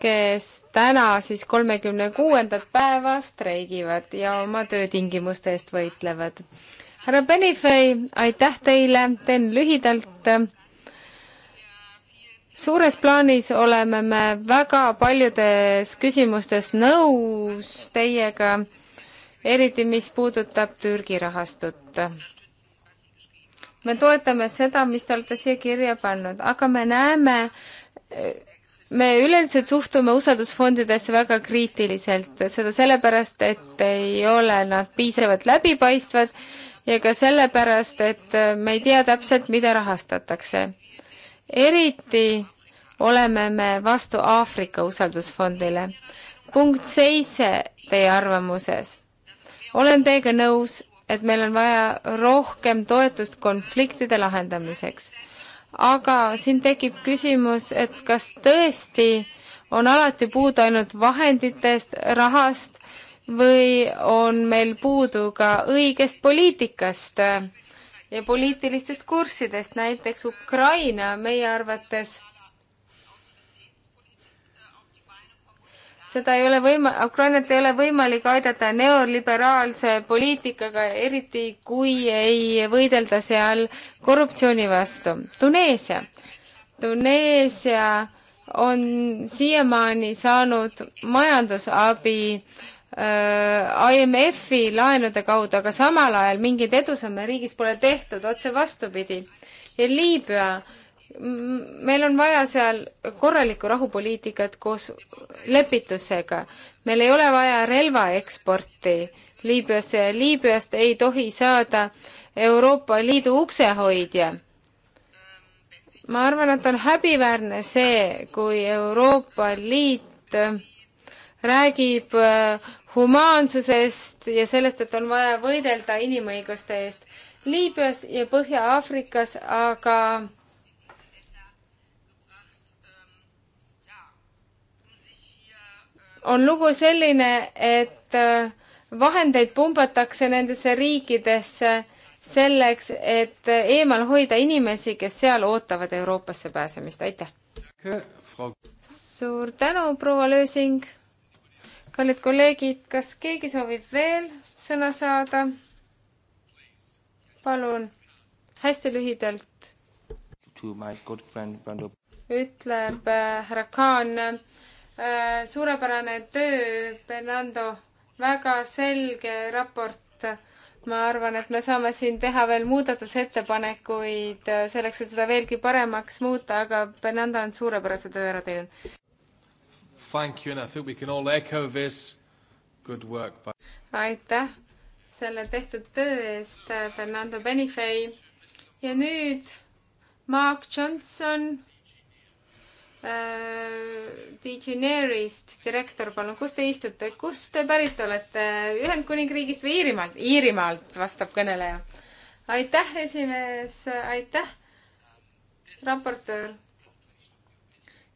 [SPEAKER 2] kes täna siis kolmekümne kuuendat päeva streigivad ja oma töötingimuste eest võitlevad. härra Benifei, aitäh teile, teen lühidalt. suures plaanis oleme me väga paljudes küsimustes nõus teiega, eriti mis puudutab Türgi rahastut me toetame seda, mis te olete siia kirja pannud, aga me näeme, me üleüldiselt suhtume usaldusfondidesse väga kriitiliselt, seda sellepärast, et ei ole nad piisavalt läbipaistvad ja ka sellepärast, et me ei tea täpselt, mida rahastatakse. eriti oleme me vastu Aafrika usaldusfondile. punkt seitse teie arvamuses. olen teiega nõus et meil on vaja rohkem toetust konfliktide lahendamiseks. aga siin tekib küsimus, et kas tõesti on alati puudu ainult vahenditest, rahast või on meil puudu ka õigest poliitikast ja poliitilistest kurssidest, näiteks Ukraina meie arvates seda ei ole võima-, Ukrainat ei ole võimalik aidata neoliberaalse poliitikaga, eriti kui ei võidelda seal korruptsiooni vastu. Tuneesia. Tuneesia on siiamaani saanud majandusabi äh, IMF-i laenude kaudu, aga samal ajal mingeid edusamme riigis pole tehtud, otse vastupidi. ja Liibüa äh, meil on vaja seal korralikku rahupoliitikat koos lepitusega. meil ei ole vaja relvaeksporti Liibüasse ja Liibüast ei tohi saada Euroopa Liidu uksehoidja. ma arvan, et on häbiväärne see, kui Euroopa Liit räägib äh, humaansusest ja sellest, et on vaja võidelda inimõiguste eest Liibüas ja Põhja-Aafrikas, aga on lugu selline, et äh, vahendeid pumbatakse nendesse riikidesse selleks, et eemal hoida inimesi, kes seal ootavad Euroopasse pääsemist, aitäh! suur tänu, proua Lösing! kallid kolleegid, kas keegi soovib veel sõna saada? palun, hästi lühidalt. ütleb äh, härra Kaan Äh, suurepärane töö, Fernando, väga selge raport. ma arvan, et me saame siin teha veel muudatusettepanekuid äh, selleks, et seda veelgi paremaks muuta, aga Fernando on suurepärase töö ära teinud.
[SPEAKER 4] Thank you and I think we can all echo
[SPEAKER 1] this good work by....
[SPEAKER 2] aitäh selle tehtud töö eest, äh, Fernando Benifei. ja nüüd Mark Johnson Äh, Digineerist direktor, palun, kus te istute, kust te pärit olete, Ühendkuningriigist või Iirimaalt? Iirimaalt, vastab kõneleja. aitäh, esimees, aitäh, raportöör.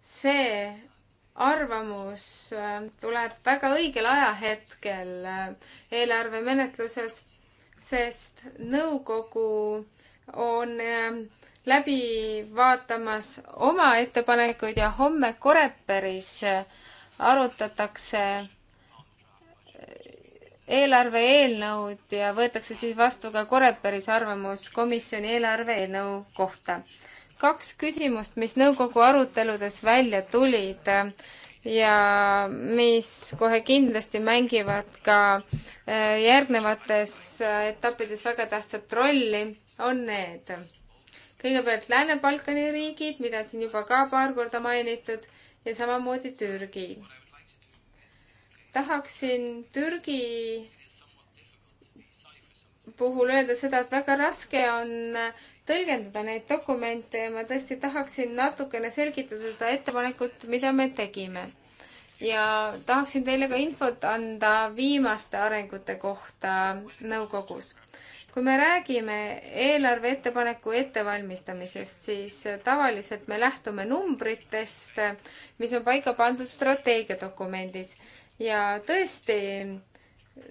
[SPEAKER 2] see arvamus äh, tuleb väga õigel ajahetkel äh, eelarvemenetluses, sest nõukogu on äh, läbi vaatamas oma ettepanekuid ja homme Koreperis arutatakse eelarve eelnõud ja võetakse siis vastu ka Koreperis arvamus komisjoni eelarve eelnõu kohta. kaks küsimust, mis nõukogu aruteludes välja tulid ja mis kohe kindlasti mängivad ka eh, järgnevates eh, etappides väga tähtsat rolli, on need kõigepealt Lääne-Balkani riigid, mida on siin juba ka paar korda mainitud, ja samamoodi Türgi. tahaksin Türgi puhul öelda seda, et väga raske on tõlgendada neid dokumente ja ma tõesti tahaksin natukene selgitada seda ettepanekut, mida me tegime. ja tahaksin teile ka infot anda viimaste arengute kohta nõukogus kui me räägime eelarve ettepaneku ettevalmistamisest, siis äh, tavaliselt me lähtume numbritest, äh, mis on paika pandud strateegiadokumendis ja tõesti,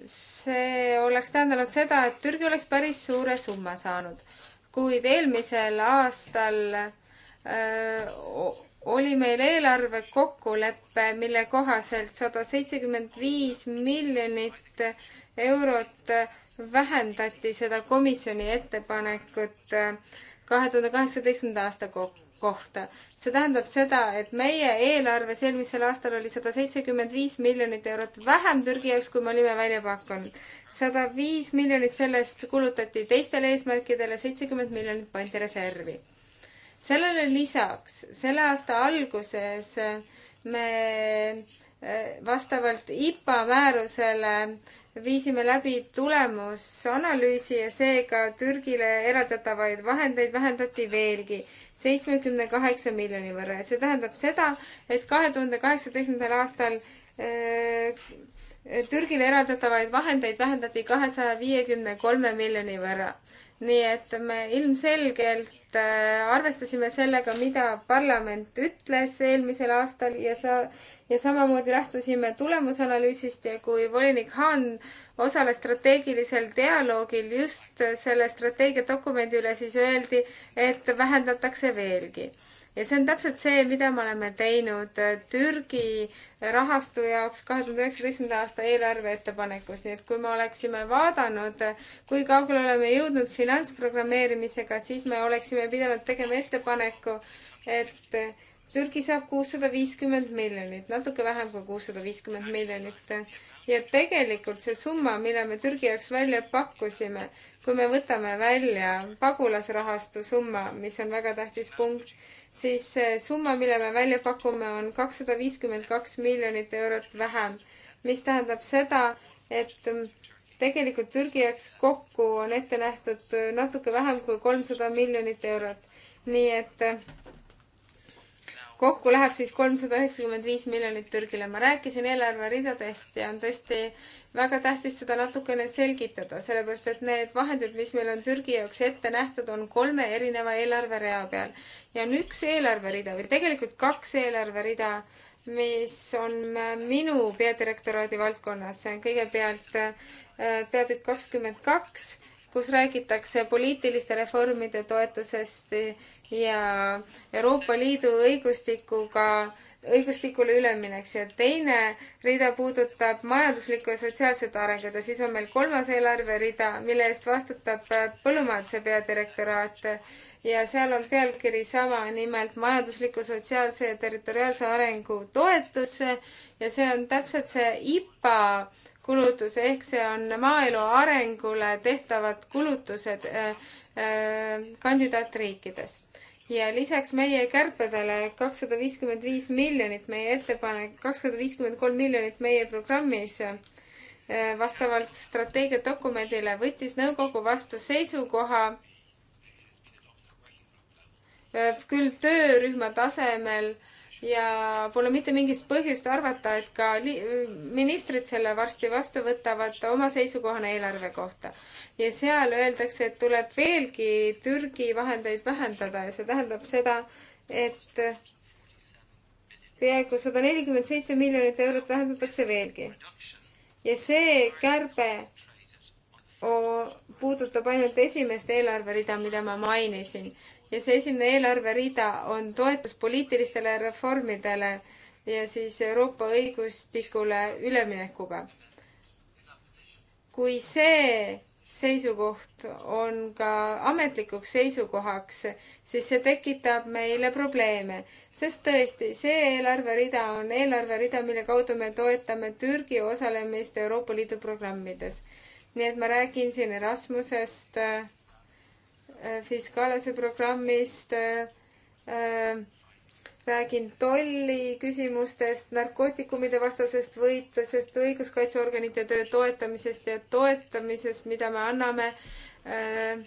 [SPEAKER 2] see oleks tähendanud seda, et Türgi oleks päris suure summa saanud, kuid eelmisel aastal öö, äh, oli meil eelarve kokkulepe, mille kohaselt sada seitsekümmend viis miljonit eurot vähendati seda komisjoni ettepanekut äh, kahe tuhande kaheksateistkümnenda aasta kohta. see tähendab seda, et meie eelarves eelmisel aastal oli sada seitsekümmend viis miljonit eurot vähem Türgi jaoks, kui me olime välja pakkunud. sada viis miljonit sellest kulutati teistele eesmärkidele, seitsekümmend miljonit pandi reservi. sellele lisaks selle aasta alguses äh, me äh, vastavalt IPA määrusele viisime läbi tulemusanalüüsi ja seega Türgile eraldatavaid vahendeid vähendati veelgi seitsmekümne kaheksa miljoni võrra ja see tähendab seda, et kahe tuhande kaheksateistkümnendal aastal äh, Türgile eraldatavaid vahendeid vähendati kahesaja viiekümne kolme miljoni võrra nii et me ilmselgelt äh, arvestasime sellega, mida parlament ütles eelmisel aastal ja sa, ja samamoodi lähtusime tulemusanalüüsist ja kui volinik Hahn osales strateegilisel dialoogil just selle strateegiadokumendi üle, siis öeldi, et vähendatakse veelgi ja see on täpselt see, mida me oleme teinud äh, Türgi rahastu jaoks kahe tuhande üheksateistkümnenda aasta eelarve ettepanekus, nii et kui me oleksime vaadanud, äh, kui kaugele oleme jõudnud finantsprogrammeerimisega, siis me oleksime pidanud tegema ettepaneku, et äh, Türgi saab kuussada viiskümmend miljonit, natuke vähem kui kuussada viiskümmend miljonit. ja tegelikult see summa, mille me Türgi jaoks välja pakkusime, kui me võtame välja pagulasrahastu summa, mis on väga tähtis punkt, siis see summa, mille me välja pakume, on kakssada viiskümmend kaks miljonit eurot vähem, mis tähendab seda, et tegelikult Türgi jaoks kokku on ette nähtud natuke vähem kui kolmsada miljonit eurot. nii et kokku läheb siis kolmsada üheksakümmend viis miljonit Türgile. ma rääkisin eelarveridadest ja on tõesti väga tähtis seda natukene selgitada, sellepärast et need vahendid, mis meil on Türgi jaoks ette nähtud, on kolme erineva eelarverea peal. ja on üks eelarverida või tegelikult kaks eelarverida, mis on minu peadirektoraadi valdkonnas, see on kõigepealt äh, peatükk kakskümmend kaks kus räägitakse poliitiliste reformide toetusest ja Euroopa Liidu õigustikuga õigustikule ülemineks ja teine rida puudutab majanduslikku ja sotsiaalset arengut ja siis on meil kolmas eelarverida, mille eest vastutab põllumajanduse peadirektoraat ja seal on pealkiri sama, nimelt majandusliku, sotsiaalse ja territoriaalse arengu toetus ja see on täpselt see IPA kulutus ehk see on maaelu arengule tehtavad kulutused äh, äh, kandidaatriikides. ja lisaks meie kärpedele kakssada viiskümmend viis miljonit meie ettepanek, kakssada viiskümmend kolm miljonit meie programmis äh, vastavalt strateegiadokumendile võttis nõukogu vastu seisukoha äh, Äh, küll töörühma tasemel ja pole mitte mingit põhjust arvata, et ka ministrid selle varsti vastu võtavad oma seisukohana eelarve kohta. ja seal öeldakse, et tuleb veelgi Türgi vahendeid vähendada ja see tähendab seda, et peaaegu sada nelikümmend seitse miljonit eurot vähendatakse veelgi. ja see kärbe puudutab ainult esimest eelarverida, mida ma mainisin ja see esimene eelarverida on toetus poliitilistele reformidele ja siis Euroopa õigustikule üleminekuga. kui see seisukoht on ka ametlikuks seisukohaks, siis see tekitab meile probleeme, sest tõesti, see eelarverida on eelarverida, mille kaudu me toetame Türgi osalemist Euroopa Liidu programmides. nii et ma räägin siin Erasmusest äh,, fiskaalase programmist, äh, räägin tolli küsimustest, narkootikumide vastasest võitlusest, õiguskaitseorganite töö toetamisest ja toetamisest, mida me anname äh,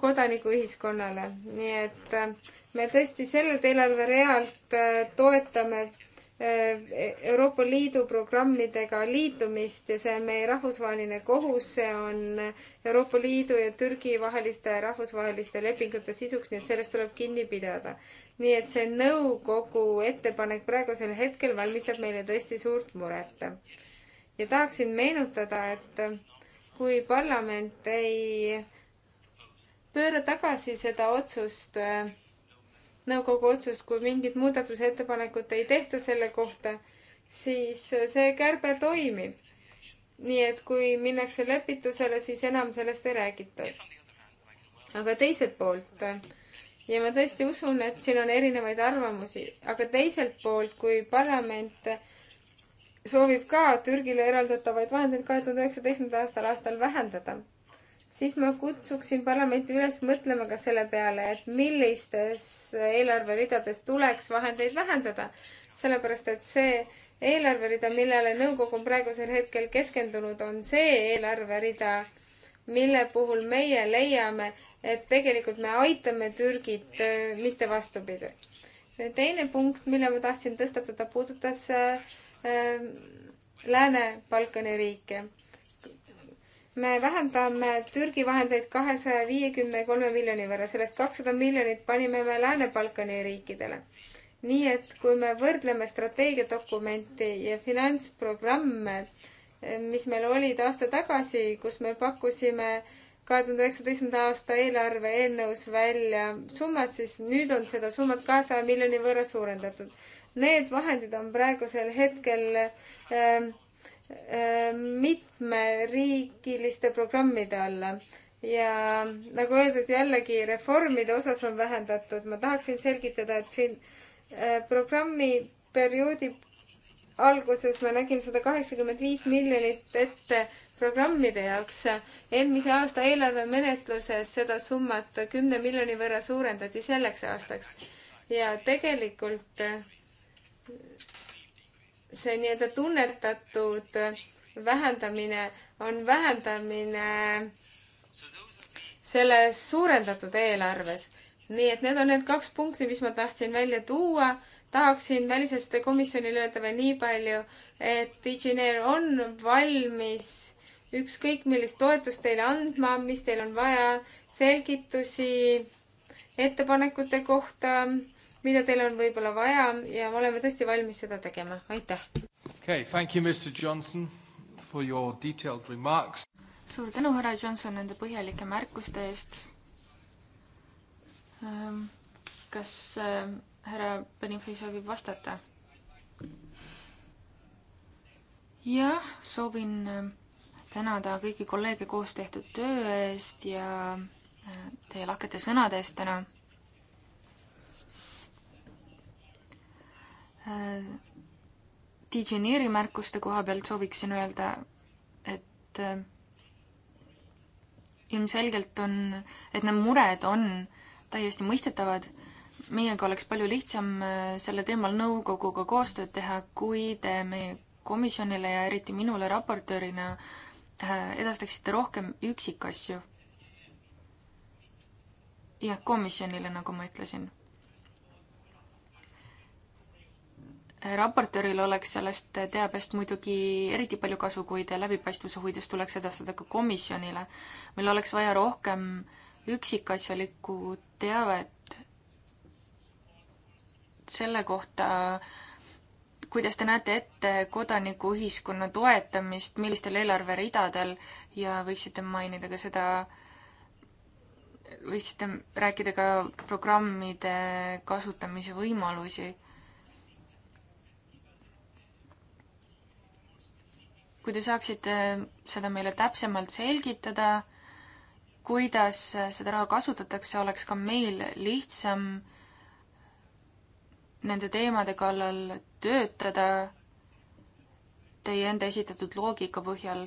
[SPEAKER 2] kodanikuühiskonnale, nii et äh, me tõesti sellelt eelarverealt toetame Euroopa Liidu programmidega liitumist ja see on meie rahvusvaheline kohus, see on Euroopa Liidu ja Türgi vaheliste rahvusvaheliste lepingute sisuks, nii et sellest tuleb kinni pidada. nii et see nõukogu ettepanek praegusel hetkel valmistab meile tõesti suurt muret. ja tahaksin meenutada, et kui parlament ei pööra tagasi seda otsust äh, nõukogu otsust, kui mingit muudatusettepanekut ei tehta selle kohta, siis see kärbe toimib. nii et kui minnakse lepitusele, siis enam sellest ei räägita. aga teiselt poolt ja ma tõesti usun, et siin on erinevaid arvamusi, aga teiselt poolt, kui parlament soovib ka Türgile eraldatavaid vahendeid kahe tuhande üheksateistkümnendal aastal aastal vähendada siis ma kutsuksin parlamenti üles mõtlema ka selle peale, et millistes eelarveridades tuleks vahendeid vähendada, sellepärast et see eelarverida, millele nõukogu on praegusel hetkel keskendunud, on see eelarverida, mille puhul meie leiame, et tegelikult me aitame Türgit, äh, mitte vastupidi. teine punkt, mille ma tahtsin tõstatada, puudutas äh, äh, Lääne-Balkani riike me vähendame Türgi vahendeid kahesaja viiekümne kolme miljoni võrra, sellest kakssada miljonit panime me Lääne-Balkani riikidele. nii et kui me võrdleme strateegiadokumenti ja finantsprogramme, mis meil olid aasta tagasi, kus me pakkusime kahe tuhande üheksateistkümnenda aasta eelarve eelnõus välja summad, siis nüüd on seda summat kahesaja miljoni võrra suurendatud. Need vahendid on praegusel hetkel äh, Äh, mitmeriigiliste programmide alla ja nagu öeldud, jällegi reformide osas on vähendatud. ma tahaksin selgitada, et fin-, äh, programmi perioodi alguses me nägime sada kaheksakümmend viis miljonit ette programmide jaoks. eelmise aasta eelarve menetluses seda summat kümne miljoni võrra suurendati selleks aastaks ja tegelikult see nii-öelda tunnetatud vähendamine on vähendamine selles suurendatud eelarves. nii et need on need kaks punkti, mis ma tahtsin välja tuua. tahaksin väliseste komisjonile öelda veel nii palju, et Digineer on valmis ükskõik millist toetust teile andma, mis teil on vaja, selgitusi ettepanekute kohta mida teil on võib-olla
[SPEAKER 4] vaja ja me oleme tõesti valmis seda tegema, aitäh!
[SPEAKER 1] Okay, thank you, Mr Johnson for your detailed remarks.
[SPEAKER 4] suur tänu, härra Johnson, nende põhjalike märkuste eest. Ähm, kas ähm, härra Benifei soovib vastata? jah, soovin ähm, tänada kõiki kolleege koos tehtud töö eest ja äh, teie lahkete sõnade eest täna Digineeri äh, märkuste koha pealt sooviksin öelda, et äh, ilmselgelt on, et need mured on täiesti mõistetavad. meiega oleks palju lihtsam äh, sellel teemal nõukoguga koostööd teha, kui te meie komisjonile ja eriti minule raportöörina edastaksite rohkem üksikasju. jah, komisjonile, nagu ma ütlesin raportööril oleks sellest teabest muidugi eriti palju kasu, kuid läbipaistvuse huvides tuleks edastada ka komisjonile. meil oleks vaja rohkem üksikasjalikku teavet selle kohta, kuidas te näete ette kodanikuühiskonna toetamist, millistel eelarveridadel ja võiksite mainida ka seda, võiksite rääkida ka programmide kasutamise võimalusi kui te saaksite äh, seda meile täpsemalt selgitada, kuidas äh, seda raha kasutatakse, oleks ka meil lihtsam nende teemade kallal töötada teie enda esitatud loogika põhjal.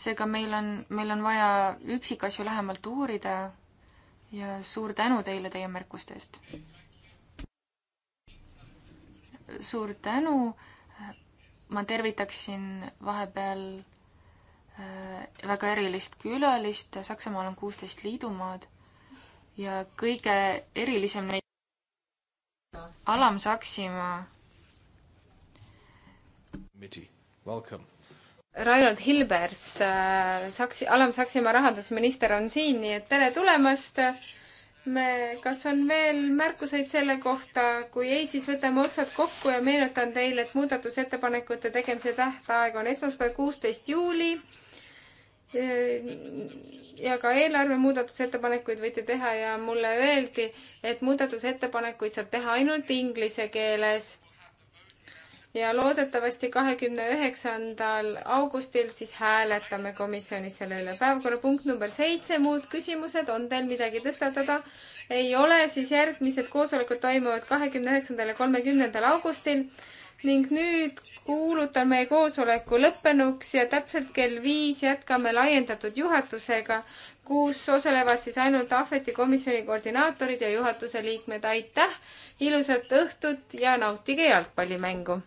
[SPEAKER 4] seega meil on, meil on vaja üksikasju lähemalt uurida ja suur tänu teile teie märkuste eest! suur tänu. ma tervitaksin vahepeal äh, väga erilist külalist, Saksamaal on kuusteist liidumaad ja kõige erilisem neid Alam-Saksimaa.
[SPEAKER 2] Reinhold Hilbers, äh, Saksi, Alam-Saksimaa rahandusminister on siin, nii et tere tulemast me, kas on veel märkuseid selle kohta, kui ei, siis võtame otsad kokku ja meenutan teile, et muudatusettepanekute tegemise tähtaeg on esmaspäev, kuusteist juuli. ja ka eelarve muudatusettepanekuid võite teha ja mulle öeldi, et muudatusettepanekuid saab teha ainult inglise keeles ja loodetavasti kahekümne üheksandal augustil siis hääletame komisjonis selle üle. päevakorrapunkt number seitse, muud küsimused, on teil midagi tõstatada? ei ole, siis järgmised koosolekud toimuvad kahekümne üheksandal ja kolmekümnendal augustil ning nüüd kuulutan meie koosoleku lõppenuks ja täpselt kell viis jätkame laiendatud juhatusega, kus osalevad siis ainult Ahveti komisjoni koordinaatorid ja juhatuse liikmed. aitäh, ilusat õhtut ja nautige jalgpallimängu!